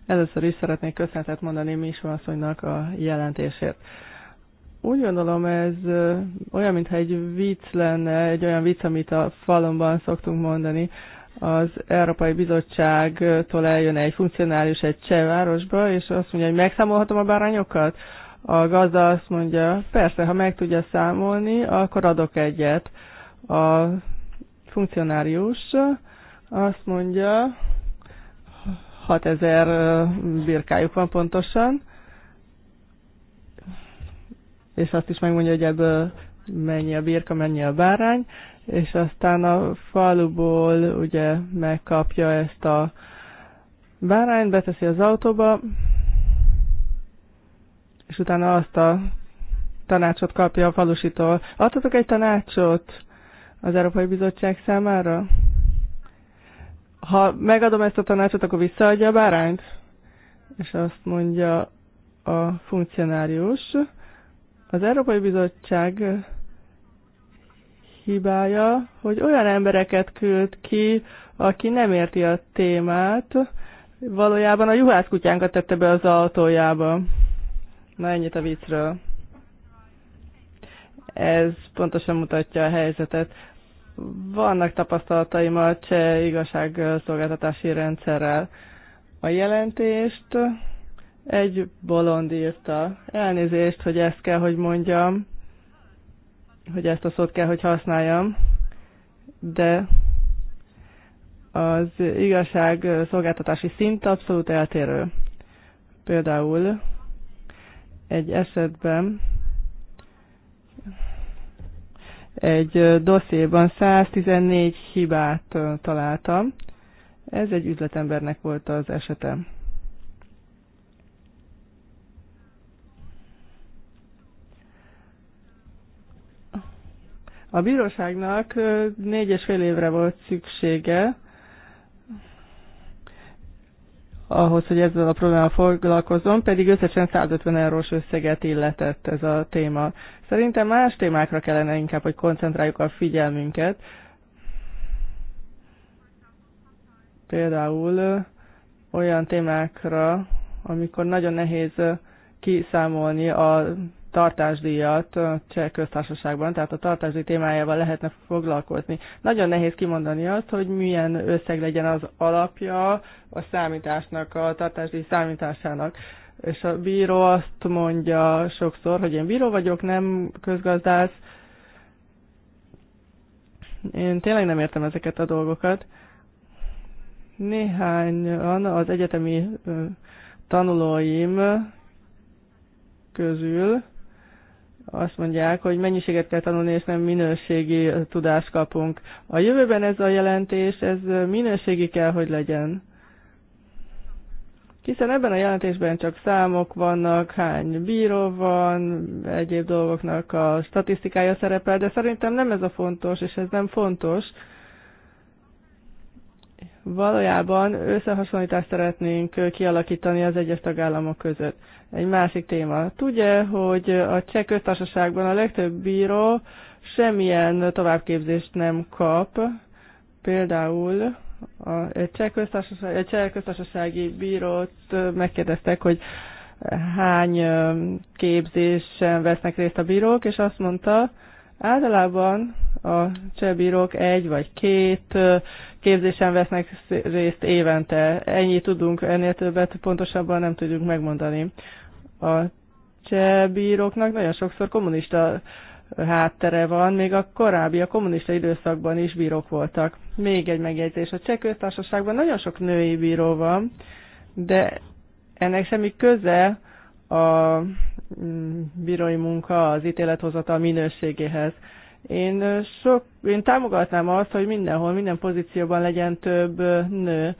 Először is szeretnék köszönetet mondani Misó asszonynak a jelentését. Úgy gondolom, ez olyan, mintha egy vicc lenne, egy olyan vicc, amit a falomban szoktunk mondani. Az Európai Bizottságtól eljön egy funkcionális egy cseh városba, és azt mondja, hogy megszámolhatom a bárányokat? A gazda azt mondja, persze, ha meg tudja számolni, akkor adok egyet. A funkcionárius azt mondja, 6000 birkájuk van pontosan, és azt is megmondja, hogy ebből mennyi a birka, mennyi a bárány, és aztán a faluból ugye megkapja ezt a bárányt, beteszi az autóba, és utána azt a tanácsot kapja a falusitól. Adhatok egy tanácsot az Európai Bizottság számára? ha megadom ezt a tanácsot, akkor visszaadja a bárányt? És azt mondja a funkcionárius, az Európai Bizottság hibája, hogy olyan embereket küld ki, aki nem érti a témát, valójában a juhászkutyánkat tette be az autójába. Na ennyit a viccről. Ez pontosan mutatja a helyzetet. Vannak tapasztalataim a cseh igazságszolgáltatási rendszerrel. A jelentést egy bolond írta. Elnézést, hogy ezt kell, hogy mondjam, hogy ezt a szót kell, hogy használjam, de az igazság szolgáltatási szint abszolút eltérő. Például egy esetben egy dossziéban 114 hibát találtam. Ez egy üzletembernek volt az esete. A bíróságnak négy és fél évre volt szüksége ahhoz, hogy ezzel a problémával foglalkozom, pedig összesen 150 eurós összeget illetett ez a téma. Szerintem más témákra kellene inkább, hogy koncentráljuk a figyelmünket. Például olyan témákra, amikor nagyon nehéz kiszámolni a tartásdíjat cseh köztársaságban, tehát a tartásdíj témájával lehetne foglalkozni. Nagyon nehéz kimondani azt, hogy milyen összeg legyen az alapja a számításnak, a tartásdíj számításának és a bíró azt mondja sokszor, hogy én bíró vagyok, nem közgazdász. Én tényleg nem értem ezeket a dolgokat. Néhányan az egyetemi tanulóim közül azt mondják, hogy mennyiséget kell tanulni, és nem minőségi tudást kapunk. A jövőben ez a jelentés, ez minőségi kell, hogy legyen hiszen ebben a jelentésben csak számok vannak, hány bíró van, egyéb dolgoknak a statisztikája szerepel, de szerintem nem ez a fontos, és ez nem fontos. Valójában összehasonlítást szeretnénk kialakítani az egyes tagállamok között. Egy másik téma. Tudja, hogy a cseh köztársaságban a legtöbb bíró semmilyen továbbképzést nem kap, például a cseh, köztársaság, a cseh köztársasági bírót megkérdeztek, hogy hány képzésen vesznek részt a bírók, és azt mondta, általában a cseh bírók egy vagy két képzésen vesznek részt évente. Ennyi tudunk, ennél többet pontosabban nem tudjuk megmondani. A cseh bíróknak nagyon sokszor kommunista háttere van, még a korábbi, a kommunista időszakban is bírók voltak. Még egy megjegyzés, a cseh köztársaságban nagyon sok női bíró van, de ennek semmi köze a mm, bírói munka az ítélethozata minőségéhez. Én, sok, én támogatnám azt, hogy mindenhol, minden pozícióban legyen több nő.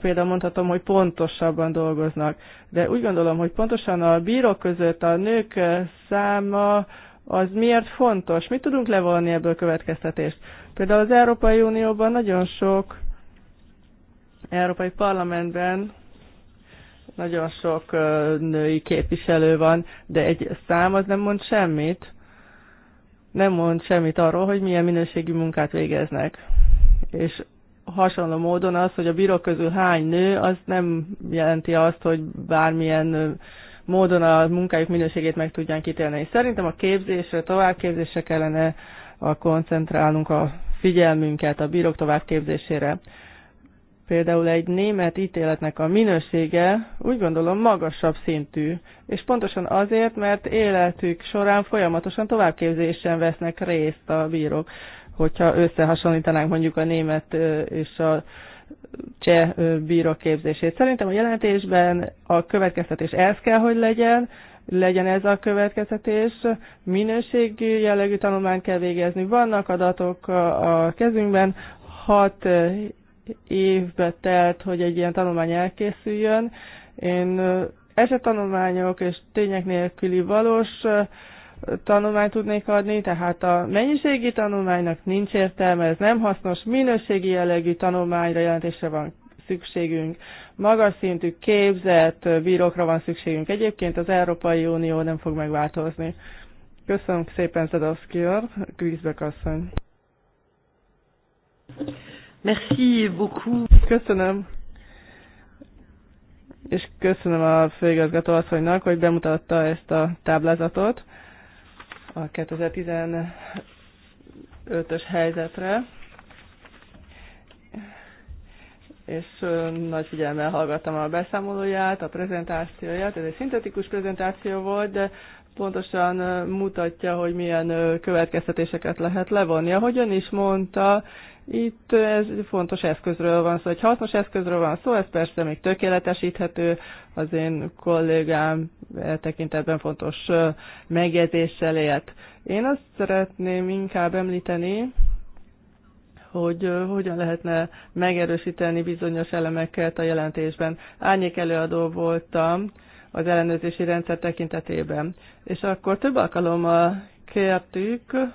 Például mondhatom, hogy pontosabban dolgoznak. De úgy gondolom, hogy pontosan a bírók között a nők száma az miért fontos? Mit tudunk levonni ebből következtetést? Például az Európai Unióban nagyon sok, Európai Parlamentben nagyon sok női képviselő van, de egy szám az nem mond semmit. Nem mond semmit arról, hogy milyen minőségi munkát végeznek. És hasonló módon az, hogy a bírók közül hány nő, az nem jelenti azt, hogy bármilyen módon a munkájuk minőségét meg tudják ítélni. Szerintem a képzésre, továbbképzésre kellene a koncentrálnunk a figyelmünket a bírók továbbképzésére. Például egy német ítéletnek a minősége úgy gondolom magasabb szintű, és pontosan azért, mert életük során folyamatosan továbbképzésen vesznek részt a bírók. Hogyha összehasonlítanánk mondjuk a német és a cseh bíró képzését. Szerintem a jelentésben a következtetés ez kell, hogy legyen, legyen ez a következtetés, minőségi jellegű tanulmány kell végezni. Vannak adatok a kezünkben, hat évbe telt, hogy egy ilyen tanulmány elkészüljön. Én esettanulmányok és tények nélküli valós tanulmányt tudnék adni, tehát a mennyiségi tanulmánynak nincs értelme, ez nem hasznos, minőségi jellegű tanulmányra jelentésre van szükségünk, magas szintű képzett bírókra van szükségünk. Egyébként az Európai Unió nem fog megváltozni. Köszönöm szépen, Zadowski úr, Grisbek asszony. Merci beaucoup. Köszönöm. És köszönöm a főigazgató asszonynak, hogy bemutatta ezt a táblázatot a 2015-ös helyzetre, és nagy figyelmel hallgattam a beszámolóját, a prezentációját. Ez egy szintetikus prezentáció volt, de pontosan mutatja, hogy milyen következtetéseket lehet levonni. Ahogyan is mondta, itt ez fontos eszközről van szó, egy hasznos eszközről van szó, ez persze még tökéletesíthető, az én kollégám e tekintetben fontos megjegyzéssel élt. Én azt szeretném inkább említeni, hogy hogyan lehetne megerősíteni bizonyos elemeket a jelentésben. Árnyék előadó voltam az ellenőrzési rendszer tekintetében, és akkor több alkalommal kértük,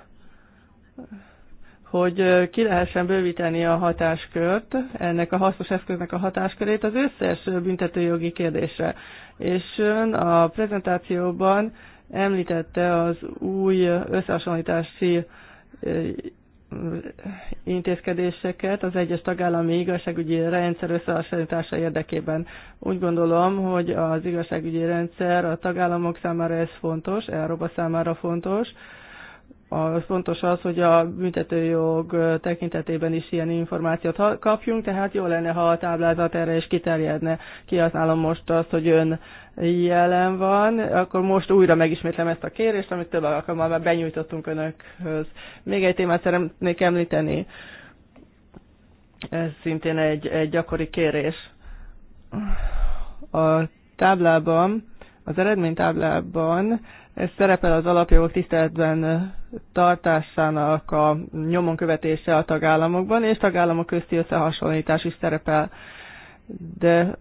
hogy ki lehessen bővíteni a hatáskört, ennek a hasznos eszköznek a hatáskörét az összes büntetőjogi kérdésre. És ön a prezentációban említette az új összehasonlítási intézkedéseket az egyes tagállami igazságügyi rendszer összehasonlítása érdekében. Úgy gondolom, hogy az igazságügyi rendszer a tagállamok számára ez fontos, Európa számára fontos, a, fontos az, hogy a büntetőjog tekintetében is ilyen információt kapjunk, tehát jó lenne, ha a táblázat erre is kiterjedne. Kihasználom most azt, hogy ön jelen van, akkor most újra megismétlem ezt a kérést, amit több alkalommal már benyújtottunk önökhöz. Még egy témát szeretnék említeni. Ez szintén egy, egy gyakori kérés. A táblában, az eredménytáblában ez szerepel az alapjogok tiszteletben tartásának a nyomon követése a tagállamokban, és tagállamok közti összehasonlítás is szerepel. De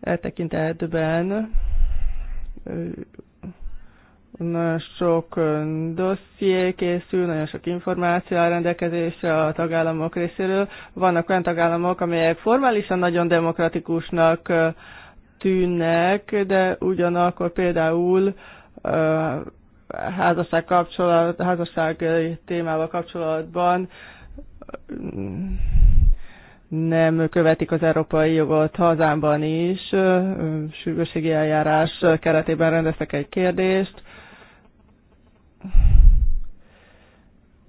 eltekintetben nagyon sok dosszié készül, nagyon sok információ áll rendelkezésre a tagállamok részéről. Vannak olyan tagállamok, amelyek formálisan nagyon demokratikusnak tűnnek, de ugyanakkor például házasság, kapcsolat, házasság témával kapcsolatban mm, nem követik az európai jogot hazámban is. Sürgősségi eljárás keretében rendeztek egy kérdést,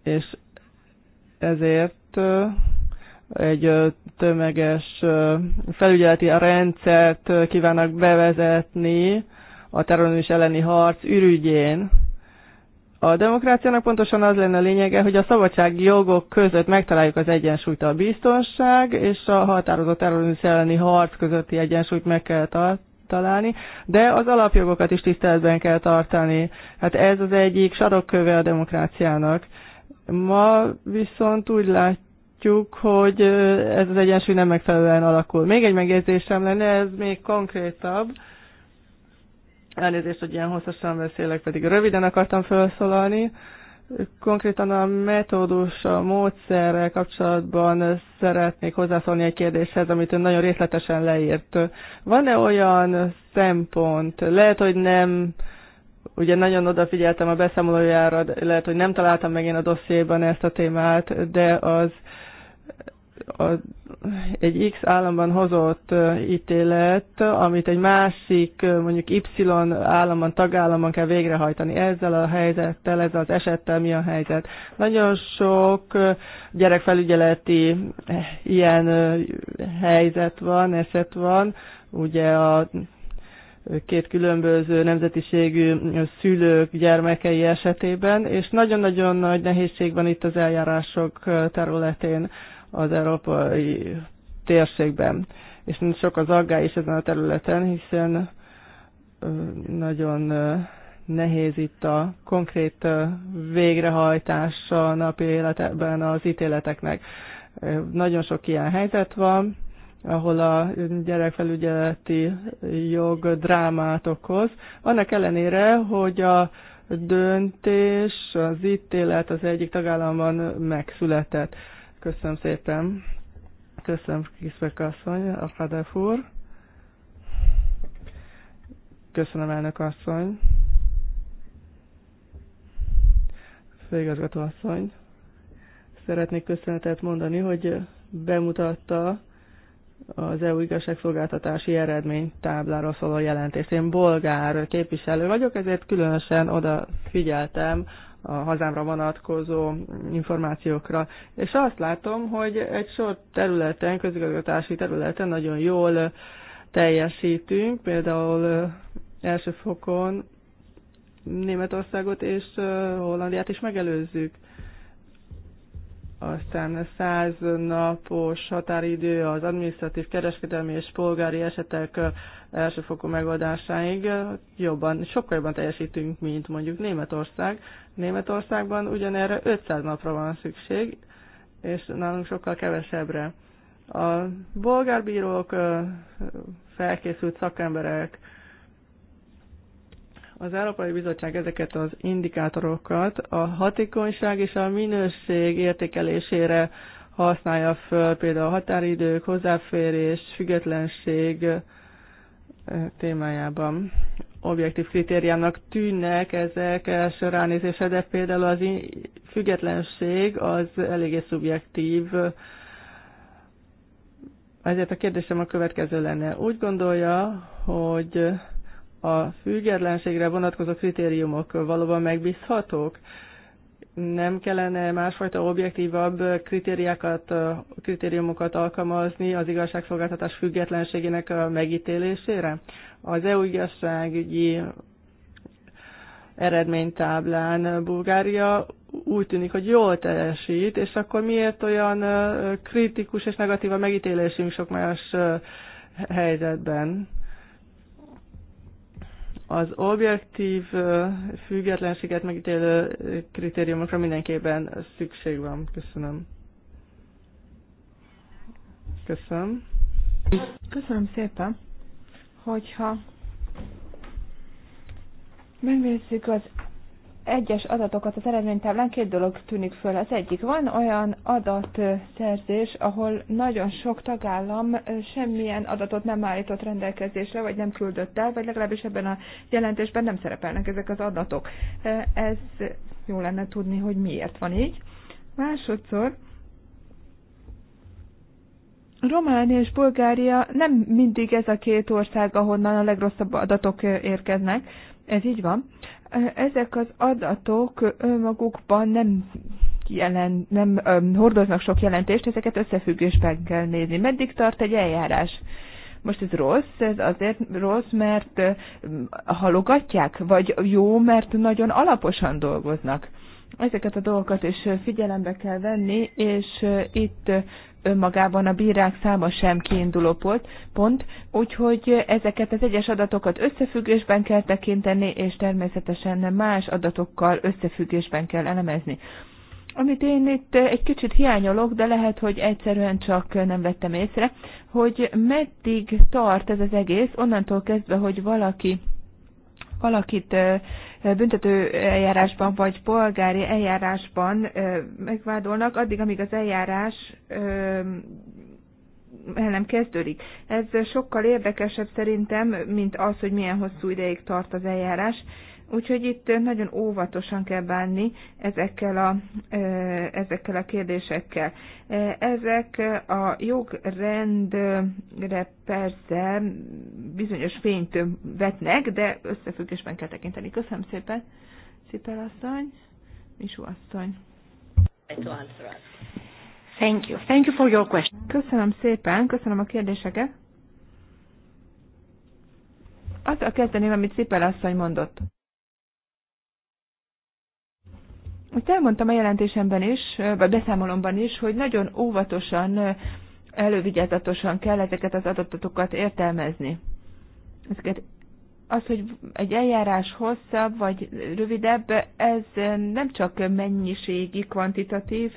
és ezért egy tömeges felügyeleti rendszert kívánnak bevezetni a terrorizmus elleni harc ürügyén. A demokráciának pontosan az lenne a lényege, hogy a szabadsági jogok között megtaláljuk az egyensúlyt a biztonság és a határozott terrorizmus elleni harc közötti egyensúlyt meg kell tartani találni, de az alapjogokat is tiszteletben kell tartani. Hát ez az egyik sarokköve a demokráciának. Ma viszont úgy látjuk, látjuk, hogy ez az egyensúly nem megfelelően alakul. Még egy megjegyzésem lenne, ez még konkrétabb. Elnézést, hogy ilyen hosszasan beszélek, pedig röviden akartam felszólalni. Konkrétan a metódus, a módszerrel kapcsolatban szeretnék hozzászólni egy kérdéshez, amit ön nagyon részletesen leírt. Van-e olyan szempont, lehet, hogy nem, ugye nagyon odafigyeltem a beszámolójára, lehet, hogy nem találtam meg én a dossziéban ezt a témát, de az a, egy X államban hozott ítélet, amit egy másik, mondjuk Y államban, tagállamban kell végrehajtani. Ezzel a helyzettel, ezzel az esettel mi a helyzet? Nagyon sok gyerekfelügyeleti eh, ilyen helyzet van, eset van. Ugye a két különböző nemzetiségű szülők gyermekei esetében, és nagyon-nagyon nagy nehézség van itt az eljárások területén az európai térségben. És sok az aggály is ezen a területen, hiszen nagyon nehéz itt a konkrét végrehajtása a napi életben az ítéleteknek. Nagyon sok ilyen helyzet van, ahol a gyerekfelügyeleti jog drámát okoz. Annak ellenére, hogy a döntés, az ítélet az egyik tagállamban megszületett. Köszönöm szépen. Köszönöm, Kiszbek asszony, a Fadef úr. Köszönöm, elnök asszony. Főigazgató asszony. Szeretnék köszönetet mondani, hogy bemutatta az EU igazságszolgáltatási eredmény táblára szóló jelentést. Én bolgár képviselő vagyok, ezért különösen oda figyeltem a hazámra vonatkozó információkra. És azt látom, hogy egy sor területen, közigazgatási területen nagyon jól teljesítünk, például első fokon Németországot és Hollandiát is megelőzzük aztán 100 napos határidő az administratív, kereskedelmi és polgári esetek elsőfokú megoldásáig jobban, sokkal jobban teljesítünk, mint mondjuk Németország. Németországban ugyanerre 500 napra van szükség, és nálunk sokkal kevesebbre. A bolgárbírók, felkészült szakemberek, az Európai Bizottság ezeket az indikátorokat a hatékonyság és a minőség értékelésére használja föl, például határidők, hozzáférés, függetlenség témájában. Objektív kritériának tűnnek ezek első ránézése, de például az függetlenség az eléggé szubjektív, ezért a kérdésem a következő lenne. Úgy gondolja, hogy a függetlenségre vonatkozó kritériumok valóban megbízhatók? Nem kellene másfajta objektívabb kritériákat, kritériumokat alkalmazni az igazságszolgáltatás függetlenségének a megítélésére? Az EU igazságügyi eredménytáblán Bulgária úgy tűnik, hogy jól teljesít, és akkor miért olyan kritikus és negatív a megítélésünk sok más helyzetben? Az objektív függetlenséget megítélő kritériumokra mindenképpen szükség van. Köszönöm.
Köszönöm. Köszönöm szépen, hogyha megnézzük az egyes adatokat az eredménytáblán két dolog tűnik föl. Az egyik, van olyan adatszerzés, ahol nagyon sok tagállam semmilyen adatot nem állított rendelkezésre, vagy nem küldött el, vagy legalábbis ebben a jelentésben nem szerepelnek ezek az adatok. Ez jó lenne tudni, hogy miért van így. Másodszor, Románia és Bulgária nem mindig ez a két ország, ahonnan a legrosszabb adatok érkeznek. Ez így van. Ezek az adatok önmagukban nem jelen, nem öm, hordoznak sok jelentést, ezeket összefüggésben kell nézni. Meddig tart egy eljárás? Most ez rossz, ez azért rossz, mert halogatják, vagy jó, mert nagyon alaposan dolgoznak. Ezeket a dolgokat is figyelembe kell venni, és itt önmagában a bírák száma sem kiinduló pont, úgyhogy ezeket az egyes adatokat összefüggésben kell tekinteni, és természetesen más adatokkal összefüggésben kell elemezni. Amit én itt egy kicsit hiányolok, de lehet, hogy egyszerűen csak nem vettem észre, hogy meddig tart ez az egész, onnantól kezdve, hogy valaki valakit büntető eljárásban vagy polgári eljárásban megvádolnak, addig, amíg az eljárás el nem kezdődik. Ez sokkal érdekesebb szerintem, mint az, hogy milyen hosszú ideig tart az eljárás Úgyhogy itt nagyon óvatosan kell bánni ezekkel a, ezekkel a kérdésekkel. Ezek a jogrendre persze bizonyos fényt vetnek, de összefüggésben kell tekinteni. Köszönöm szépen, Szipel asszony, Misú asszony. Thank you. Thank you for your question. Köszönöm szépen, köszönöm a kérdéseket. Azzal kezdeném, amit Szipel asszony mondott. úgy elmondtam a jelentésemben is, vagy beszámolomban is, hogy nagyon óvatosan, elővigyázatosan kell ezeket az adatokat értelmezni. Ezeket az, hogy egy eljárás hosszabb vagy rövidebb, ez nem csak mennyiségi, kvantitatív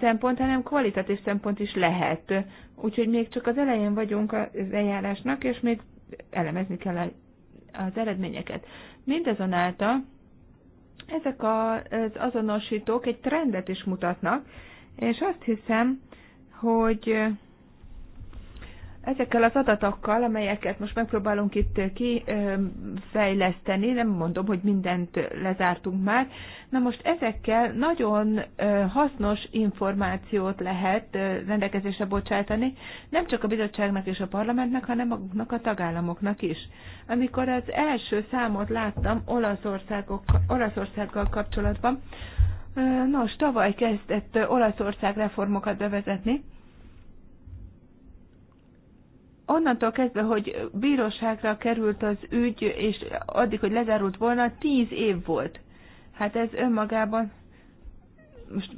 szempont, hanem kvalitatív szempont is lehet. Úgyhogy még csak az elején vagyunk az eljárásnak, és még elemezni kell az eredményeket. Mindazonáltal ezek az azonosítók egy trendet is mutatnak, és azt hiszem, hogy Ezekkel az adatokkal, amelyeket most megpróbálunk itt kifejleszteni, nem mondom, hogy mindent lezártunk már, na most ezekkel nagyon hasznos információt lehet rendelkezésre bocsátani, nem csak a bizottságnak és a parlamentnek, hanem maguknak a tagállamoknak is. Amikor az első számot láttam Olaszországgal kapcsolatban, nos, tavaly kezdett Olaszország reformokat bevezetni, onnantól kezdve, hogy bíróságra került az ügy, és addig, hogy lezárult volna, tíz év volt. Hát ez önmagában, most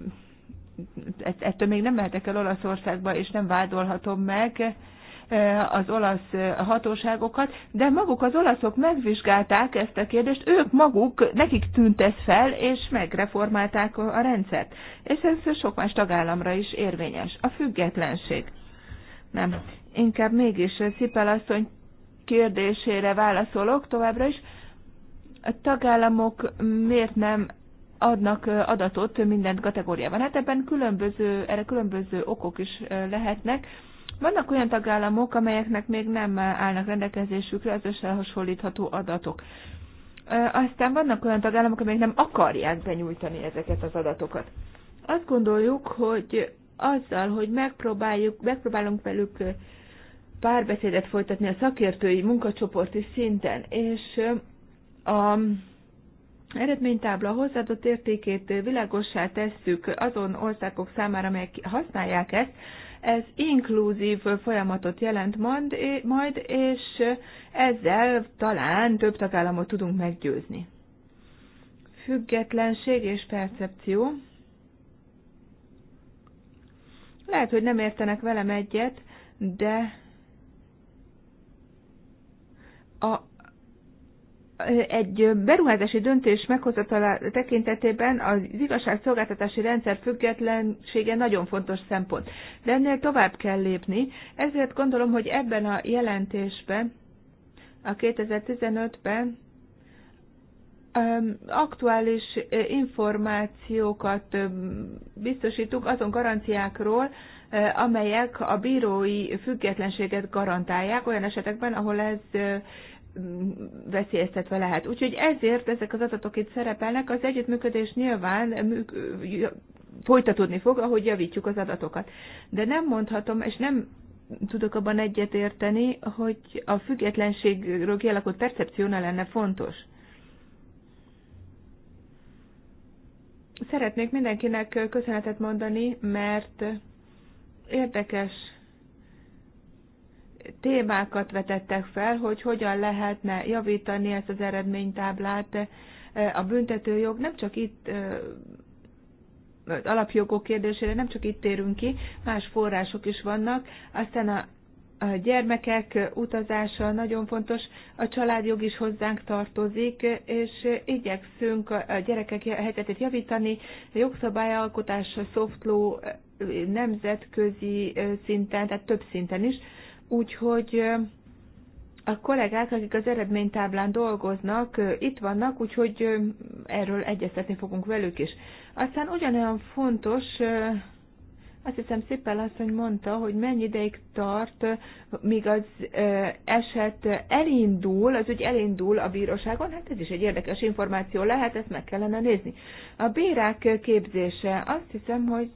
ettől még nem mehetek el Olaszországba, és nem vádolhatom meg e, az olasz e, hatóságokat, de maguk az olaszok megvizsgálták ezt a kérdést, ők maguk, nekik tűnt ez fel, és megreformálták a rendszert. És ez sok más tagállamra is érvényes. A függetlenség. Nem inkább mégis Cipel kérdésére válaszolok továbbra is. A tagállamok miért nem adnak adatot minden kategóriában? Hát ebben különböző, erre különböző okok is lehetnek. Vannak olyan tagállamok, amelyeknek még nem állnak rendelkezésükre az összehasonlítható adatok. Aztán vannak olyan tagállamok, amelyek nem akarják benyújtani ezeket az adatokat. Azt gondoljuk, hogy azzal, hogy megpróbáljuk, megpróbálunk velük párbeszédet folytatni a szakértői munkacsoporti szinten, és a eredménytábla hozzáadott értékét világossá tesszük azon országok számára, amelyek használják ezt, ez inkluzív folyamatot jelent majd, és ezzel talán több tagállamot tudunk meggyőzni. Függetlenség és percepció. Lehet, hogy nem értenek velem egyet, de a, egy beruházási döntés meghozatala tekintetében az igazságszolgáltatási rendszer függetlensége nagyon fontos szempont. De ennél tovább kell lépni, ezért gondolom, hogy ebben a jelentésben, a 2015-ben aktuális információkat biztosítunk azon garanciákról, amelyek a bírói függetlenséget garantálják olyan esetekben, ahol ez veszélyeztetve lehet. Úgyhogy ezért ezek az adatok itt szerepelnek, az együttműködés nyilván folytatódni fog, ahogy javítjuk az adatokat. De nem mondhatom, és nem tudok abban egyetérteni, hogy a függetlenségről kialakult percepció ne lenne fontos. Szeretnék mindenkinek köszönetet mondani, mert érdekes témákat vetettek fel, hogy hogyan lehetne javítani ezt az eredménytáblát. A büntetőjog nem csak itt alapjogok kérdésére nem csak itt térünk ki, más források is vannak. Aztán a, a gyermekek utazása nagyon fontos, a családjog is hozzánk tartozik, és igyekszünk a gyerekek helyzetét javítani, a jogszabályalkotás, a soft nemzetközi szinten, tehát több szinten is. Úgyhogy a kollégák, akik az eredménytáblán dolgoznak, itt vannak, úgyhogy erről egyeztetni fogunk velük is. Aztán ugyanolyan fontos, azt hiszem szépen hogy mondta, hogy mennyi ideig tart, míg az eset elindul, az ügy elindul a bíróságon, hát ez is egy érdekes információ lehet, ezt meg kellene nézni. A bírák képzése, azt hiszem, hogy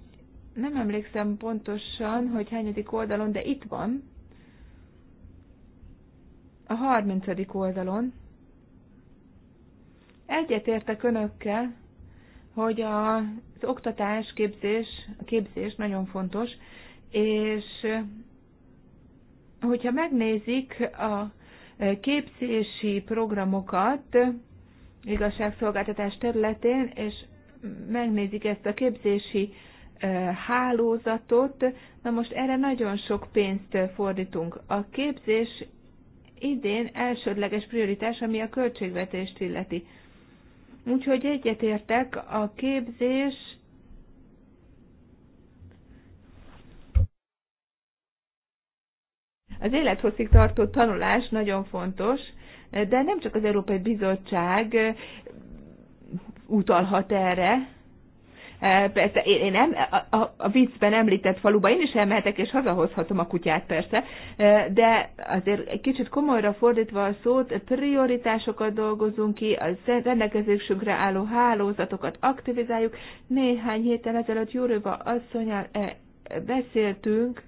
nem emlékszem pontosan, hogy hányadik oldalon, de itt van, a 30. oldalon. Egyetértek önökkel, hogy az oktatás, képzés, a képzés nagyon fontos, és hogyha megnézik a képzési programokat igazságszolgáltatás területén, és megnézik ezt a képzési hálózatot, na most erre nagyon sok pénzt fordítunk. A képzés idén elsődleges prioritás, ami a költségvetést illeti. Úgyhogy egyetértek a képzés Az élethosszig tartó tanulás nagyon fontos, de nem csak az Európai Bizottság utalhat erre, én nem, a, a, a viccben említett faluba én is elmehetek, és hazahozhatom a kutyát persze, de azért egy kicsit komolyra fordítva a szót, prioritásokat dolgozunk ki, a rendelkezésünkre álló hálózatokat aktivizáljuk. Néhány héttel ezelőtt Jurőva asszonyal beszéltünk,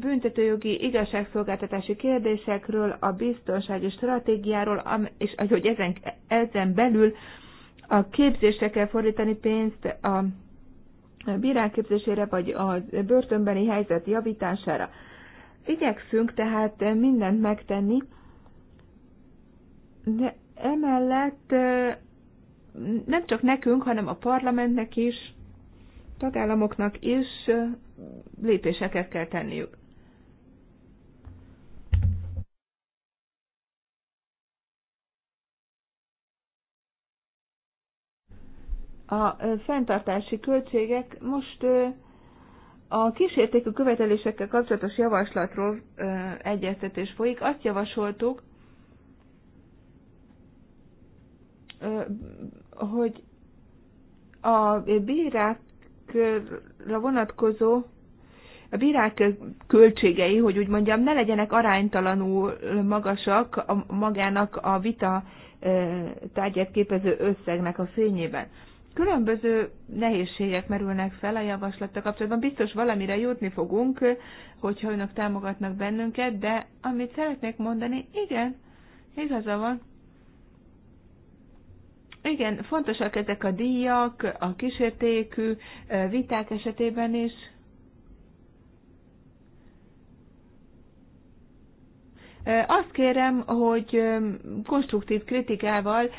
büntetőjogi igazságszolgáltatási kérdésekről, a biztonsági stratégiáról, és az, hogy ezen, ezen belül a képzésre kell fordítani pénzt a bírák képzésére, vagy a börtönbeni helyzet javítására. Igyekszünk tehát mindent megtenni, de emellett nem csak nekünk, hanem a parlamentnek is, tagállamoknak is lépéseket kell tenniük. A fenntartási költségek most a kísértékű követelésekkel kapcsolatos javaslatról egyeztetés folyik. Azt javasoltuk, hogy a bírákra vonatkozó a bírák költségei, hogy úgy mondjam, ne legyenek aránytalanul magasak a magának a vita tárgyát képező összegnek a fényében. Különböző nehézségek merülnek fel a javaslattal kapcsolatban. Biztos valamire jutni fogunk, hogyha önök támogatnak bennünket, de amit szeretnék mondani, igen, igaza van. Igen, fontosak ezek a díjak, a kísértékű viták esetében is. Azt kérem, hogy konstruktív kritikával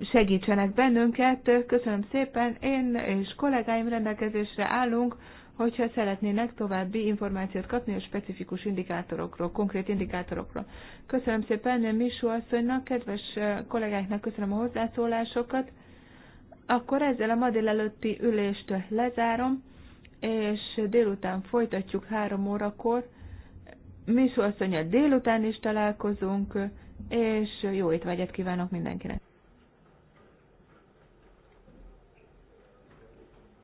segítsenek bennünket. Köszönöm szépen, én és kollégáim rendelkezésre állunk, hogyha szeretnének további információt kapni a specifikus indikátorokról, konkrét indikátorokról. Köszönöm szépen Misu asszonynak, kedves eh, kollégáknak köszönöm a hozzászólásokat. Akkor ezzel a ma délelőtti ülést lezárom, és délután folytatjuk három órakor. Misú asszonyat délután is találkozunk, és
jó étvágyat kívánok mindenkinek!